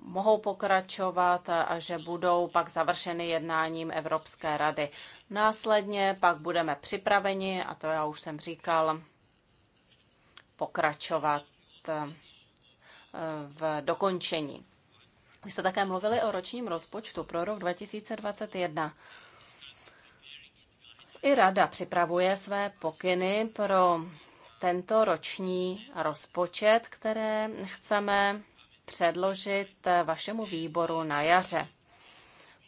mohou pokračovat a že budou pak završeny jednáním Evropské rady. Následně pak budeme připraveni, a to já už jsem říkal, pokračovat e, v dokončení. Vy jste také mluvili o ročním rozpočtu pro rok 2021. I rada připravuje své pokyny pro tento roční rozpočet, které chceme předložit eh, vašemu výboru na jaře.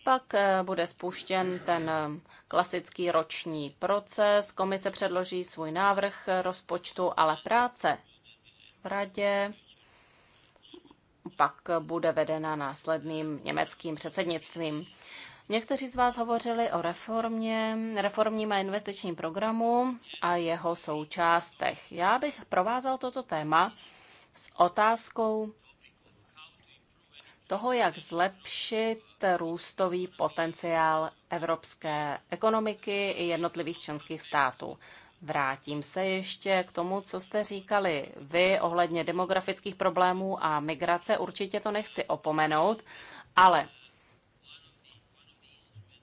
Pak eh, bude spuštěn ten eh, klasický roční proces. Komise předloží svůj návrh rozpočtu, ale práce v radě pak bude vedena následným německým předsednictvím. Někteří z vás hovořili o reformě, reformním a investičním programu a jeho součástech. Já bych provázal toto téma s otázkou toho, jak zlepšit růstový potenciál evropské ekonomiky i jednotlivých členských států. Vrátím se ještě k tomu, co jste říkali vy ohledně demografických problémů a migrace. Určitě to nechci opomenout, ale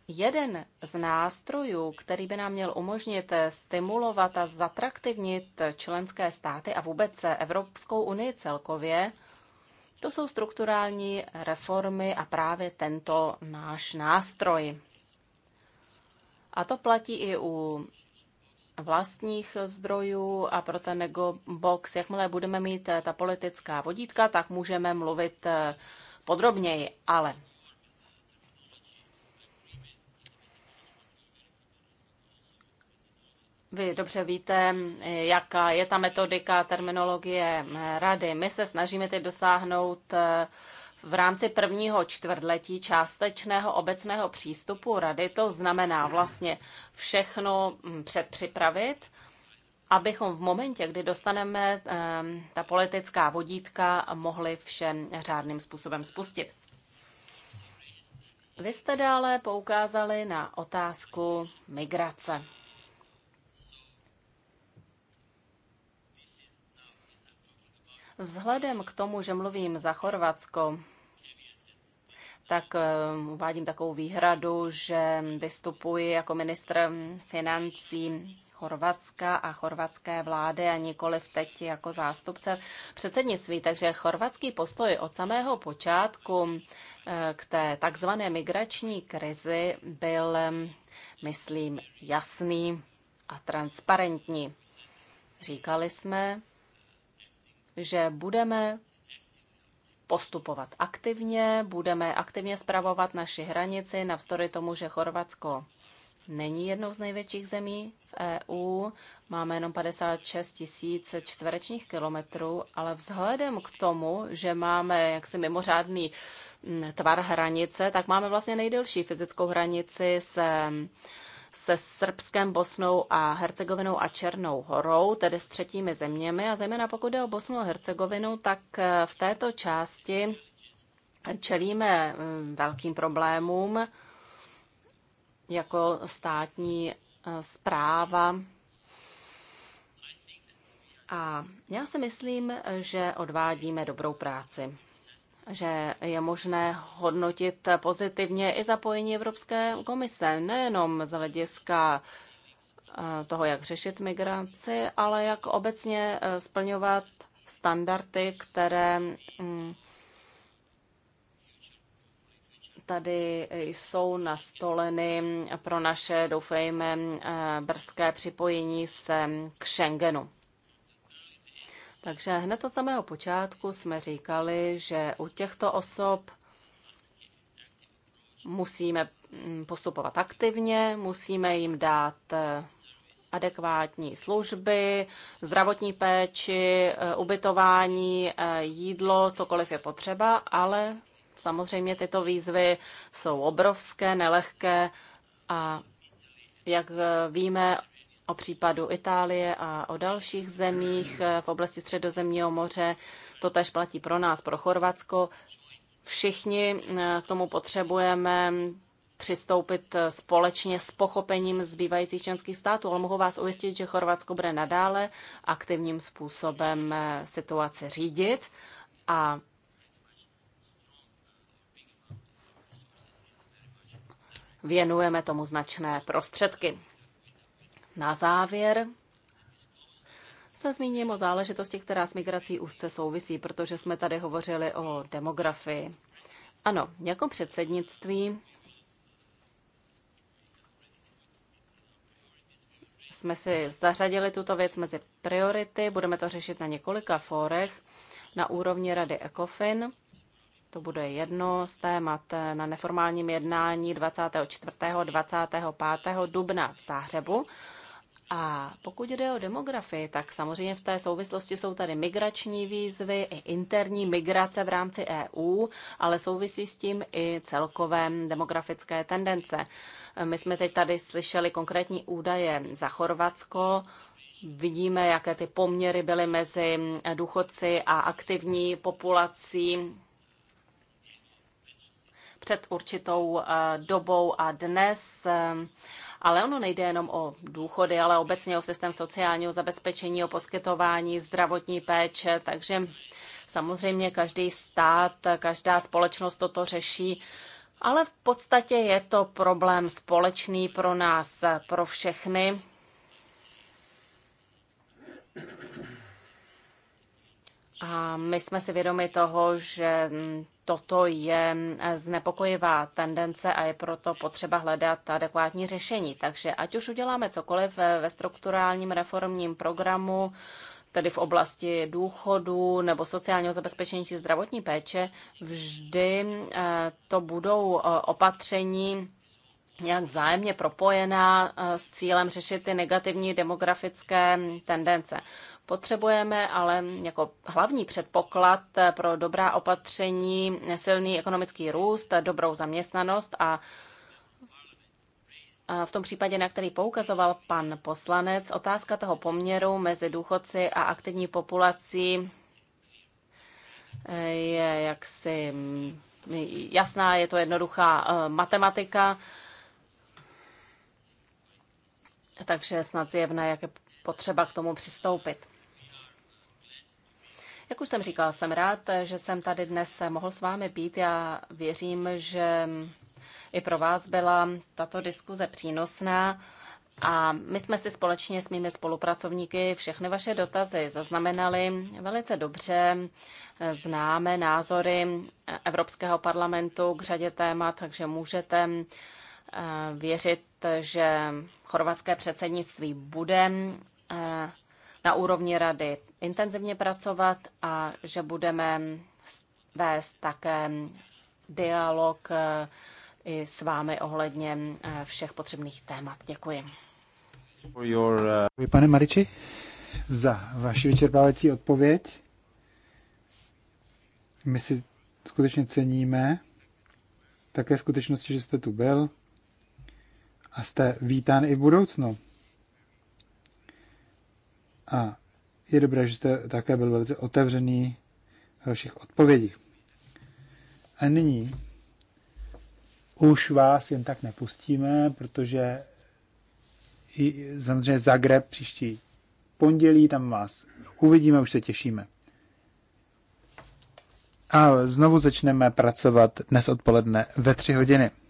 jeden z nástrojů, který by nám měl umožnit stimulovat a zatraktivnit členské státy a vůbec Evropskou unii celkově, to jsou strukturální reformy a právě tento náš nástroj. A to platí i u vlastních zdrojů a pro ten nego box, jakmile budeme mít ta politická vodítka, tak můžeme mluvit podrobněji. Ale Vy dobře víte, jaká je ta metodika, terminologie rady. My se snažíme teď dosáhnout eh, v rámci prvního čtvrtletí částečného obecného přístupu rady. To znamená vlastně všechno mm, předpřipravit, abychom v momentě, kdy dostaneme ehm, ta politická vodítka, mohli všem řádným způsobem spustit. Vy jste dále poukázali na otázku migrace. Vzhledem k tomu, že mluvím za Chorvatsko, tak eh, uvádím takovou výhradu, že vystupuji jako ministr financí Chorvatska a chorvatské vlády a nikoli v teď jako zástupce předsednictví. Takže chorvatský postoj od samého počátku eh, k té takzvané migrační krizi byl, eh, myslím, jasný a transparentní. Říkali jsme, že budeme postupovat aktivně, budeme aktivně zpravovat naši hranici, navzdory tomu, že Chorvatsko není jednou z největších zemí v EU, máme jenom 56 tisíc čtverečních kilometrů, ale vzhledem k tomu, že máme jaksi mimořádný mm, tvar hranice, tak máme vlastně nejdelší fyzickou hranici s se Srbskem, Bosnou a Hercegovinou a Černou horou, tedy s třetími zeměmi. A zejména pokud jde o Bosnu a Hercegovinu, tak eh, v této části čelíme eh, velkým problémům jako státní zpráva. Eh, a já si myslím, že odvádíme dobrou práci že je možné hodnotit pozitivně i zapojení Evropské komise, nejenom z hlediska eh, toho, jak řešit migraci, ale jak obecně eh, splňovat standardy, které mm, tady jsou nastoleny pro naše, doufejme, eh, brzké připojení se k Schengenu. Takže hned od samého počátku jsme říkali, že u těchto osob musíme mm, postupovat aktivně, musíme jim dát eh, adekvátní služby, zdravotní péči, eh, ubytování, eh, jídlo, cokoliv je potřeba, ale samozřejmě tyto výzvy jsou obrovské, nelehké a jak víme, o případu Itálie a o dalších zemích eh, v oblasti Středozemního moře. To tež platí pro nás, pro Chorvatsko. Všichni eh, k tomu potřebujeme přistoupit eh, společně s pochopením zbývajících členských států, ale mohu vás ujistit, že Chorvatsko bude nadále aktivním způsobem situaci řídit a věnujeme tomu značné prostředky na závěr se zmíním o záležitosti, která s migrací úzce souvisí, protože jsme tady hovořili o demografii. Ano, jako předsednictví jsme si zařadili tuto věc mezi priority, budeme to řešit na několika fórech na úrovni Rady ECOFIN. To bude jedno z témat na neformálním jednání 24. 25. dubna v Záhřebu. A pokud jde o demografii, tak samozřejmě v té souvislosti jsou tady migrační výzvy i interní migrace v rámci EU, ale souvisí s tím i celkové demografické tendence. My jsme teď tady slyšeli konkrétní údaje za Chorvatsko. Vidíme, jaké ty poměry byly mezi důchodci a aktivní populací před určitou eh, dobou a dnes. Eh, ale ono nejde jenom o důchody, ale obecně o systém sociálního zabezpečení, o poskytování zdravotní péče, takže samozřejmě každý stát, každá společnost toto řeší. Ale v podstatě je to problém společný pro nás, pro všechny. A my jsme si vědomi toho, že mm, Toto je eh, znepokojivá tendence a je proto potřeba hledat adekvátní řešení. Takže ať už uděláme cokoliv eh, ve strukturálním reformním programu, tedy v oblasti důchodu nebo sociálního zabezpečení či zdravotní péče, vždy eh, to budou opatření nějak vzájemně propojená s cílem řešit ty negativní demografické tendence. Potřebujeme ale jako hlavní předpoklad pro dobrá opatření silný ekonomický růst, dobrou zaměstnanost a v tom případě, na který poukazoval pan poslanec, otázka toho poměru mezi důchodci a aktivní populací eh, je jaksi mm, jasná, je to jednoduchá eh, matematika, takže snad zjevné, jaké potřeba k tomu přistoupit. Jak už jsem říkal, jsem rád, že jsem tady dnes mohl s vámi být. Já věřím, že i pro vás byla tato diskuze přínosná. A my jsme si společně s mými spolupracovníky všechny vaše dotazy zaznamenali velice dobře. Známe názory Evropského parlamentu k řadě témat, takže můžete eh, věřit, že chorvatské předsednictví bude na úrovni rady intenzivně pracovat a že budeme vést také dialog e, i s vámi ohledně e, všech potřebných témat. Děkuji. E, Děkuji, Pane Mariči, za vaši vyčerpávající odpověď. My si skutečně ceníme také skutečnosti, že jste tu byl a jste vítán i v budoucnu. A je dobré, že jste také byl velice otevřený v vašich odpovědích. A nyní už vás jen tak nepustíme, protože i, samozřejmě Zagreb příští pondělí, tam vás uvidíme, už se těšíme. A znovu začneme pracovat dnes odpoledne ve tři hodiny.